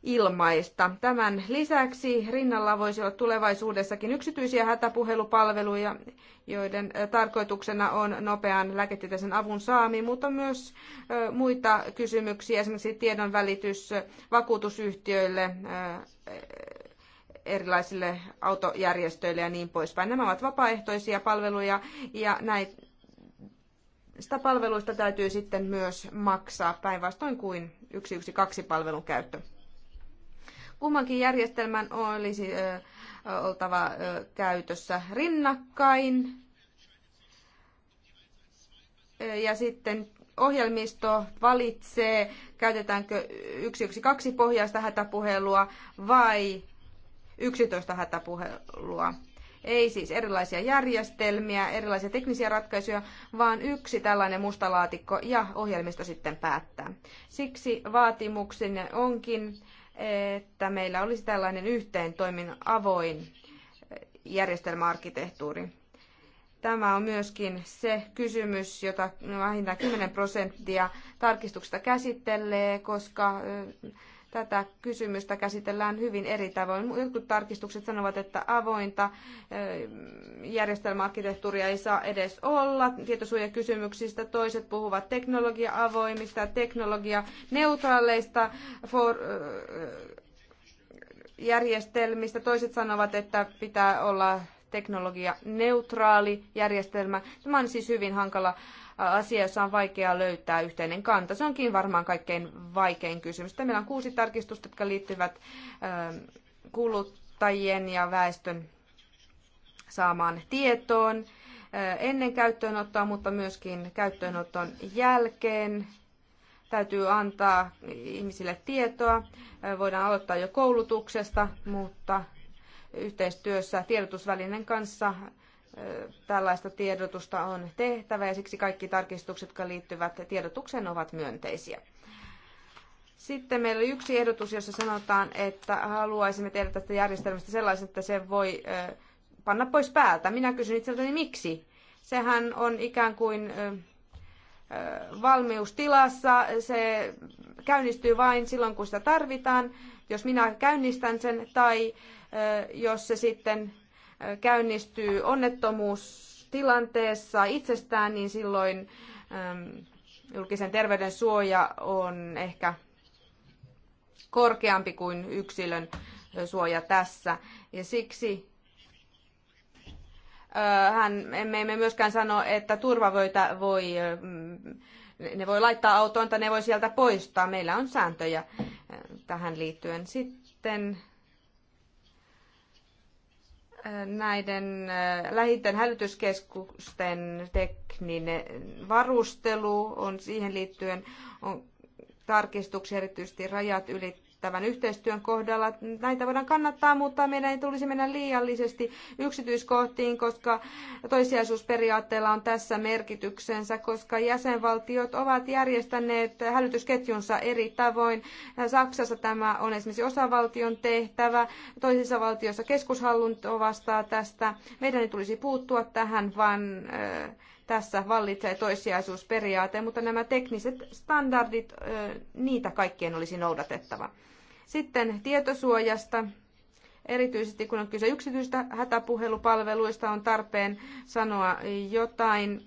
C: ilmaista. Tämän lisäksi rinnalla voisi olla tulevaisuudessakin yksityisiä hätäpuhelupalveluja, joiden tarkoituksena on nopean lääketieteellisen avun saami, mutta myös muita kysymyksiä, esimerkiksi tiedonvälitys vakuutusyhtiöille, e, erilaisille autojärjestöille ja niin poispäin. Nämä ovat vapaaehtoisia palveluja ja näistä palveluista täytyy sitten myös maksaa päinvastoin kuin 112 palvelun käyttö. Kummankin järjestelmän olisi oltava käytössä rinnakkain. Ja sitten ohjelmisto valitsee, käytetäänkö 112 pohjaista hätäpuhelua vai 11 hätäpuhelua. Ei siis erilaisia järjestelmiä, erilaisia teknisiä ratkaisuja, vaan yksi tällainen musta laatikko ja ohjelmisto sitten päättää. Siksi vaatimuksen onkin että meillä olisi tällainen yhteen toimin avoin järjestelmäarkkitehtuuri. Tämä on myöskin se kysymys, jota vähintään 10 prosenttia tarkistuksista käsittelee, koska tätä kysymystä käsitellään hyvin eri tavoin. Jotkut tarkistukset sanovat, että avointa eh, järjestelmäarkkitehtuuria ei saa edes olla tietosuojakysymyksistä. Toiset puhuvat teknologia-avoimista, teknologia-neutraaleista for, eh, järjestelmistä. Toiset sanovat, että pitää olla teknologia neutraali järjestelmä. Tämä on siis hyvin hankala asiassa on vaikea löytää yhteinen kanta. Se onkin varmaan kaikkein vaikein kysymys. Sitten meillä on kuusi tarkistusta, jotka liittyvät ähm, kuluttajien ja väestön saamaan tietoon äh, ennen käyttöönottoa, mutta myöskin käyttöönoton jälkeen. Täytyy antaa ihmisille tietoa. Äh, voidaan aloittaa jo koulutuksesta, mutta yhteistyössä tiedotusvälinen kanssa tällaista tiedotusta on tehtävä ja siksi kaikki tarkistukset, jotka liittyvät tiedotukseen, ovat myönteisiä. Sitten meillä on yksi ehdotus, jossa sanotaan, että haluaisimme tehdä tästä järjestelmästä sellaisen, että se voi panna pois päältä. Minä kysyn itseltäni, miksi? Sehän on ikään kuin valmiustilassa, se käynnistyy vain silloin, kun sitä tarvitaan. Jos minä käynnistän sen tai jos se sitten käynnistyy onnettomuustilanteessa itsestään, niin silloin julkisen terveyden suoja on ehkä korkeampi kuin yksilön suoja tässä. Ja siksi hän, emme, emme myöskään sano, että turvavöitä voi, ne voi laittaa autoon tai ne voi sieltä poistaa. Meillä on sääntöjä tähän liittyen. Sitten näiden äh, lähinten hälytyskeskusten tekninen varustelu on siihen liittyen on tarkistuksia erityisesti rajat ylittävät tämän yhteistyön kohdalla. Näitä voidaan kannattaa, mutta meidän ei tulisi mennä liiallisesti yksityiskohtiin, koska toissijaisuusperiaatteella on tässä merkityksensä, koska jäsenvaltiot ovat järjestäneet hälytysketjunsa eri tavoin. Saksassa tämä on esimerkiksi osavaltion tehtävä, toisissa valtioissa keskushallinto vastaa tästä. Meidän ei tulisi puuttua tähän, vaan tässä vallitsee toissijaisuusperiaate, mutta nämä tekniset standardit, niitä kaikkien olisi noudatettava. Sitten tietosuojasta. Erityisesti kun on kyse yksityistä hätäpuhelupalveluista, on tarpeen sanoa jotain,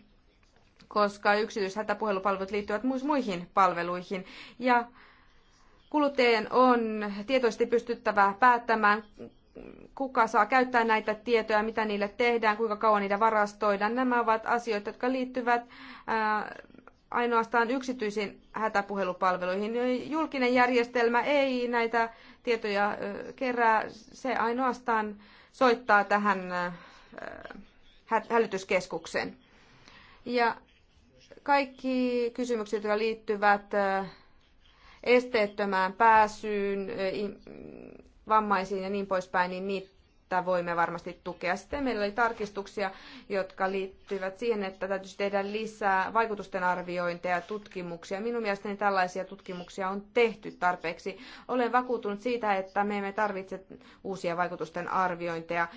C: koska yksityiset hätäpuhelupalvelut liittyvät myös muihin palveluihin. Ja kuluttajien on tietoisesti pystyttävä päättämään, kuka saa käyttää näitä tietoja, mitä niille tehdään, kuinka kauan niitä varastoidaan. Nämä ovat asioita, jotka liittyvät ainoastaan yksityisiin hätäpuhelupalveluihin. Niin julkinen järjestelmä ei näitä tietoja kerää, se ainoastaan soittaa tähän hälytyskeskukseen. Ja kaikki kysymykset, jotka liittyvät esteettömään pääsyyn, vammaisiin ja niin poispäin, niin niitä Tätä voimme varmasti tukea. Sitten meillä oli tarkistuksia, jotka liittyvät siihen, että täytyisi tehdä lisää vaikutusten arviointeja ja tutkimuksia. Minun mielestäni tällaisia tutkimuksia on tehty tarpeeksi. Olen vakuutunut siitä, että me emme tarvitse uusia vaikutusten arviointeja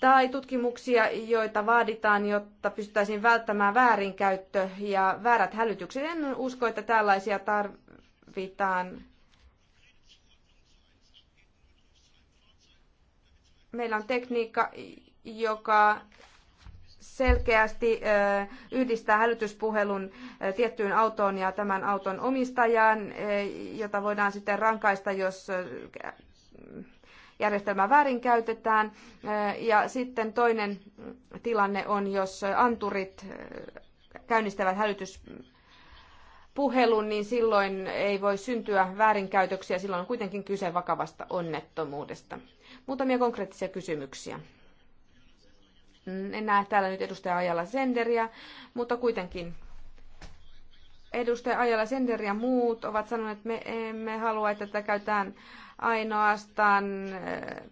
C: tai tutkimuksia, joita vaaditaan, jotta pystyttäisiin välttämään väärinkäyttö ja väärät hälytykset. En usko, että tällaisia tarvitaan meillä on tekniikka, joka selkeästi yhdistää hälytyspuhelun tiettyyn autoon ja tämän auton omistajaan, jota voidaan sitten rankaista, jos järjestelmä väärinkäytetään. Ja sitten toinen tilanne on, jos anturit käynnistävät hälytyspuhelun, niin silloin ei voi syntyä väärinkäytöksiä, silloin on kuitenkin kyse vakavasta onnettomuudesta. Muutamia konkreettisia kysymyksiä. En näe täällä nyt edustaja Ajala Senderiä, mutta kuitenkin edustaja Ajala Sender ja muut ovat sanoneet, että me emme halua, että tätä käytetään ainoastaan eh,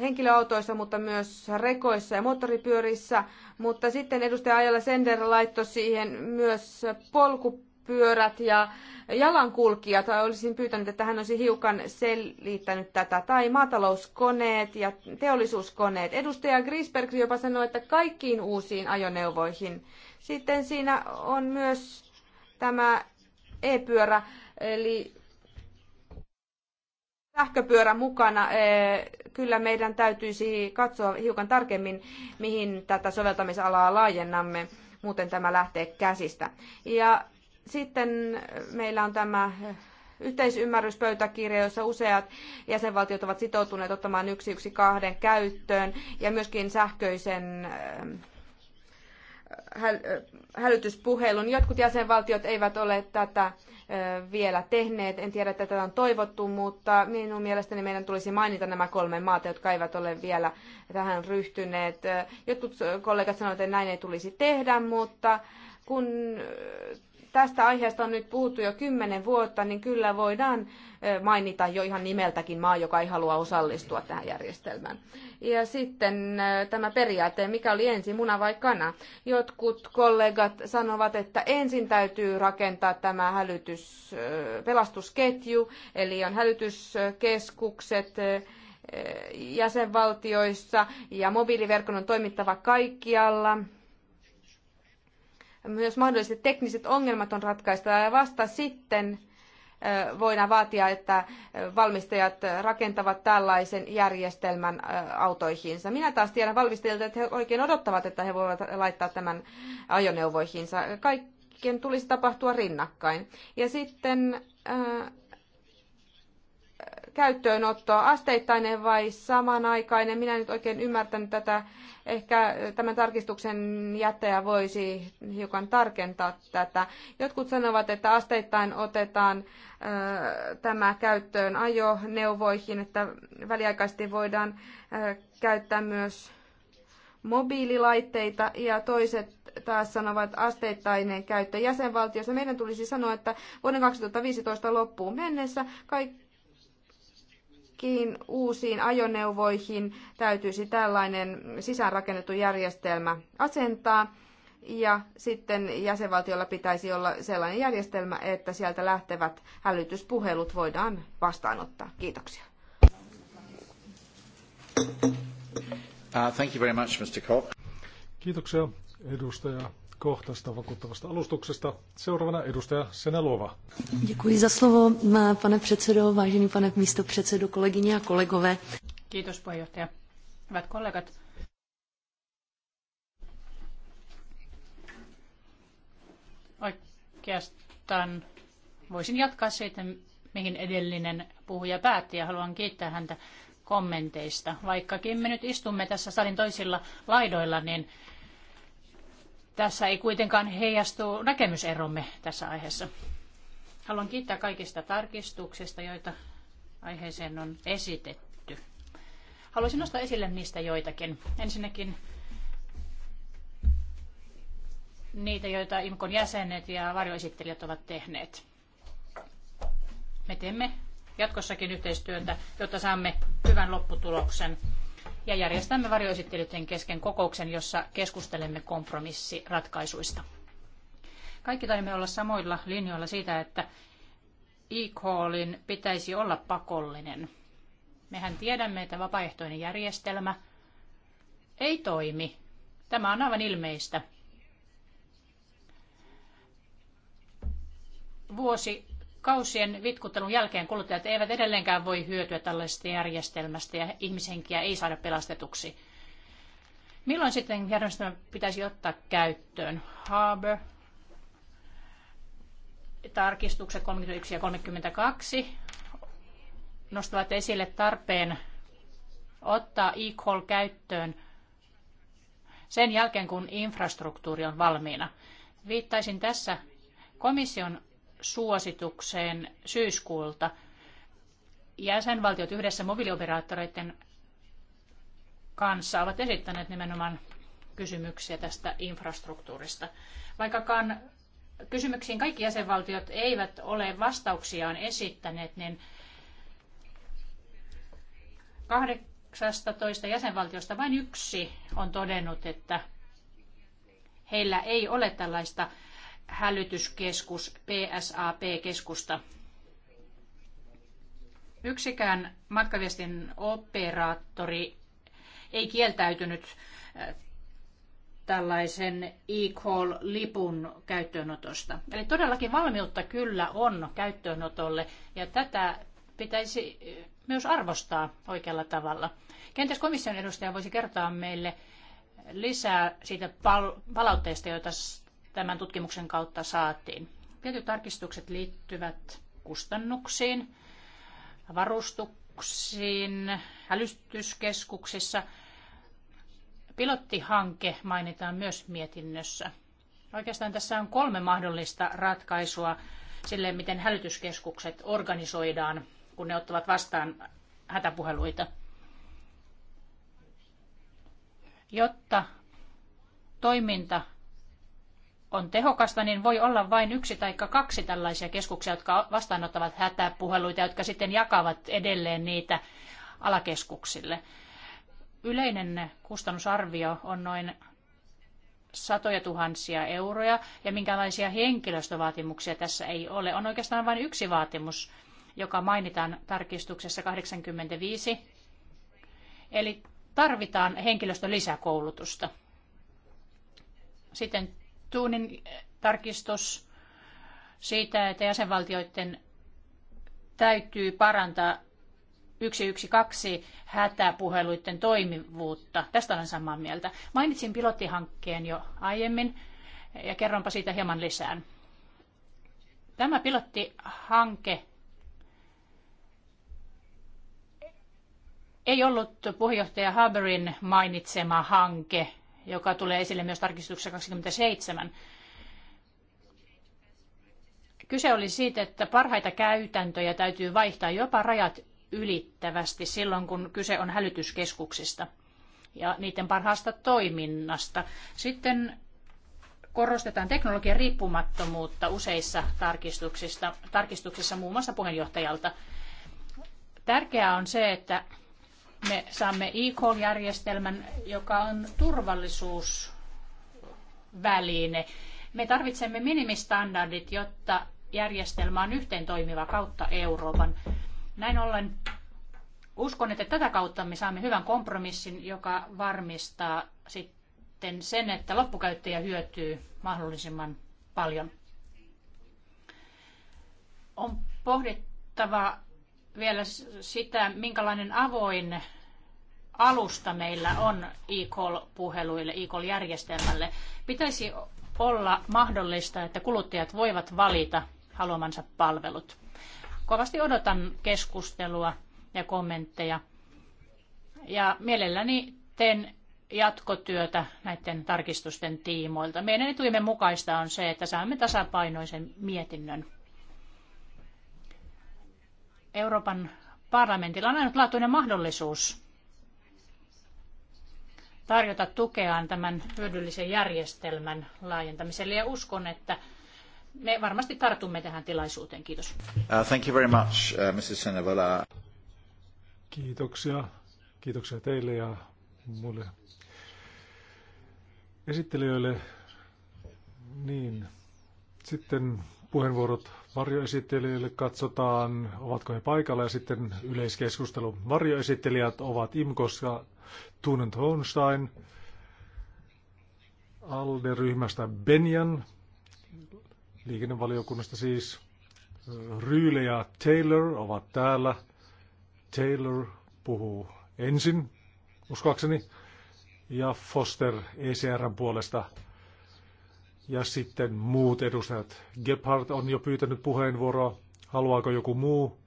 C: henkilöautoissa, mutta myös rekoissa ja moottoripyörissä. Mutta sitten edustaja Ajala Sender laittoi siihen myös polku pyörät ja jalankulkijat. Olisin pyytänyt, että hän olisi hiukan selittänyt tätä. Tai maatalouskoneet ja teollisuuskoneet. Edustaja Grisberg jopa sanoi, että kaikkiin uusiin ajoneuvoihin. Sitten siinä on myös tämä e-pyörä, eli sähköpyörä mukana. Kyllä meidän täytyisi katsoa hiukan tarkemmin, mihin tätä soveltamisalaa laajennamme muuten tämä lähtee käsistä. Ja sitten meillä on tämä yhteisymmärryspöytäkirja, jossa useat jäsenvaltiot ovat sitoutuneet ottamaan 112 käyttöön ja myöskin sähköisen eh, eh, hälytyspuhelun. Jotkut jäsenvaltiot eivät ole tätä eh, vielä tehneet. En tiedä, että tätä on toivottu, mutta minun mielestäni meidän tulisi mainita nämä kolme maata, jotka eivät ole vielä tähän ryhtyneet. Jotkut kollegat sanoivat, että näin ei tulisi tehdä, mutta kun tästä aiheesta on nyt puhuttu jo kymmenen vuotta, niin kyllä voidaan mainita jo ihan nimeltäkin maa, joka ei halua osallistua tähän järjestelmään. Ja sitten tämä periaate, mikä oli ensin, muna vai kana. Jotkut kollegat sanovat, että ensin täytyy rakentaa tämä hälytys, pelastusketju, eli on hälytyskeskukset, jäsenvaltioissa ja mobiiliverkon on toimittava kaikkialla myös mahdolliset tekniset ongelmat on ratkaistava ja vasta sitten voidaan vaatia, että valmistajat rakentavat tällaisen järjestelmän autoihinsa. Minä taas tiedän valmistajilta, että he oikein odottavat, että he voivat laittaa tämän ajoneuvoihinsa. Kaikkien tulisi tapahtua rinnakkain. Ja sitten äh, käyttöönottoa asteittainen vai samanaikainen. Minä en nyt oikein ymmärtänyt tätä. Ehkä tämän tarkistuksen jättäjä voisi hiukan tarkentaa tätä. Jotkut sanovat, että asteittain otetaan tämä käyttöön ajoneuvoihin, että väliaikaisesti voidaan käyttää myös mobiililaitteita ja toiset taas sanovat asteittainen käyttö jäsenvaltiossa. Meidän tulisi sanoa, että vuoden 2015 loppuun mennessä kaikki kaikkiin uusiin ajoneuvoihin täytyisi tällainen sisäänrakennettu järjestelmä asentaa. Ja sitten jäsenvaltiolla pitäisi olla sellainen järjestelmä, että sieltä lähtevät hälytyspuhelut voidaan vastaanottaa. Kiitoksia.
D: Uh, thank you very much, Mr.
B: Kiitoksia, edustaja kohtaista vakuuttavasta alustuksesta. Seuraavana edustaja Senalova. Děkuji za
E: slovo, pane předsedo, vážený pane místopředsedo, kolegyně a kolegové.
A: Kiitos puheenjohtaja. Hyvät kollegat. Oikeastaan voisin jatkaa siitä, mihin edellinen puhuja päätti ja haluan kiittää häntä kommenteista. Vaikkakin me nyt istumme tässä salin toisilla laidoilla, niin tässä ei kuitenkaan heijastu näkemyseromme tässä aiheessa. Haluan kiittää kaikista tarkistuksista, joita aiheeseen on esitetty. Haluaisin nostaa esille niistä joitakin. Ensinnäkin niitä, joita IMKon jäsenet ja varjoesittelijät ovat tehneet. Me teemme jatkossakin yhteistyötä, jotta saamme hyvän lopputuloksen ja järjestämme varjoesittelyiden kesken kokouksen, jossa keskustelemme kompromissiratkaisuista. Kaikki taimme olla samoilla linjoilla siitä, että e-callin pitäisi olla pakollinen. Mehän tiedämme, että vapaaehtoinen järjestelmä ei toimi. Tämä on aivan ilmeistä. Vuosi kausien vitkuttelun jälkeen kuluttajat eivät edelleenkään voi hyötyä tällaisesta järjestelmästä ja ihmishenkiä ei saada pelastetuksi. Milloin sitten järjestelmä pitäisi ottaa käyttöön? Harbour, tarkistukset 31 ja 32 nostavat esille tarpeen ottaa e-call käyttöön sen jälkeen, kun infrastruktuuri on valmiina. Viittaisin tässä komission suositukseen syyskuulta. Jäsenvaltiot yhdessä mobiilioperaattoreiden kanssa ovat esittäneet nimenomaan kysymyksiä tästä infrastruktuurista. Vaikkakaan kysymyksiin kaikki jäsenvaltiot eivät ole vastauksiaan esittäneet, niin 18 jäsenvaltiosta vain yksi on todennut, että heillä ei ole tällaista hälytyskeskus PSAP-keskusta. Yksikään matkaviestin operaattori ei kieltäytynyt äh, tällaisen e-call-lipun käyttöönotosta. Eli todellakin valmiutta kyllä on käyttöönotolle ja tätä pitäisi äh, myös arvostaa oikealla tavalla. Kenties komission edustaja voisi kertoa meille lisää siitä palautteesta, jota tämän tutkimuksen kautta saatiin. Tietyt tarkistukset liittyvät kustannuksiin, varustuksiin, hälytyskeskuksissa. Pilottihanke mainitaan myös mietinnössä. Oikeastaan tässä on kolme mahdollista ratkaisua sille, miten hälytyskeskukset organisoidaan, kun ne ottavat vastaan hätäpuheluita. Jotta toiminta on tehokasta, niin voi olla vain yksi tai kaksi tällaisia keskuksia, jotka vastaanottavat hätäpuheluita, jotka sitten jakavat edelleen niitä alakeskuksille. Yleinen kustannusarvio on noin satoja tuhansia euroja ja minkälaisia henkilöstövaatimuksia tässä ei ole. On oikeastaan vain yksi vaatimus, joka mainitaan tarkistuksessa 85, eli tarvitaan henkilöstön lisäkoulutusta. Sitten Tuunin eh, tarkistus siitä, että jäsenvaltioiden täytyy parantaa 112 hätäpuheluiden toimivuutta. Tästä olen samaa mieltä. Mainitsin pilottihankkeen jo aiemmin eh, ja kerronpa siitä hieman lisää. Tämä pilottihanke ei ollut puheenjohtaja Haberin mainitsema hanke, joka tulee esille myös tarkistuksessa 27. Kyse oli siitä, että parhaita käytäntöjä täytyy vaihtaa jopa rajat ylittävästi silloin, kun kyse on hälytyskeskuksista ja niiden parhaasta toiminnasta. Sitten korostetaan teknologian riippumattomuutta useissa tarkistuksissa, tarkistuksissa muun muassa puheenjohtajalta. Tärkeää on se, että me saamme e-call-järjestelmän, joka on turvallisuusväline. Me tarvitsemme minimistandardit, jotta järjestelmä on yhteen toimiva kautta Euroopan. Näin ollen uskon, että tätä kautta me saamme hyvän kompromissin, joka varmistaa sitten sen, että loppukäyttäjä hyötyy mahdollisimman paljon. On pohdittava vielä sitä, minkälainen avoin alusta meillä on e-call-puheluille, e-call-järjestelmälle. Pitäisi olla mahdollista, että kuluttajat voivat valita haluamansa palvelut. Kovasti odotan keskustelua ja kommentteja. Ja mielelläni teen jatkotyötä näiden tarkistusten tiimoilta. Meidän etujemme mukaista on se, että saamme tasapainoisen mietinnön. Euroopan parlamentilla on ainutlaatuinen mahdollisuus tarjota tukeaan tämän hyödyllisen järjestelmän laajentamiselle ja uskon, että me varmasti tartumme tähän tilaisuuteen. Kiitos.
B: Uh, thank you very much, uh, Mrs. Kiitoksia. Kiitoksia teille ja muille esittelijöille. Niin. Sitten puheenvuorot varjoesittelijöille. Katsotaan, ovatko he paikalla ja sitten yleiskeskustelu. Varjoesittelijät ovat Imkos ja Tunent Honstein, ALDE-ryhmästä Benjan, liikennevaliokunnasta siis Ryyle ja Taylor ovat täällä. Taylor puhuu ensin, uskoakseni, ja Foster ECR puolesta – ja sitten muut edustajat. Gebhardt on jo pyytänyt puheenvuoroa. Haluaako joku muu?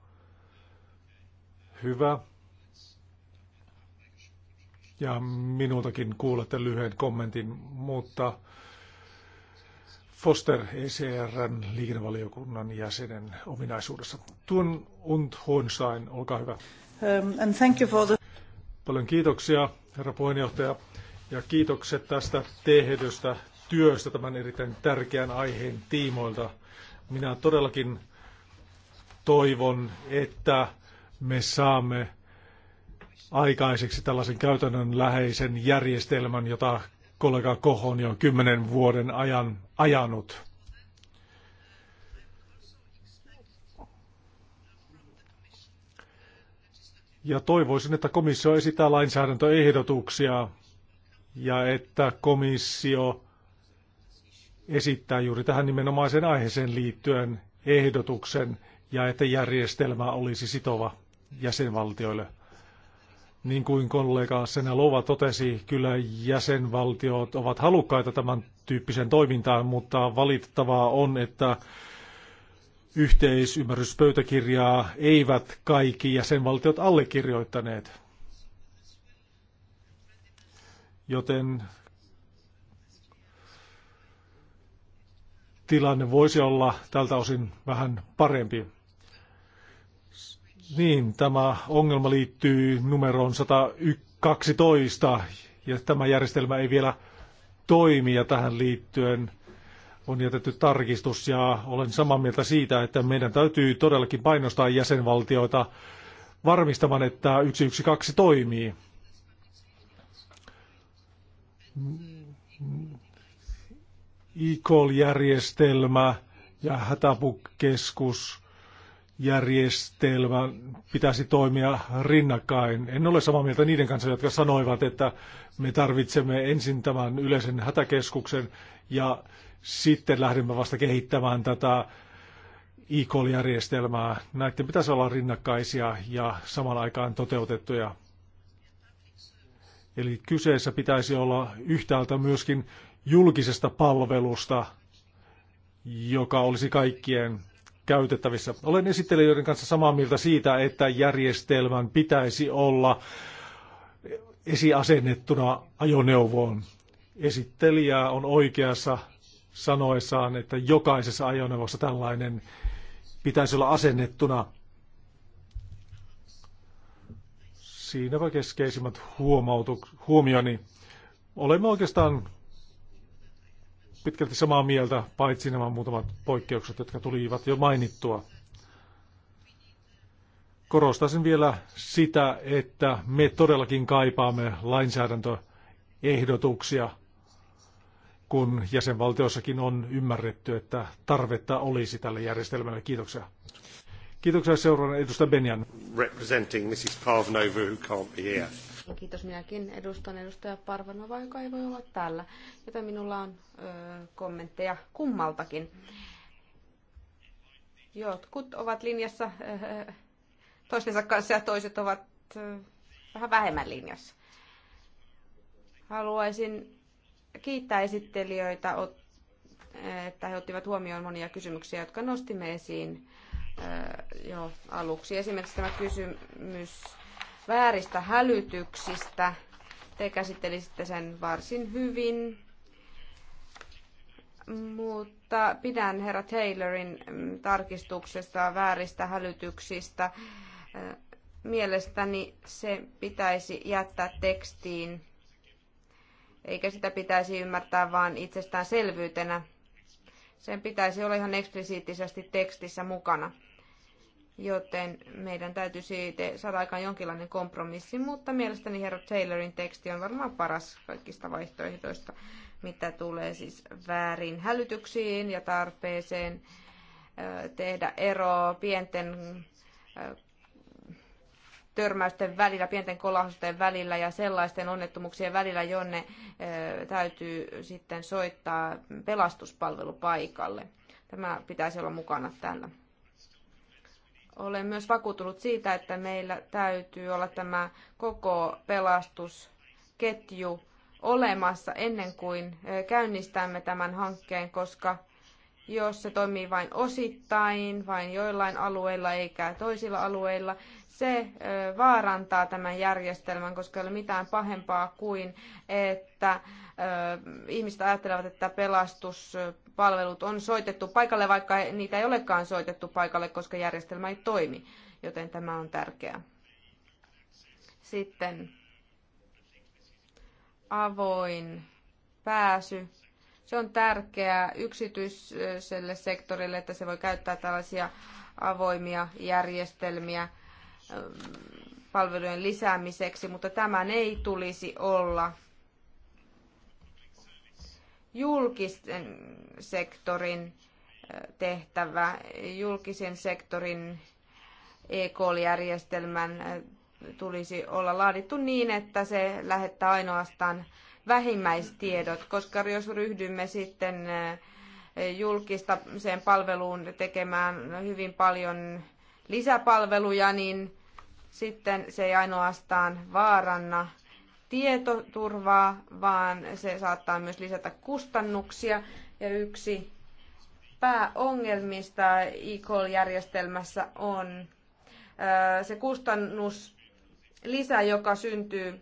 B: Hyvä. Ja minultakin kuulette lyhyen kommentin, mutta Foster ECRn liikennevaliokunnan jäsenen ominaisuudessa. Tuon und Hohenstein, olkaa hyvä. Um, and thank you for the... Paljon kiitoksia, herra puheenjohtaja, ja kiitokset tästä tehdystä työstä tämän erittäin tärkeän aiheen tiimoilta. Minä todellakin toivon, että me saamme aikaiseksi tällaisen käytännönläheisen järjestelmän, jota kollega Kohon jo kymmenen vuoden ajan ajanut. Ja toivoisin, että komissio esittää lainsäädäntöehdotuksia ja että komissio esittää juuri tähän nimenomaiseen aiheeseen liittyen ehdotuksen ja että järjestelmä olisi sitova jäsenvaltioille. Niin kuin kollega Lova totesi, kyllä jäsenvaltiot ovat halukkaita tämän tyyppiseen toimintaan, mutta valitettavaa on, että yhteisymmärryspöytäkirjaa eivät kaikki jäsenvaltiot allekirjoittaneet. Joten tilanne voisi olla tältä osin vähän parempi. Niin, tämä ongelma liittyy numeroon 112 ja tämä järjestelmä ei vielä toimi ja tähän liittyen on jätetty tarkistus ja olen samaa mieltä siitä, että meidän täytyy todellakin painostaa jäsenvaltioita varmistamaan, että 112 toimii e-call-järjestelmä ja hätäapukeskus järjestelmä pitäisi toimia rinnakkain. En ole samaa mieltä niiden kanssa, jotka sanoivat, että me tarvitsemme ensin tämän yleisen hätäkeskuksen ja sitten lähdemme vasta kehittämään tätä e-call-järjestelmää. Näiden pitäisi olla rinnakkaisia ja samaan aikaan toteutettuja. Eli kyseessä pitäisi olla yhtäältä myöskin julkisesta palvelusta, joka olisi kaikkien käytettävissä. Olen esittelijöiden kanssa samaa mieltä siitä, että järjestelmän pitäisi olla esiasennettuna ajoneuvoon. Esittelijä on oikeassa sanoessaan, että jokaisessa ajoneuvossa tällainen pitäisi olla asennettuna. Siinäpä keskeisimmät huomautu, huomioni. Olemme oikeastaan pitkälti samaa mieltä, paitsi nämä muutamat poikkeukset, jotka tulivat jo mainittua. Korostaisin vielä sitä, että me todellakin kaipaamme lainsäädäntöehdotuksia, kun jäsenvaltioissakin on ymmärretty, että tarvetta olisi tälle järjestelmälle. Kiitoksia. Kiitoksia seuraavan edustaja Benjan. Representing Mrs. Parvanova, who can't be here.
C: Kiitos minäkin edustan edustaja Parvanova, joka ei voi olla täällä, joten minulla on ö, kommentteja kummaltakin. Jotkut ovat linjassa ö, toistensa kanssa ja toiset ovat ö, vähän vähemmän linjassa. Haluaisin kiittää esittelijöitä, että he ottivat huomioon monia kysymyksiä, jotka nostimme esiin jo aluksi. Esimerkiksi tämä kysymys vääristä hälytyksistä. Te käsittelisitte sen varsin hyvin, mutta pidän herra Taylorin mm, tarkistuksesta vääristä hälytyksistä. Mielestäni se pitäisi jättää tekstiin, eikä sitä pitäisi ymmärtää vain itsestäänselvyytenä. Sen pitäisi olla ihan eksplisiittisesti tekstissä mukana joten meidän täytyisi saada aikaan jonkinlainen kompromissi, mutta mielestäni herra Taylorin teksti on varmaan paras kaikista vaihtoehdoista, mitä tulee siis väärin hälytyksiin ja tarpeeseen tehdä ero pienten törmäysten välillä, pienten kolahdusten välillä ja sellaisten onnettomuuksien välillä, jonne täytyy sitten soittaa pelastuspalvelupaikalle. Tämä pitäisi olla mukana täällä olen myös vakuuttunut siitä, että meillä täytyy olla tämä koko pelastusketju olemassa ennen kuin käynnistämme tämän hankkeen, koska jos se toimii vain osittain, vain joillain alueilla eikä toisilla alueilla, se vaarantaa tämän järjestelmän, koska ei ole mitään pahempaa kuin, että ihmiset ajattelevat, että pelastus palvelut on soitettu paikalle, vaikka niitä ei olekaan soitettu paikalle, koska järjestelmä ei toimi, joten tämä on tärkeää. Sitten avoin pääsy. Se on tärkeää yksityiselle sektorille, että se voi käyttää tällaisia avoimia järjestelmiä ähm, palvelujen lisäämiseksi, mutta tämän ei tulisi olla julkisen sektorin tehtävä, julkisen sektorin EK-järjestelmän tulisi olla laadittu niin, että se lähettää ainoastaan vähimmäistiedot, koska jos ryhdymme sitten julkista sen palveluun tekemään hyvin paljon lisäpalveluja, niin sitten se ei ainoastaan vaaranna tietoturvaa, vaan se saattaa myös lisätä kustannuksia. Ja yksi pääongelmista e-call-järjestelmässä on se kustannus lisä, joka syntyy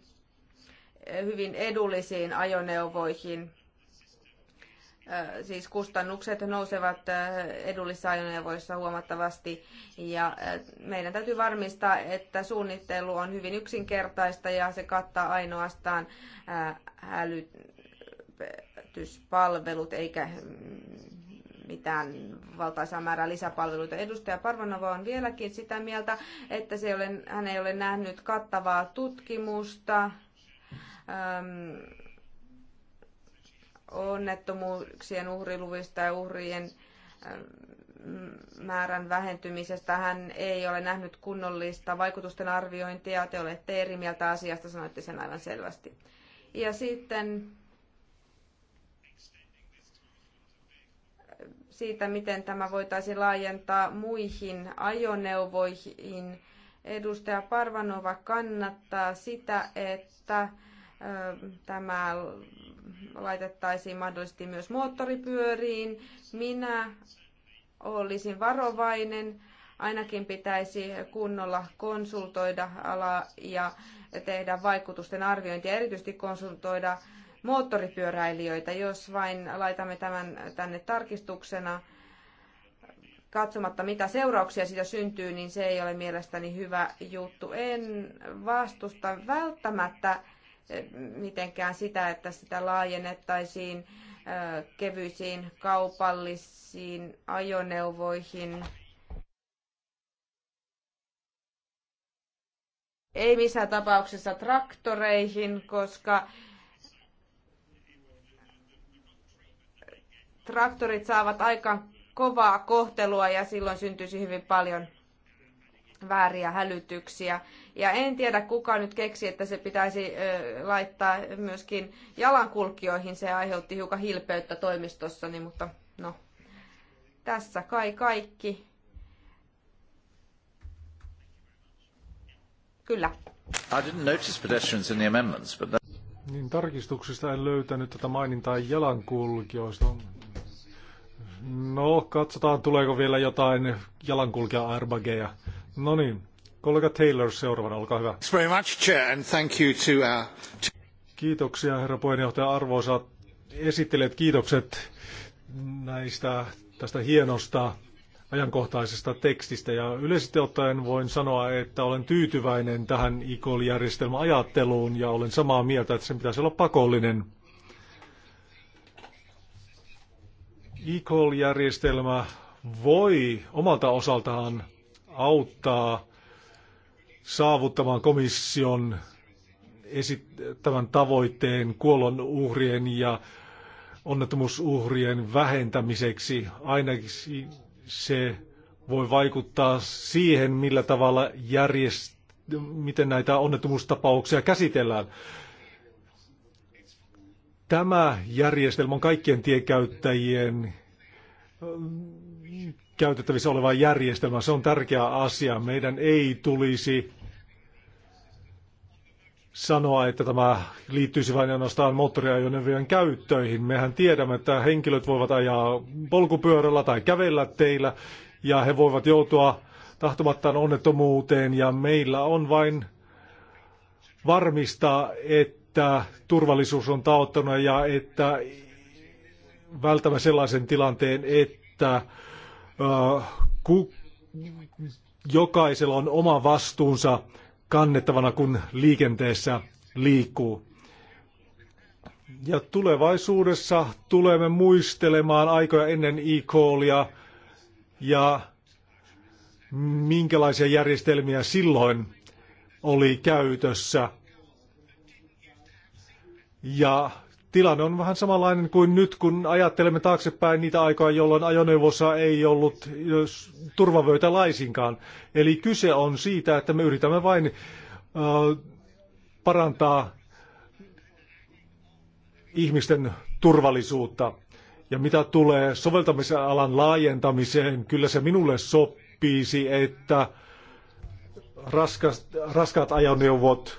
C: hyvin edullisiin ajoneuvoihin – siis kustannukset nousevat edullisissa ajoneuvoissa huomattavasti ja meidän täytyy varmistaa, että suunnittelu on hyvin yksinkertaista ja se kattaa ainoastaan hälytyspalvelut eikä mm, mitään valtaisaa määrää lisäpalveluita. Edustaja Parvanova on vieläkin sitä mieltä, että se ei ole, hän ei ole nähnyt kattavaa tutkimusta. Öm, onnettomuuksien uhriluvista ja uhrien ähm, määrän vähentymisestä. Hän ei ole nähnyt kunnollista vaikutusten arviointia. Te olette eri mieltä asiasta, sanoitte sen aivan selvästi. Ja sitten siitä, miten tämä voitaisiin laajentaa muihin ajoneuvoihin. Edustaja Parvanova kannattaa sitä, että tämä laitettaisiin mahdollisesti myös moottoripyöriin. Minä olisin varovainen. Ainakin pitäisi kunnolla konsultoida alaa ja tehdä vaikutusten arviointia, erityisesti konsultoida moottoripyöräilijöitä, jos vain laitamme tämän tänne tarkistuksena katsomatta mitä seurauksia siitä syntyy, niin se ei ole mielestäni hyvä juttu. En vastusta välttämättä mitenkään sitä, että sitä laajennettaisiin kevyisiin kaupallisiin ajoneuvoihin. Ei missään tapauksessa traktoreihin, koska traktorit saavat aika kovaa kohtelua ja silloin syntyisi hyvin paljon vääriä hälytyksiä. Ja en tiedä, kuka nyt keksi, että se pitäisi laittaa myöskin jalankulkijoihin. Se aiheutti hiukan hilpeyttä toimistossani, mutta no, tässä kai kaikki. Kyllä.
F: I didn't notice pedestrians in the amendments, but that...
B: Niin tarkistuksista en löytänyt tätä mainintaa jalankulkijoista. No, katsotaan tuleeko vielä jotain jalankulkija airbageja. No niin, Kollega Taylor seuraavana, olkaa hyvä. Very much, Chair, and thank you to uh, our... Kiitoksia herra puheenjohtaja arvoisat esittelijät. Kiitokset näistä tästä hienosta ajankohtaisesta tekstistä ja yleisesti ottaen voin sanoa, että olen tyytyväinen tähän ICOL-järjestelmän e ajatteluun ja olen samaa mieltä, että sen pitäisi olla pakollinen. ICOL-järjestelmä e voi omalta osaltaan auttaa saavuttamaan komission tämän tavoitteen kuollon uhrien ja onnettomuusuhrien vähentämiseksi. Ainakin se voi vaikuttaa siihen, millä tavalla järjest... miten näitä onnettomuustapauksia käsitellään. Tämä järjestelmä on kaikkien tienkäyttäjien käytettävissä oleva järjestelmä Se on tärkeä asia. Meidän ei tulisi sanoa, että tämä liittyisi vain ainoastaan moottoriajoneuvojen käyttöihin. Mehän tiedämme, että henkilöt voivat ajaa polkupyörällä tai kävellä teillä ja he voivat joutua tahtomattaan onnettomuuteen ja meillä on vain varmistaa, että turvallisuus on taottunut ja että vältämme sellaisen tilanteen, että Äh, jokaisella on oma vastuunsa kannettavana, kun liikenteessä liikkuu. Ja tulevaisuudessa tulemme muistelemaan aikoja ennen e ja minkälaisia järjestelmiä silloin oli käytössä. Ja tilanne on vähän samanlainen kuin nyt, kun ajattelemme taaksepäin niitä aikoja, jolloin ajoneuvossa ei ollut turvavöitä laisinkaan. Eli kyse on siitä, että me yritämme vain parantaa ihmisten turvallisuutta. Ja mitä tulee soveltamisalan laajentamiseen, kyllä se minulle sopisi, että raskas, raskaat ajoneuvot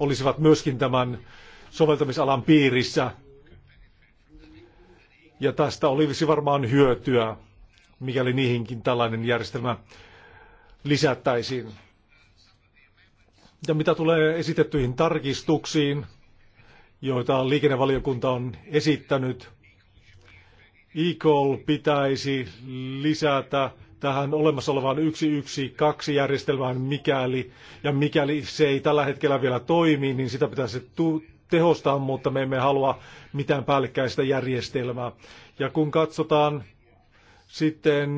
B: olisivat myöskin tämän soveltamisalan piirissä. Ja tästä olisi varmaan hyötyä, mikäli niihinkin tällainen järjestelmä lisättäisiin. Ja mitä tulee esitettyihin tarkistuksiin, joita liikennevaliokunta on esittänyt, ICOL pitäisi lisätä tähän olemassa olevaan 112 järjestelmään mikäli, ja mikäli se ei tällä hetkellä vielä toimi, niin sitä pitäisi tu- tehostaa, mutta me emme halua mitään päällekkäistä järjestelmää. Ja kun katsotaan sitten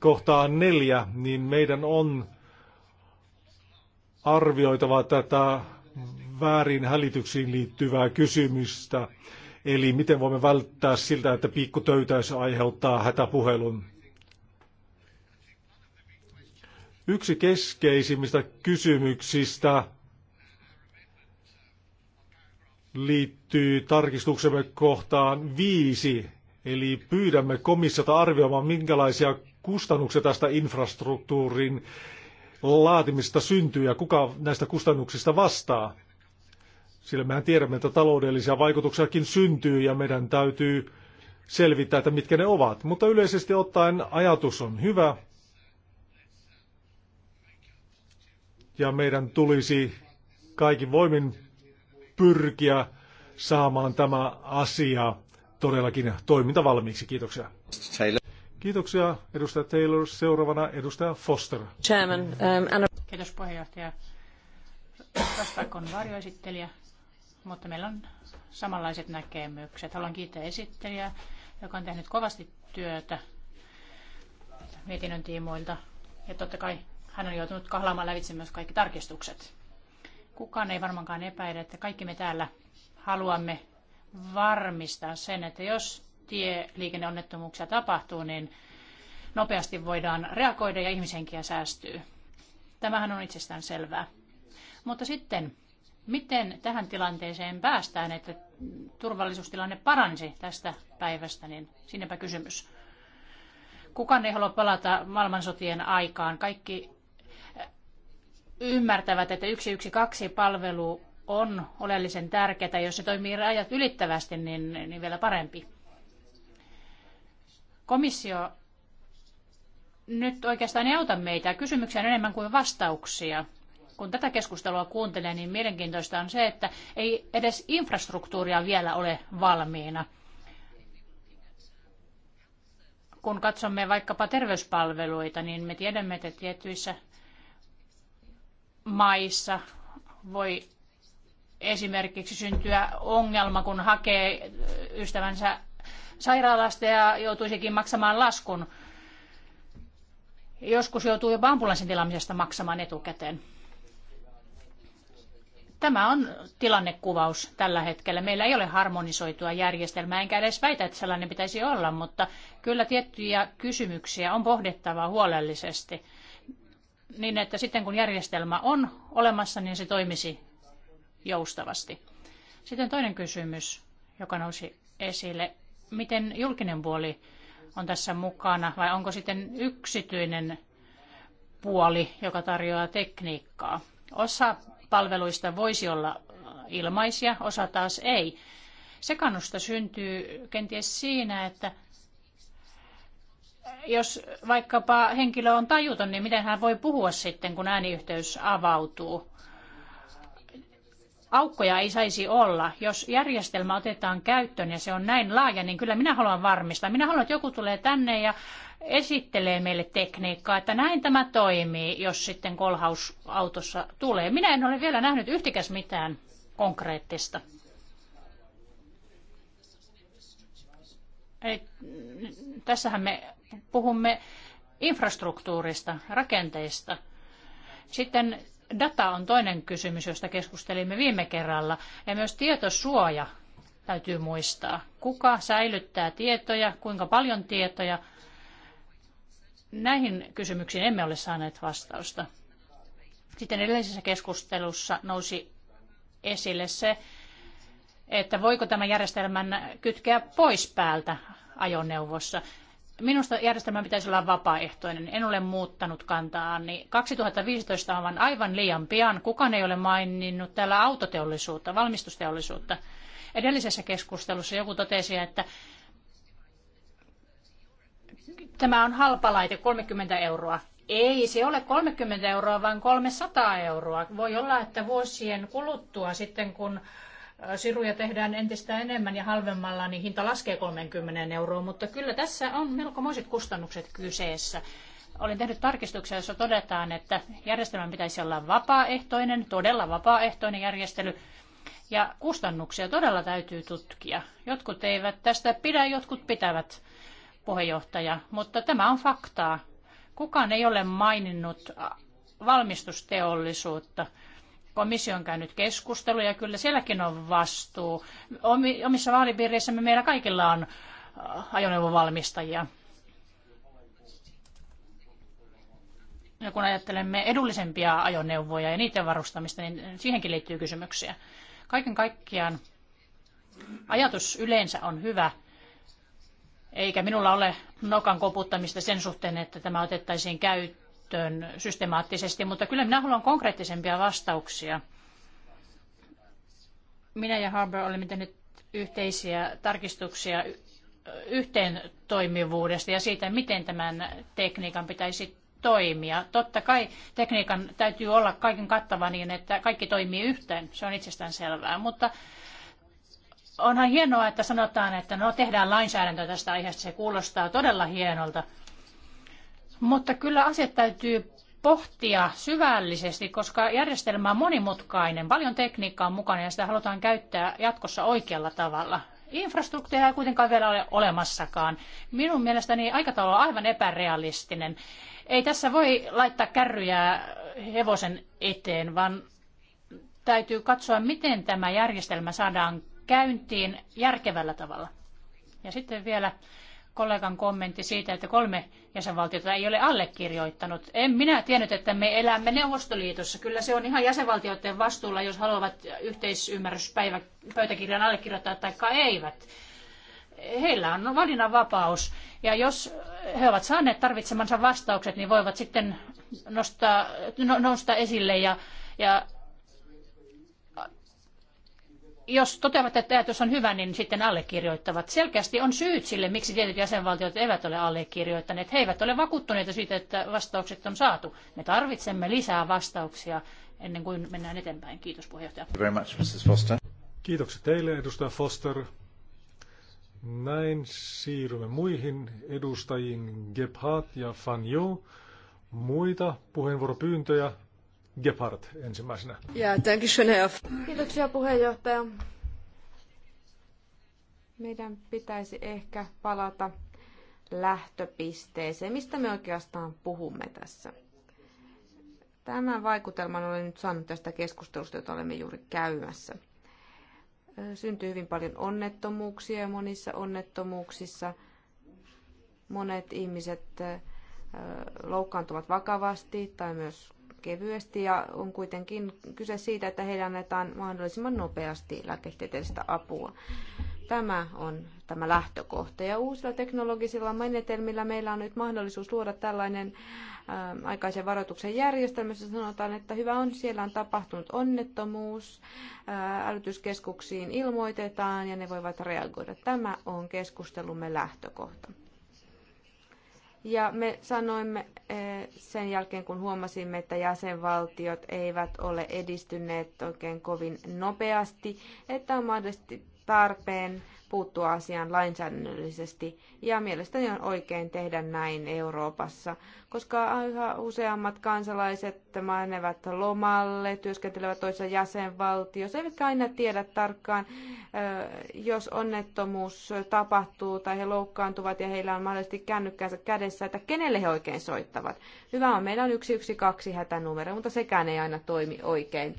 B: kohtaan neljä, niin meidän on arvioitava tätä väärin hälityksiin liittyvää kysymystä. Eli miten voimme välttää siltä, että pikkutöytäys aiheuttaa hätäpuhelun. Yksi keskeisimmistä kysymyksistä liittyy tarkistuksemme kohtaan viisi, eli pyydämme komissiota arvioimaan, minkälaisia kustannuksia tästä infrastruktuurin laatimista syntyy ja kuka näistä kustannuksista vastaa. Sillä mehän tiedämme, että taloudellisia vaikutuksiakin syntyy ja meidän täytyy selvittää, että mitkä ne ovat. Mutta yleisesti ottaen ajatus on hyvä. Ja meidän tulisi kaikin voimin pyrkiä saamaan tämä asia todellakin toimintavalmiiksi. Kiitoksia. Kiitoksia edustaja Taylor. Seuraavana edustaja Foster. Chairman, um, Anna...
A: Kiitos puheenjohtaja. Vastaakon varjoesittelijä, mutta meillä on samanlaiset näkemykset. Haluan kiittää esittelijää, joka on tehnyt kovasti työtä mietinnön tiimoilta. Ja totta kai hän on joutunut kahlaamaan lävitse myös kaikki tarkistukset. Kukaan ei varmaankaan epäile, että kaikki me täällä haluamme varmistaa sen, että jos tieliikenneonnettomuuksia tapahtuu, niin nopeasti voidaan reagoida ja ihmishenkiä säästyy. Tämähän on itsestään selvää. Mutta sitten, miten tähän tilanteeseen päästään, että turvallisuustilanne paransi tästä päivästä, niin sinnepä kysymys. Kukaan ei halua palata maailmansotien aikaan. Kaikki ymmärtävät, että 112-palvelu on oleellisen tärkeää. Jos se toimii rajat ylittävästi, niin, niin vielä parempi. Komissio nyt oikeastaan ei auta meitä. Kysymyksiä on enemmän kuin vastauksia. Kun tätä keskustelua kuuntelee, niin mielenkiintoista on se, että ei edes infrastruktuuria vielä ole valmiina. Kun katsomme vaikkapa terveyspalveluita, niin me tiedämme, että tietyissä maissa voi esimerkiksi syntyä ongelma, kun hakee ystävänsä sairaalasta ja joutuisikin maksamaan laskun. Joskus joutuu jopa ambulanssin tilaamisesta maksamaan etukäteen. Tämä on tilannekuvaus tällä hetkellä. Meillä ei ole harmonisoitua järjestelmää, enkä edes väitä, että sellainen pitäisi olla, mutta kyllä tiettyjä kysymyksiä on pohdittava huolellisesti niin, että sitten kun järjestelmä on olemassa, niin se toimisi joustavasti. Sitten toinen kysymys, joka nousi esille. Miten julkinen puoli on tässä mukana vai onko sitten yksityinen puoli, joka tarjoaa tekniikkaa? Osa palveluista voisi olla ilmaisia, osa taas ei. Sekannusta syntyy kenties siinä, että jos vaikkapa henkilö on tajuton, niin miten hän voi puhua sitten, kun ääniyhteys avautuu? Aukkoja ei saisi olla. Jos järjestelmä otetaan käyttöön ja se on näin laaja, niin kyllä minä haluan varmistaa. Minä haluan, että joku tulee tänne ja esittelee meille tekniikkaa, että näin tämä toimii, jos sitten kolhaus autossa tulee. Minä en ole vielä nähnyt yhtikäs mitään konkreettista. Eli tässähän me puhumme infrastruktuurista, rakenteista. Sitten data on toinen kysymys, josta keskustelimme viime kerralla, ja myös tietosuoja täytyy muistaa. Kuka säilyttää tietoja, kuinka paljon tietoja? Näihin kysymyksiin emme ole saaneet vastausta. Sitten edellisessä keskustelussa nousi esille se, että voiko tämän järjestelmän kytkeä pois päältä ajoneuvossa. Minusta järjestelmä pitäisi olla vapaaehtoinen. En ole muuttanut kantaa. Niin 2015 on aivan liian pian. Kukaan ei ole maininnut täällä autoteollisuutta, valmistusteollisuutta. Edellisessä keskustelussa joku totesi, että tämä on halpa laite, 30 euroa. Ei se ole 30 euroa, vaan 300 euroa. Voi olla, että vuosien kuluttua sitten, kun siruja tehdään entistä enemmän ja halvemmalla, niin hinta laskee 30 euroa, mutta kyllä tässä on melkomoiset kustannukset kyseessä. Olin tehnyt tarkistuksia, jossa todetaan, että järjestelmän pitäisi olla vapaaehtoinen, todella vapaaehtoinen järjestely, ja kustannuksia todella täytyy tutkia. Jotkut eivät tästä pidä, jotkut pitävät puheenjohtaja, mutta tämä on faktaa. Kukaan ei ole maininnut valmistusteollisuutta. Komissio on käynyt keskusteluja, kyllä sielläkin on vastuu. Omissa vaalipiireissämme meillä kaikilla on äh, ajoneuvovalmistajia. Ja kun ajattelemme edullisempia ajoneuvoja ja niiden varustamista, niin siihenkin liittyy kysymyksiä. Kaiken kaikkiaan ajatus yleensä on hyvä, eikä minulla ole nokan koputtamista sen suhteen, että tämä otettaisiin käyttöön käyttöön systemaattisesti, mutta kyllä minä haluan konkreettisempia vastauksia. Minä ja Harbour olemme tehneet yhteisiä tarkistuksia yhteen toimivuudesta ja siitä, miten tämän tekniikan pitäisi toimia. Totta kai tekniikan täytyy olla kaiken kattava niin, että kaikki toimii yhteen. Se on itsestään selvää, mutta onhan hienoa, että sanotaan, että no tehdään lainsäädäntö tästä aiheesta. Se kuulostaa todella hienolta. Mutta kyllä asiat täytyy pohtia syvällisesti, koska järjestelmä on monimutkainen, paljon tekniikkaa on mukana ja sitä halutaan käyttää jatkossa oikealla tavalla. Infrastruktuuria ei kuitenkaan vielä ole olemassakaan. Minun mielestäni aikataulu on aivan epärealistinen. Ei tässä voi laittaa kärryjä hevosen eteen, vaan täytyy katsoa, miten tämä järjestelmä saadaan käyntiin järkevällä tavalla. Ja sitten vielä kollegan kommentti siitä, että kolme jäsenvaltiota ei ole allekirjoittanut. En minä tiennyt, että me elämme Neuvostoliitossa. Kyllä se on ihan jäsenvaltioiden vastuulla, jos haluavat yhteisymmärryspöytäkirjan allekirjoittaa tai eivät. Heillä on valinnanvapaus. Ja jos he ovat saaneet tarvitsemansa vastaukset, niin voivat sitten nostaa, nostaa esille ja, ja jos toteavat, että ajatus on hyvä, niin sitten allekirjoittavat. Selkeästi on syyt sille, miksi tietyt jäsenvaltiot eivät ole allekirjoittaneet. He eivät ole vakuuttuneita siitä, että vastaukset on saatu. Me tarvitsemme lisää vastauksia ennen kuin mennään eteenpäin. Kiitos puheenjohtaja. Very
B: much, Mrs. Foster. Kiitokset teille, edustaja Foster. Näin siirrymme muihin edustajiin Gebhardt ja Fanjo. Muita puheenvuoropyyntöjä Gebhardt ensimmäisenä.
C: Ja, Kiitoksia puheenjohtaja. Meidän pitäisi ehkä palata lähtöpisteeseen. Mistä me oikeastaan puhumme tässä? Tämän vaikutelman olen nyt saanut tästä keskustelusta, jota olemme juuri käymässä. Syntyy hyvin paljon onnettomuuksia ja monissa onnettomuuksissa monet ihmiset loukkaantuvat vakavasti tai myös kevyesti ja on kuitenkin kyse siitä, että heille annetaan mahdollisimman nopeasti lääketieteellistä apua. Tämä on tämä lähtökohta. Ja uusilla teknologisilla menetelmillä meillä on nyt mahdollisuus luoda tällainen ähm, aikaisen varoituksen järjestelmä, jossa sanotaan, että hyvä on, siellä on tapahtunut onnettomuus, äh, älytyskeskuksiin ilmoitetaan ja ne voivat reagoida. Tämä on keskustelumme lähtökohta. Ja me sanoimme eh, sen jälkeen, kun huomasimme, että jäsenvaltiot eivät ole edistyneet oikein kovin nopeasti, että on mahdollisesti tarpeen puuttua asiaan lainsäädännöllisesti. Ja mielestäni on oikein tehdä näin Euroopassa, koska yhä useammat kansalaiset menevät lomalle, työskentelevät toisessa jäsenvaltiossa, eivätkä aina tiedä tarkkaan, jos onnettomuus tapahtuu tai he loukkaantuvat ja heillä on mahdollisesti kännykkänsä kädessä, että kenelle he oikein soittavat. Hyvä on, meillä on 112 hätänumero, mutta sekään ei aina toimi oikein.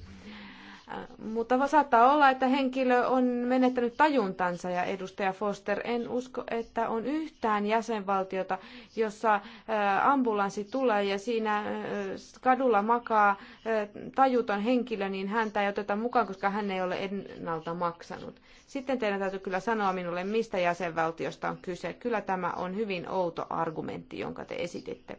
C: Mutta saattaa olla, että henkilö on menettänyt tajuntansa ja edustaja Foster, en usko, että on yhtään jäsenvaltiota, jossa ambulanssi tulee ja siinä kadulla makaa tajuton henkilö, niin häntä ei oteta mukaan, koska hän ei ole ennalta maksanut. Sitten teidän täytyy kyllä sanoa minulle, mistä jäsenvaltiosta on kyse. Kyllä tämä on hyvin outo argumentti, jonka te esititte.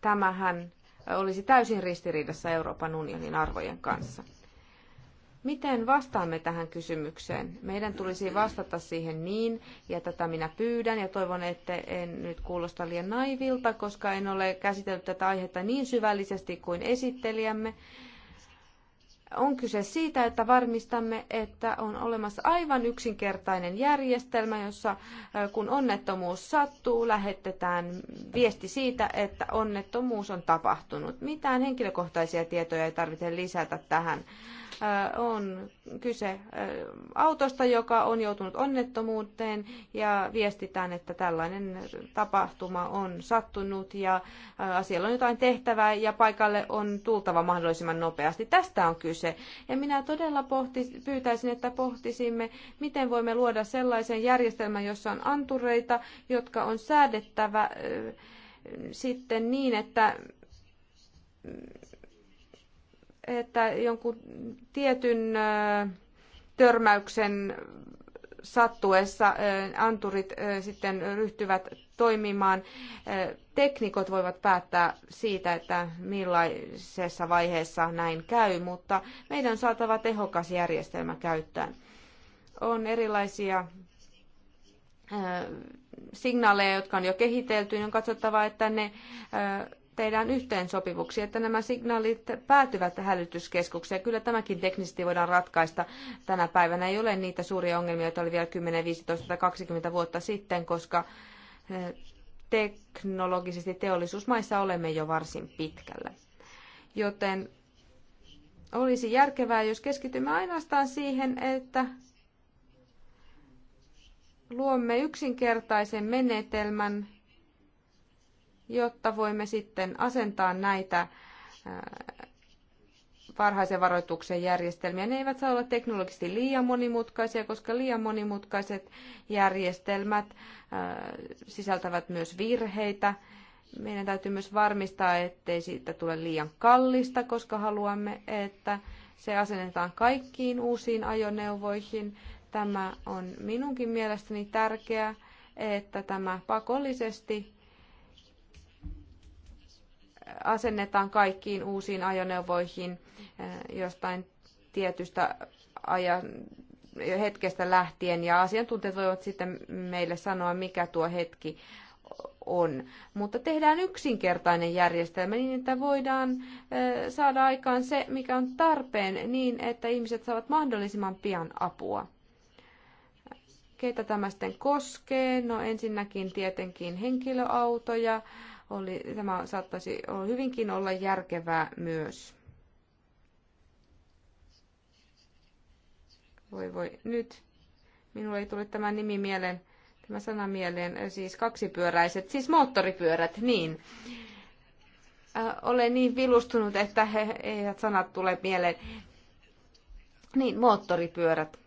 C: Tämähän olisi täysin ristiriidassa Euroopan unionin arvojen kanssa. Miten vastaamme tähän kysymykseen? Meidän tulisi vastata siihen niin, ja tätä minä pyydän, ja toivon, että en nyt kuulosta liian naivilta, koska en ole käsitellyt tätä aihetta niin syvällisesti kuin esittelijämme on kyse siitä, että varmistamme, että on olemassa aivan yksinkertainen järjestelmä, jossa kun onnettomuus sattuu, lähetetään viesti siitä, että onnettomuus on tapahtunut. Mitään henkilökohtaisia tietoja ei tarvitse lisätä tähän on kyse autosta, joka on joutunut onnettomuuteen ja viestitään, että tällainen tapahtuma on sattunut ja asialla on jotain tehtävää ja paikalle on tultava mahdollisimman nopeasti. Tästä on kyse. Ja minä todella pohtis, pyytäisin, että pohtisimme, miten voimme luoda sellaisen järjestelmän, jossa on antureita, jotka on säädettävä sitten niin, että että jonkun tietyn törmäyksen sattuessa anturit sitten ryhtyvät toimimaan. Teknikot voivat päättää siitä, että millaisessa vaiheessa näin käy, mutta meidän on saatava tehokas järjestelmä käyttöön. On erilaisia signaaleja, jotka on jo kehitelty, niin on katsottava, että ne tehdään yhteensopivuksia, että nämä signaalit päätyvät hälytyskeskukseen. Kyllä tämäkin teknisesti voidaan ratkaista tänä päivänä. Ei ole niitä suuria ongelmia, joita oli vielä 10, 15 tai 20 vuotta sitten, koska eh, teknologisesti teollisuusmaissa olemme jo varsin pitkällä. Joten olisi järkevää, jos keskitymme ainoastaan siihen, että luomme yksinkertaisen menetelmän, jotta voimme sitten asentaa näitä varhaisen varoituksen järjestelmiä. Ne eivät saa olla teknologisesti liian monimutkaisia, koska liian monimutkaiset järjestelmät sisältävät myös virheitä. Meidän täytyy myös varmistaa, ettei siitä tule liian kallista, koska haluamme, että se asennetaan kaikkiin uusiin ajoneuvoihin. Tämä on minunkin mielestäni tärkeää, että tämä pakollisesti asennetaan kaikkiin uusiin ajoneuvoihin eh, jostain tietystä ajan hetkestä lähtien ja asiantuntijat voivat sitten meille sanoa, mikä tuo hetki on. Mutta tehdään yksinkertainen järjestelmä niin, että voidaan eh, saada aikaan se, mikä on tarpeen niin, että ihmiset saavat mahdollisimman pian apua. Keitä tämä sitten koskee? No ensinnäkin tietenkin henkilöautoja, oli, tämä saattaisi hyvinkin olla järkevää myös. Voi voi, nyt minulle ei tule tämä nimi mieleen, tämä sana mieleen, siis kaksipyöräiset, siis moottoripyörät, niin. Äh, olen niin vilustunut, että he, he, sanat tulee mieleen. Niin, moottoripyörät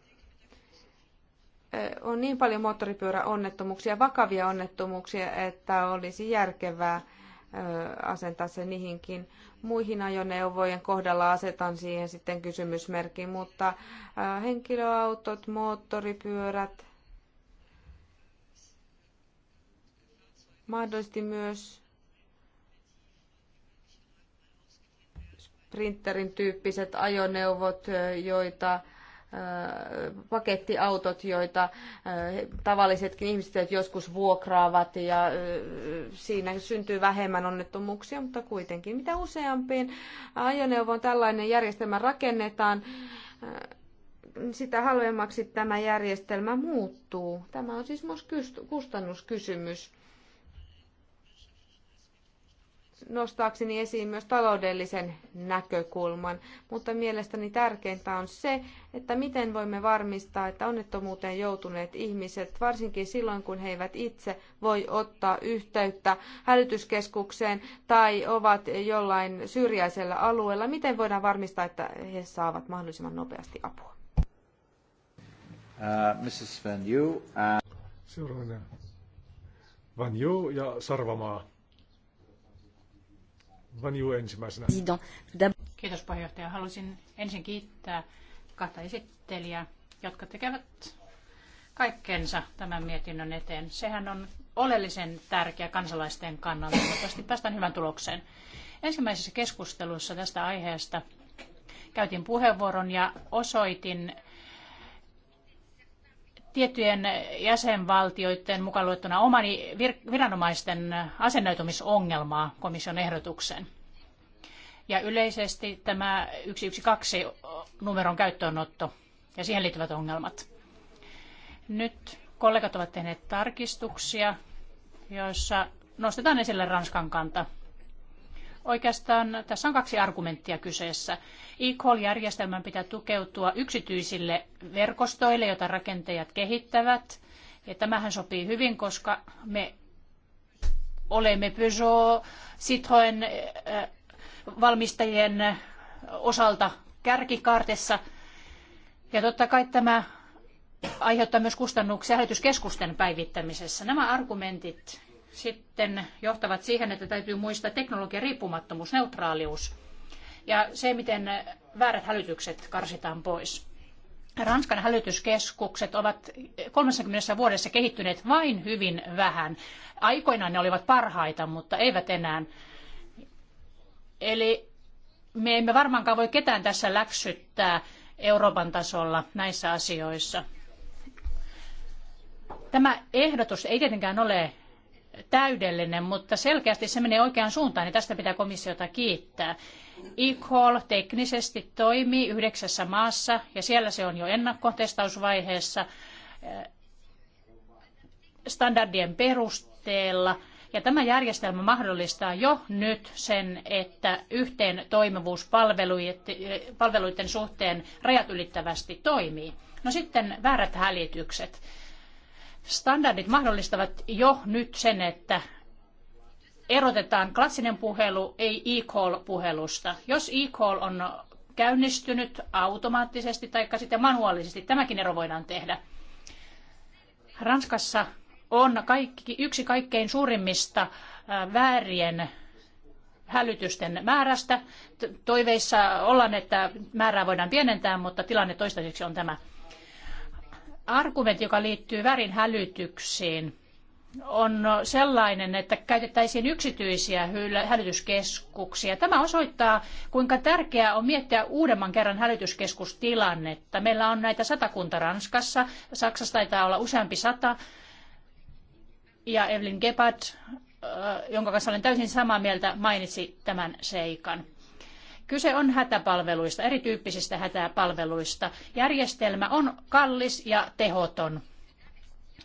C: on niin paljon moottoripyöräonnettomuuksia, vakavia onnettomuuksia, että olisi järkevää asentaa se niihinkin. Muihin ajoneuvojen kohdalla asetan siihen sitten kysymysmerkin, mutta henkilöautot, moottoripyörät, mahdollisesti myös sprinterin tyyppiset ajoneuvot, joita Äh, pakettiautot, joita äh, tavallisetkin ihmiset joskus vuokraavat ja äh, siinä syntyy vähemmän onnettomuuksia, mutta kuitenkin mitä useampiin ajoneuvoon tällainen järjestelmä rakennetaan, sitä halvemmaksi tämä järjestelmä muuttuu. Tämä on siis myös kustannuskysymys. nostaakseni esiin myös taloudellisen näkökulman, mutta mielestäni tärkeintä on se, että miten voimme varmistaa, että onnettomuuteen joutuneet ihmiset, varsinkin silloin kun he eivät itse voi ottaa yhteyttä hälytyskeskukseen tai ovat jollain syrjäisellä alueella, miten voidaan varmistaa, että he saavat mahdollisimman nopeasti apua. Uh,
B: Mrs. Van Yu, uh... Seuraavana Van Yu ja Sarvamaa.
A: Kiitos puheenjohtaja. Haluaisin ensin kiittää kahta esittelijää, jotka tekevät kaikkensa tämän mietinnön eteen. Sehän on oleellisen tärkeä kansalaisten kannalta. Toivottavasti päästään hyvän tulokseen. Ensimmäisessä keskustelussa tästä aiheesta käytin puheenvuoron ja osoitin tiettyjen jäsenvaltioiden mukaan luettuna omani viranomaisten asennoitumisongelmaa komission ehdotuksen. Ja yleisesti tämä 112-numeron käyttöönotto ja siihen liittyvät ongelmat. Nyt kollegat ovat tehneet tarkistuksia, joissa nostetaan esille Ranskan kanta Oikeastaan tässä on kaksi argumenttia kyseessä. E-call-järjestelmän pitää tukeutua yksityisille verkostoille, joita rakentajat kehittävät. Ja tämähän sopii hyvin, koska me olemme Peugeot, Citroen eh, valmistajien osalta kärkikaartessa. Ja totta kai tämä aiheuttaa myös kustannuksia hälytyskeskusten päivittämisessä. Nämä argumentit sitten johtavat siihen, että täytyy muistaa teknologian riippumattomuus, neutraalius ja se, miten väärät hälytykset karsitaan pois. Ranskan hälytyskeskukset ovat 30 vuodessa kehittyneet vain hyvin vähän. Aikoinaan ne olivat parhaita, mutta eivät enää. Eli me emme varmaankaan voi ketään tässä läksyttää Euroopan tasolla näissä asioissa. Tämä ehdotus ei tietenkään ole täydellinen, mutta selkeästi se menee oikeaan suuntaan ja niin tästä pitää komissiota kiittää. eCall teknisesti toimii yhdeksässä maassa ja siellä se on jo ennakkotestausvaiheessa eh, standardien perusteella. Ja tämä järjestelmä mahdollistaa jo nyt sen, että yhteen toimivuus eh, palveluiden suhteen rajat ylittävästi toimii. No sitten väärät hälytykset. Standardit mahdollistavat jo nyt sen, että erotetaan klassinen puhelu ei e-call-puhelusta. Jos e-call on käynnistynyt automaattisesti tai sitten manuaalisesti, tämäkin ero voidaan tehdä. Ranskassa on kaikki, yksi kaikkein suurimmista väärien hälytysten määrästä. Toiveissa ollaan, että määrää voidaan pienentää, mutta tilanne toistaiseksi on tämä argumentti, joka liittyy värinhälytyksiin, on sellainen, että käytettäisiin yksityisiä hälytyskeskuksia. Tämä osoittaa, kuinka tärkeää on miettiä uudemman kerran hälytyskeskustilannetta. Meillä on näitä satakunta Ranskassa, Saksassa taitaa olla useampi sata, ja Evelyn Gebhardt, jonka kanssa olen täysin samaa mieltä, mainitsi tämän seikan. Kyse on hätäpalveluista, erityyppisistä hätäpalveluista. Järjestelmä on kallis ja tehoton.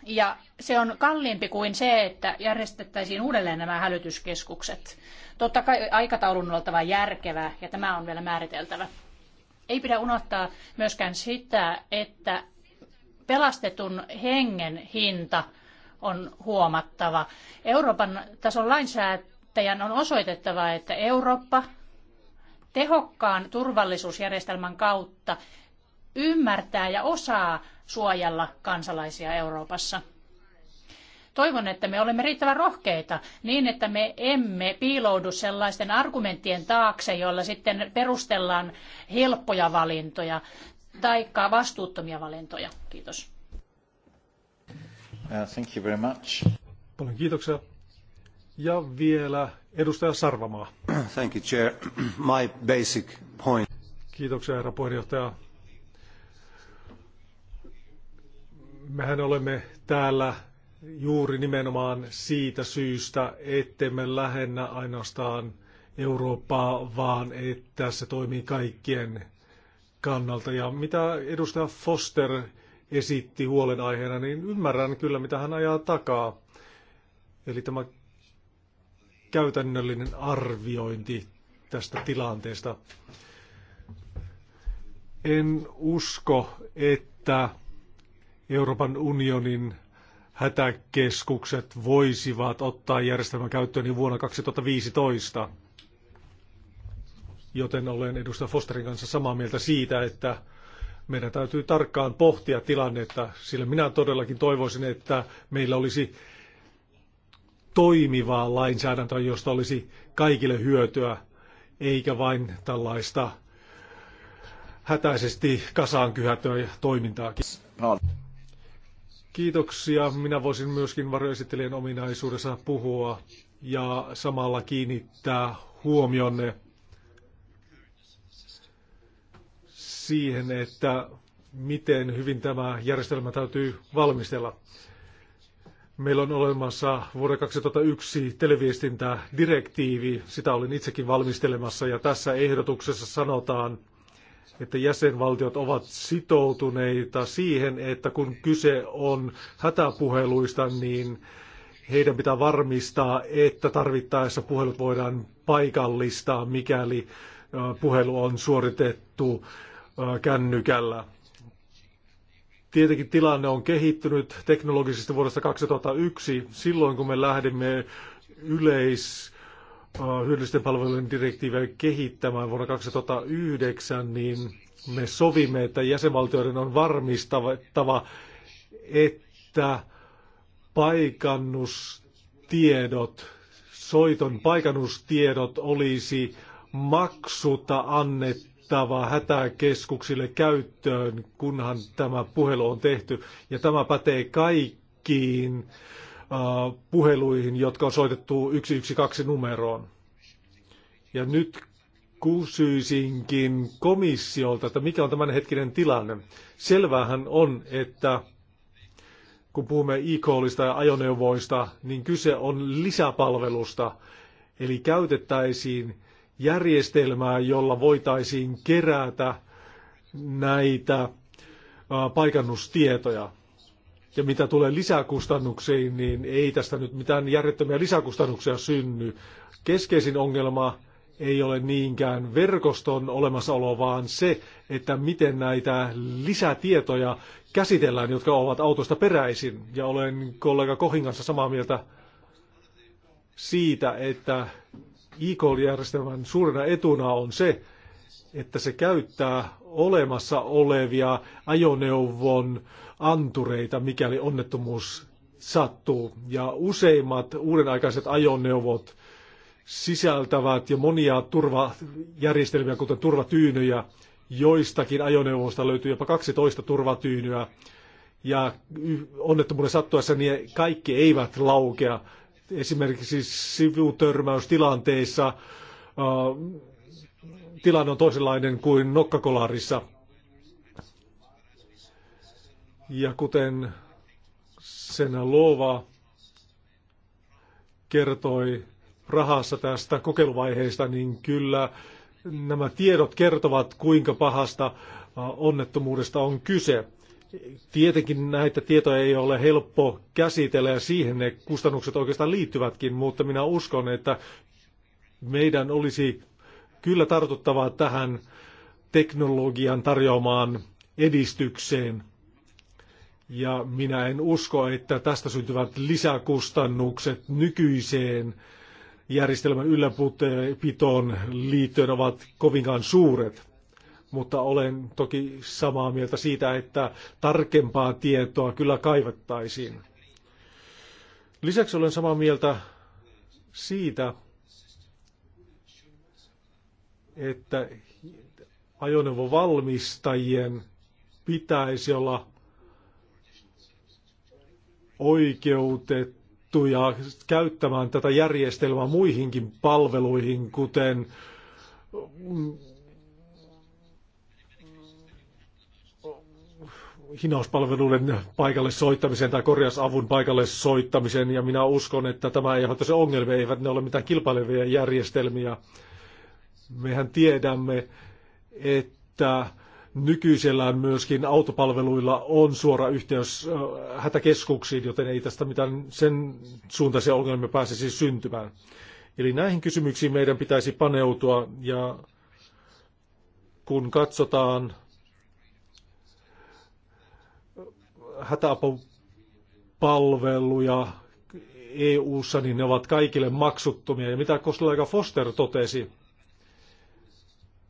A: Ja se on kalliimpi kuin se, että järjestettäisiin uudelleen nämä hälytyskeskukset. Totta kai aikataulun on oltava järkevä ja tämä on vielä määriteltävä. Ei pidä unohtaa myöskään sitä, että pelastetun hengen hinta on huomattava. Euroopan tason lainsäätäjän on osoitettava, että Eurooppa, tehokkaan turvallisuusjärjestelmän kautta ymmärtää ja osaa suojella kansalaisia Euroopassa. Toivon, että me olemme riittävän rohkeita niin, että me emme piiloudu sellaisten argumenttien taakse, joilla sitten perustellaan helppoja valintoja tai vastuuttomia valintoja. Kiitos.
B: Uh, thank you very much. Paljon kiitoksia. Ja vielä edustaja Sarvamaa. Thank you, Chair. My basic point. Kiitoksia, herra puheenjohtaja. Mehän olemme täällä juuri nimenomaan siitä syystä, ettemme lähennä ainoastaan Eurooppaa, vaan että se toimii kaikkien kannalta. Ja mitä edustaja Foster esitti huolenaiheena, niin ymmärrän kyllä, mitä hän ajaa takaa. Eli tämä käytännöllinen arviointi tästä tilanteesta. En usko, että Euroopan unionin hätäkeskukset voisivat ottaa järjestelmän käyttöön niin vuonna 2015. Joten olen edustaja Fosterin kanssa samaa mieltä siitä, että meidän täytyy tarkkaan pohtia tilannetta, sillä minä todellakin toivoisin, että meillä olisi toimivaa lainsäädäntöä, josta olisi kaikille hyötyä, eikä vain tällaista hätäisesti kasaan kyhätöä toimintaa. Kiitoksia. Minä voisin myöskin varjoesittelijän ominaisuudessa puhua ja samalla kiinnittää huomionne siihen, että miten hyvin tämä järjestelmä täytyy valmistella. Meillä on olemassa vuoden 2001 televiestintädirektiivi, sitä olin itsekin valmistelemassa, ja tässä ehdotuksessa sanotaan, että jäsenvaltiot ovat sitoutuneita siihen, että kun kyse on hätäpuheluista, niin heidän pitää varmistaa, että tarvittaessa puhelut voidaan paikallistaa, mikäli puhelu on suoritettu kännykällä. Tietenkin tilanne on kehittynyt teknologisesti vuodesta 2001, silloin kun me lähdimme yleis äh, hyödyllisten palvelujen direktiiviä kehittämään vuonna 2009, niin me sovimme, että jäsenvaltioiden on varmistava, että paikannustiedot, soiton paikannustiedot olisi maksuta annettu vastaavaa hätäkeskuksille käyttöön, kunhan tämä puhelu on tehty. Ja tämä pätee kaikkiin puheluihin, jotka on soitettu 112-numeroon. Ja nyt kysyisinkin komissiolta, että mikä on tämän hetkinen tilanne. Selvähän on, että kun puhumme e-callista ja ajoneuvoista, niin kyse on lisäpalvelusta. Eli käytettäisiin järjestelmää, jolla voitaisiin kerätä näitä paikannustietoja. Ja mitä tulee lisäkustannuksiin, niin ei tästä nyt mitään järjettömiä lisäkustannuksia synny. Keskeisin ongelma ei ole niinkään verkoston olemassaolo, vaan se, että miten näitä lisätietoja käsitellään, jotka ovat autosta peräisin. Ja olen kollega Kohin kanssa samaa mieltä siitä, että e-call-järjestelmän suurena etuna on se, että se käyttää olemassa olevia ajoneuvon antureita, mikäli onnettomuus sattuu. Ja useimmat uudenaikaiset ajoneuvot sisältävät jo monia turvajärjestelmiä, kuten turvatyynyjä. Joistakin ajoneuvoista löytyy jopa 12 turvatyynyä. Ja onnettomuuden sattuessa niin kaikki eivät laukea esimerkiksi sivutörmäystilanteissa tilanne on toisenlainen kuin nokkakolarissa. Ja kuten Senalova kertoi rahassa tästä kokeiluvaiheesta, niin kyllä nämä tiedot kertovat, kuinka pahasta onnettomuudesta on kyse. Tietenkin näitä tietoja ei ole helppo käsitellä ja siihen ne kustannukset oikeastaan liittyvätkin, mutta minä uskon, että meidän olisi kyllä tartuttava tähän teknologian tarjoamaan edistykseen. Ja minä en usko, että tästä syntyvät lisäkustannukset nykyiseen järjestelmän ylläpitoon liittyen ovat kovinkaan suuret mutta olen toki samaa mieltä siitä, että tarkempaa tietoa kyllä kaivattaisiin. Lisäksi olen samaa mieltä siitä, että ajoneuvovalmistajien pitäisi olla oikeutettuja käyttämään tätä järjestelmää muihinkin palveluihin, kuten hinauspalveluiden paikalle soittamiseen tai korjausavun paikalle soittamiseen, ja minä uskon, että tämä ei aiheuttaisi ongelmia, eivät ne ole mitään kilpailevia järjestelmiä. Mehän tiedämme, että nykyisellään myöskin autopalveluilla on suora yhteys äh, hätäkeskuksiin, joten ei tästä mitään sen suuntaisia ongelmia pääsisi syntymään. Eli näihin kysymyksiin meidän pitäisi paneutua ja kun katsotaan hätäapupalveluja EU-ssa, niin ne ovat kaikille maksuttomia. Ja mitä kollega Foster totesi,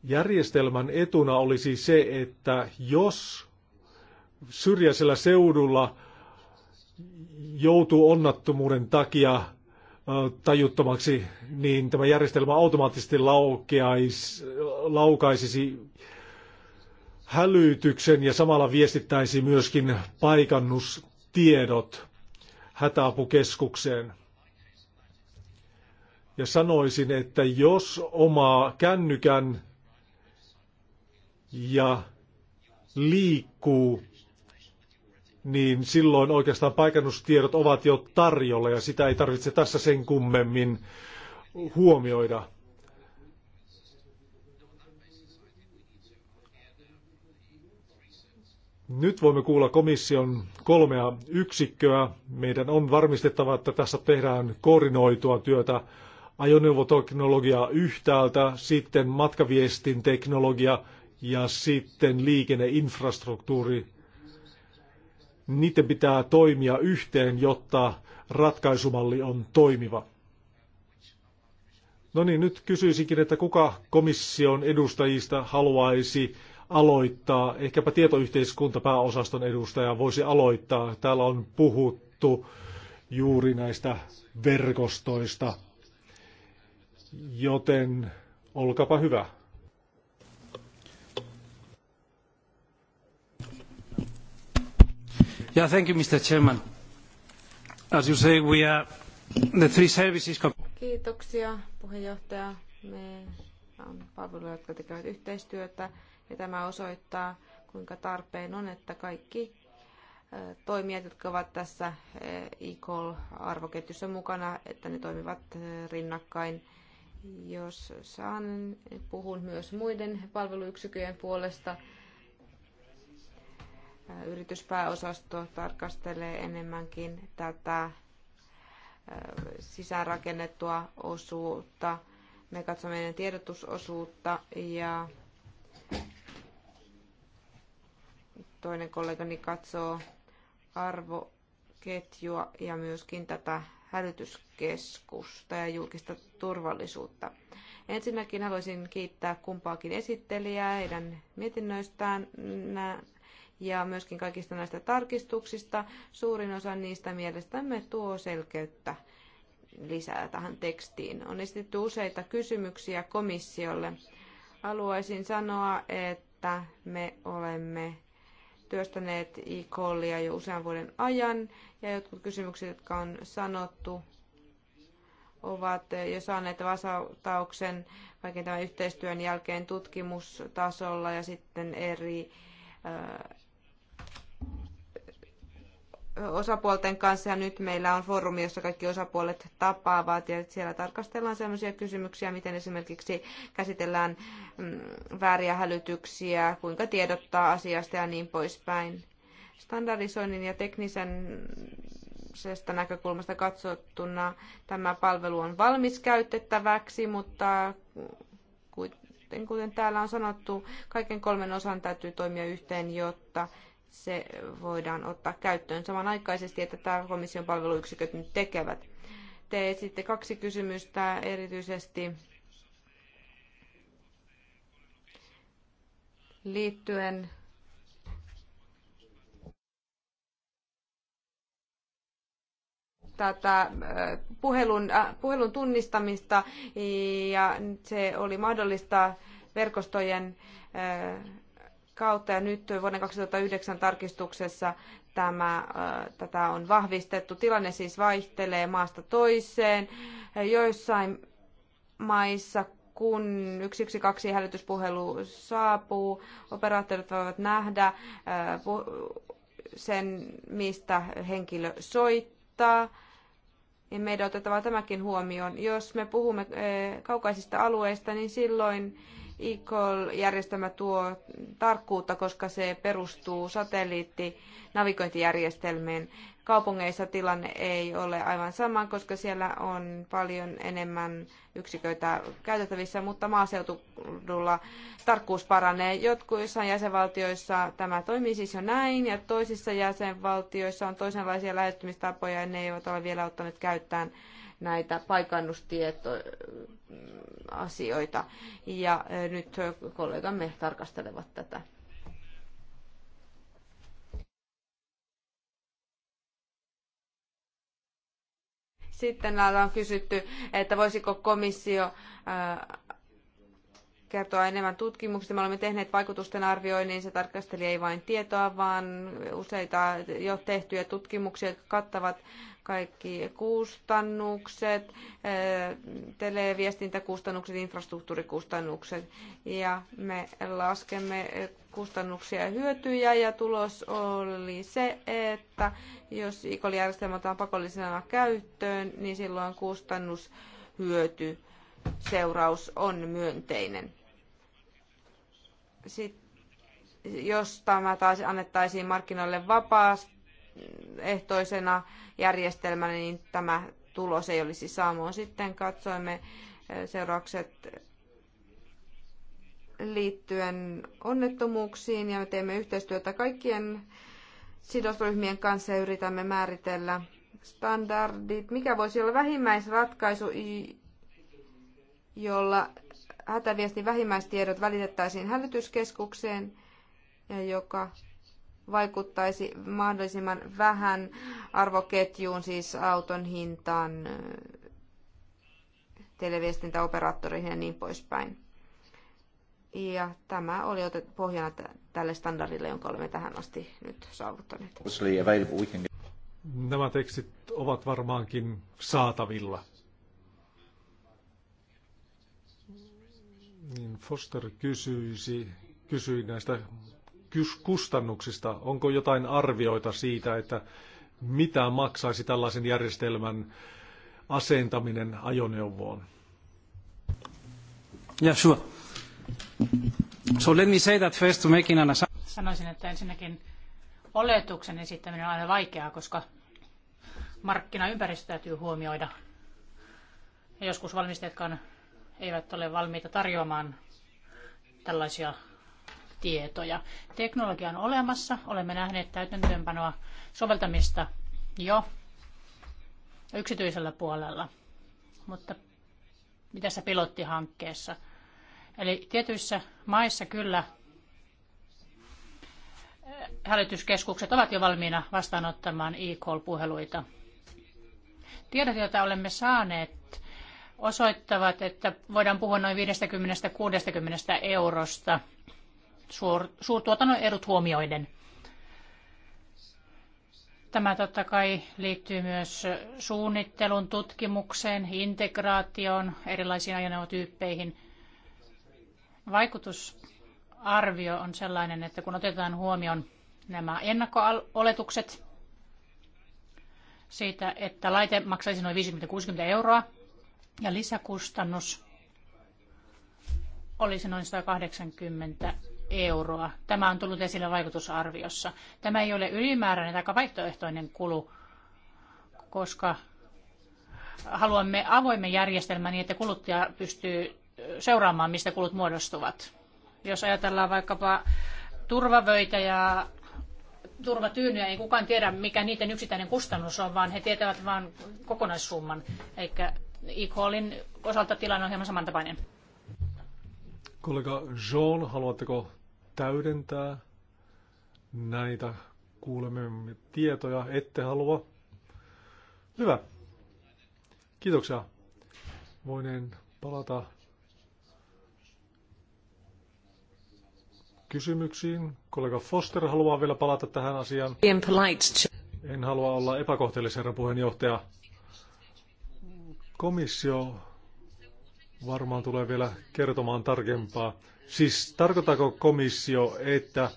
B: järjestelmän etuna olisi se, että jos syrjäisellä seudulla joutuu onnattomuuden takia tajuttomaksi, niin tämä järjestelmä automaattisesti laukeaisi, laukaisisi hälytyksen ja samalla viestittäisi myöskin paikannustiedot hätäapukeskukseen. Ja sanoisin, että jos omaa kännykän ja liikkuu, niin silloin oikeastaan paikannustiedot ovat jo tarjolla ja sitä ei tarvitse tässä sen kummemmin huomioida. Nyt voimme kuulla komission kolmea yksikköä. Meidän on varmistettava, että tässä tehdään koordinoitua työtä ajoneuvoteknologiaa yhtäältä, sitten matkaviestinteknologia ja sitten liikenneinfrastruktuuri. Niiden pitää toimia yhteen, jotta ratkaisumalli on toimiva. No niin, nyt kysyisinkin, että kuka komission edustajista haluaisi aloittaa. Ehkäpä tietoyhteiskuntapääosaston edustaja voisi aloittaa. Täällä on puhuttu juuri näistä verkostoista, joten olkapa hyvä. Yeah, thank you, Mr. Chairman. As you say, we are the three services.
C: Kiitoksia, puheenjohtaja. Me on um, palveluja, jotka tekevät yhteistyötä. Ja tämä osoittaa, kuinka tarpeen on, että kaikki toimijat, jotka ovat tässä e-call-arvoketjussa mukana, että ne toimivat rinnakkain. Jos saan, puhun myös muiden palveluyksiköjen puolesta. Yrityspääosasto tarkastelee enemmänkin tätä sisäänrakennettua osuutta. Me katsomme meidän tiedotusosuutta ja toinen kollegani katsoo arvoketjua ja myöskin tätä hälytyskeskusta ja julkista turvallisuutta. Ensinnäkin haluaisin kiittää kumpaakin esittelijää heidän mietinnöistään ja myöskin kaikista näistä tarkistuksista. Suurin osa niistä mielestämme tuo selkeyttä lisää tähän tekstiin. On esitetty useita kysymyksiä komissiolle. Haluaisin sanoa, että me olemme työstäneet e jo usean vuoden ajan, ja jotkut kysymykset, jotka on sanottu, ovat jo saaneet vastauksen kaiken tämän yhteistyön jälkeen tutkimustasolla ja sitten eri osapuolten kanssa ja nyt meillä on foorumi, jossa kaikki osapuolet tapaavat ja siellä tarkastellaan sellaisia kysymyksiä, miten esimerkiksi käsitellään mm, vääriä hälytyksiä, kuinka tiedottaa asiasta ja niin poispäin. Standardisoinnin ja teknisen tästä näkökulmasta katsottuna tämä palvelu on valmis käytettäväksi, mutta kuten täällä on sanottu, kaiken kolmen osan täytyy toimia yhteen, jotta se voidaan ottaa käyttöön samanaikaisesti, että tämä komission palveluyksiköt nyt tekevät. Te esitte kaksi kysymystä erityisesti liittyen tätä äh, puhelun, äh, puhelun tunnistamista ja se oli mahdollista verkostojen äh, kautta ja nyt vuoden 2009 tarkistuksessa tämä, äh, tätä on vahvistettu. Tilanne siis vaihtelee maasta toiseen. Joissain maissa, kun 112 hälytyspuhelu saapuu, operaattorit voivat nähdä äh, sen, mistä henkilö soittaa. Ja meidän otettava tämäkin huomioon. Jos me puhumme äh, kaukaisista alueista, niin silloin ECOL-järjestelmä tuo tarkkuutta, koska se perustuu satelliittinavigointijärjestelmiin. Kaupungeissa tilanne ei ole aivan sama, koska siellä on paljon enemmän yksiköitä käytettävissä, mutta maaseutudulla tarkkuus paranee. Jotkuissa jäsenvaltioissa tämä toimii siis jo näin, ja toisissa jäsenvaltioissa on toisenlaisia lähestymistapoja, ja ne eivät ole vielä ottaneet käyttöön näitä paikannustietoasioita. Ja nyt kollegamme tarkastelevat tätä. Sitten täällä on kysytty, että voisiko komissio kertoa enemmän tutkimuksista. Me olemme tehneet vaikutusten arvioinnin, se tarkasteli ei vain tietoa, vaan useita jo tehtyjä tutkimuksia, jotka kattavat kaikki kustannukset, eh, televiestintäkustannukset, infrastruktuurikustannukset ja me laskemme kustannuksia ja hyötyjä ja tulos oli se, että jos ICOL-järjestelmä otetaan pakollisena käyttöön, niin silloin kustannushyöty seuraus on myönteinen. Sitten jos tämä taas annettaisiin markkinoille vapaasti, ehtoisena järjestelmänä, niin tämä tulos ei olisi saamoon. Sitten katsoimme eh, seuraukset liittyen onnettomuuksiin ja me teemme yhteistyötä kaikkien sidosryhmien kanssa ja yritämme määritellä standardit. Mikä voisi olla vähimmäisratkaisu, jolla hätäviestin vähimmäistiedot välitettäisiin hälytyskeskukseen ja joka vaikuttaisi mahdollisimman vähän arvoketjuun, siis auton hintaan, televiestintäoperaattoreihin ja niin poispäin. Ja tämä oli otettu pohjana tälle standardille, jonka olemme tähän asti nyt saavuttaneet.
B: Nämä tekstit ovat varmaankin saatavilla. Niin Foster kysyisi, kysyi näistä kustannuksista. Onko jotain arvioita siitä, että mitä maksaisi tällaisen järjestelmän asentaminen ajoneuvoon? Yeah, sure. So let me say that first to make an
A: Sanoisin, että ensinnäkin oletuksen esittäminen on aina vaikeaa, koska markkinaympäristö täytyy huomioida. Ja joskus valmistajatkaan eivät ole valmiita tarjoamaan tällaisia tietoja. Teknologia on olemassa, olemme nähneet täytäntöönpanoa soveltamista jo yksityisellä puolella, mutta mitä se pilottihankkeessa? Eli tietyissä maissa kyllä eh, hälytyskeskukset ovat jo valmiina vastaanottamaan e-call-puheluita. Tiedot, joita olemme saaneet, osoittavat, että voidaan puhua noin 50-60 eurosta suur, suurtuotannon edut huomioiden. Tämä totta kai liittyy myös suunnittelun, tutkimukseen, integraatioon, erilaisiin ajoneuvotyyppeihin. Vaikutusarvio on sellainen, että kun otetaan huomioon nämä ennakkooletukset siitä, että laite maksaisi noin 50-60 euroa ja lisäkustannus olisi noin 180 euroa. Tämä on tullut esille vaikutusarviossa. Tämä ei ole ylimääräinen tai vaihtoehtoinen kulu, koska haluamme avoimen järjestelmän niin, että kuluttaja pystyy seuraamaan, mistä kulut muodostuvat. Jos ajatellaan vaikkapa turvavöitä ja turvatyynyjä, ei kukaan tiedä, mikä niiden yksittäinen kustannus on, vaan he tietävät vain kokonaissumman. Eikä e osalta tilanne on hieman samantapainen.
B: Kollega Jean, haluatteko täydentää näitä kuulemme tietoja. Ette halua? Hyvä. Kiitoksia. Voinen palata kysymyksiin. Kollega Foster haluaa vielä palata tähän asiaan. En halua olla epäkohteellisen herra puheenjohtaja. Komissio varmaan tulee vielä kertomaan tarkempaa. Siis tarkoittaako komissio, että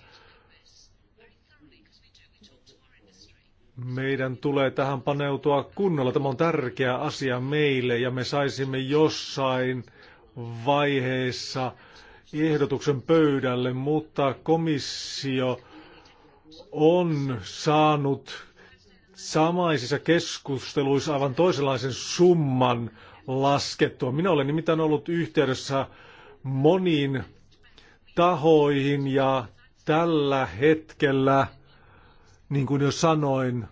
B: meidän tulee tähän paneutua kunnolla. Tämä on tärkeä asia meille ja me saisimme jossain vaiheessa ehdotuksen pöydälle, mutta komissio on saanut samaisissa keskusteluissa aivan toisenlaisen summan laskettua. Minä olen nimittäin ollut yhteydessä moniin tahoihin ja tällä hetkellä, niin kuin jo sanoin,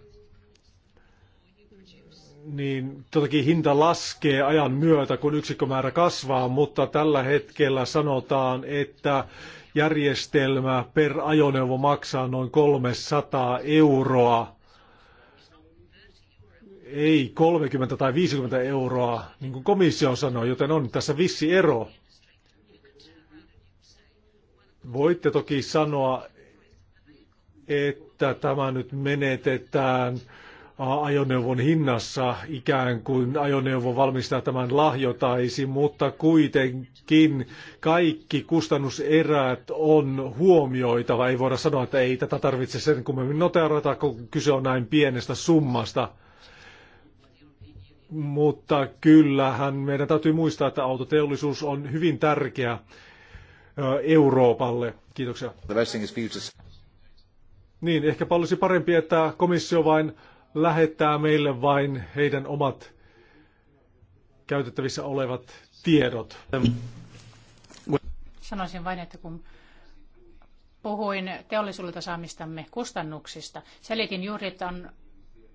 B: niin totakin hinta laskee ajan myötä, kun yksikkömäärä kasvaa, mutta tällä hetkellä sanotaan, että järjestelmä per ajoneuvo maksaa noin 300 euroa ei 30 tai 50 euroa, niin kuin komissio sanoi, joten on tässä vissi ero. Voitte toki sanoa, että tämä nyt menetetään ajoneuvon hinnassa, ikään kuin ajoneuvo valmistaa tämän lahjotaisi, mutta kuitenkin kaikki kustannuserät on huomioitava. Ei voida sanoa, että ei tätä tarvitse sen kummemmin noterata, kun kyse on näin pienestä summasta mutta kyllähän meidän täytyy muistaa, että autoteollisuus on hyvin tärkeä Euroopalle. Kiitoksia. Niin, ehkä olisi parempi, että komissio vain lähettää meille vain heidän omat käytettävissä olevat tiedot.
A: Sanoisin vain, että kun puhuin teollisuudelta saamistamme kustannuksista, selitin juuri, että on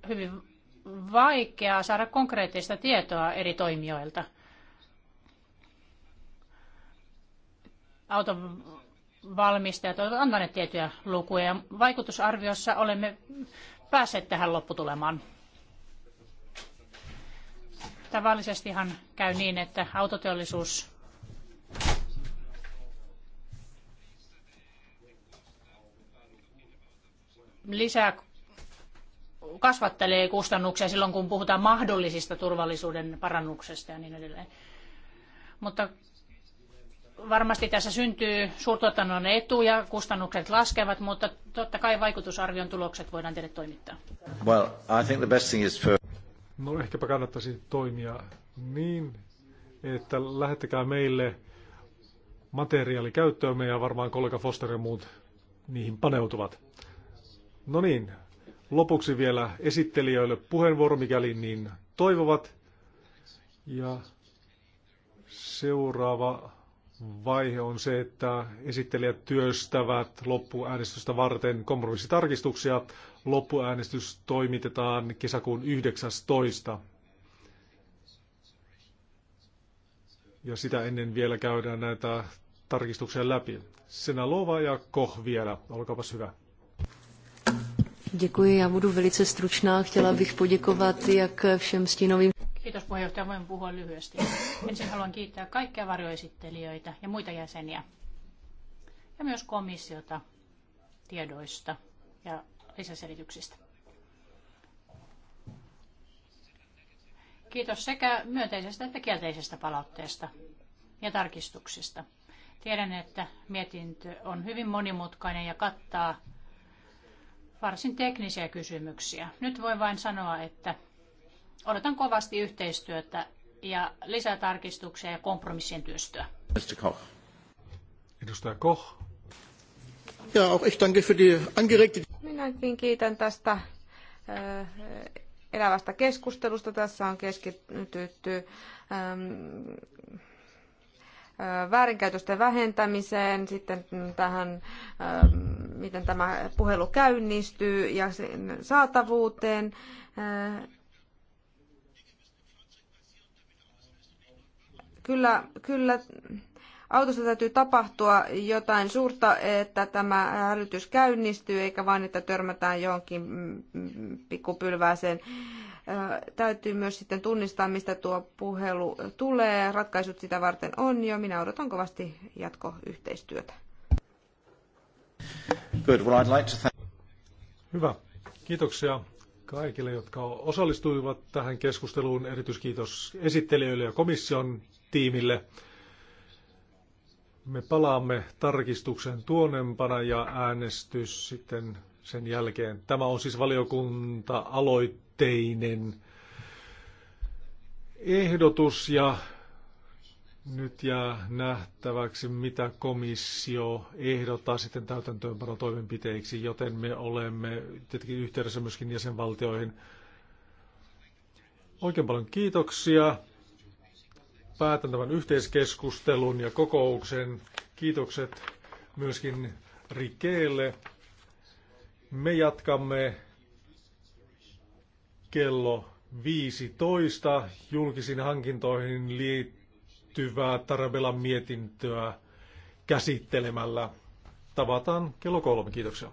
A: hyvin vaikeaa saada konkreettista tietoa eri toimijoilta. Auton valmistajat ovat antaneet tiettyjä lukuja ja vaikutusarviossa olemme päässeet tähän lopputulemaan. Tavallisestihan käy niin, että autoteollisuus lisää kasvattelee kustannuksia silloin, kun puhutaan mahdollisista turvallisuuden parannuksesta ja niin edelleen. Mutta varmasti tässä syntyy suurtuotannon etu ja kustannukset laskevat, mutta totta kai vaikutusarvion tulokset voidaan teille toimittaa.
B: Well, I think the best thing is for... No ehkäpä kannattaisi toimia niin, että lähettäkää meille materiaali käyttöömme ja varmaan kollega Foster ja muut niihin paneutuvat. No niin, lopuksi vielä esittelijöille puheenvuoro, mikäli niin toivovat. Ja seuraava vaihe on se, että esittelijät työstävät loppuäänestystä varten kompromissitarkistuksia. Loppuäänestys toimitetaan kesäkuun 19. Ja sitä ennen vielä käydään näitä tarkistuksia läpi. Senalova ja Koh vielä, olkaapas hyvä.
E: Děkuji, já budu velice stručná. Chtěla bych poděkovat jak všem stínovým.
A: Kiitos puheenjohtaja, voin puhua lyhyesti. Ensin haluan kiittää kaikkia varjoesittelijöitä ja muita jäseniä ja myös komissiota tiedoista ja lisäselityksistä. Kiitos sekä myönteisestä että kielteisestä palautteesta ja tarkistuksista. Tiedän, että mietintö on hyvin monimutkainen ja kattaa varsin teknisiä kysymyksiä. Nyt voi vain sanoa, että odotan kovasti yhteistyötä ja lisätarkistuksia ja kompromissien työstöä.
B: Mr. Koch. Edustaja Koch. Ja, auch ich danke für die
C: angeregte...
A: Minäkin kiitän tästä
C: elävästä keskustelusta. Tässä on keskitytty ähm, väärinkäytösten vähentämiseen, sitten tähän, miten tämä puhelu käynnistyy ja sen saatavuuteen. Kyllä, kyllä autossa täytyy tapahtua jotain suurta, että tämä hälytys käynnistyy, eikä vain, että törmätään johonkin mm, mm, mm, pikkupylvääseen. Täytyy myös sitten tunnistaa, mistä tuo puhelu tulee. Ratkaisut sitä varten on jo. Minä odotan kovasti jatkoyhteistyötä.
B: Good. Well, I'd like to thank... Hyvä. Kiitoksia kaikille, jotka osallistuivat tähän keskusteluun. Erityiskiitos esittelijöille ja komission tiimille. Me palaamme tarkistuksen tuonempana ja äänestys sitten sen jälkeen. Tämä on siis valiokunta aloittaa yhteinen ehdotus ja nyt jää nähtäväksi, mitä komissio ehdottaa sitten täytäntöönpano toimenpiteiksi, joten me olemme tietenkin yhteydessä myöskin jäsenvaltioihin. Oikein paljon kiitoksia. Päätän tämän yhteiskeskustelun ja kokouksen. Kiitokset myöskin Rikeelle. Me jatkamme kello 15 julkisiin hankintoihin liittyvää Tarabellan mietintöä käsittelemällä. Tavataan kello kolme. Kiitoksia.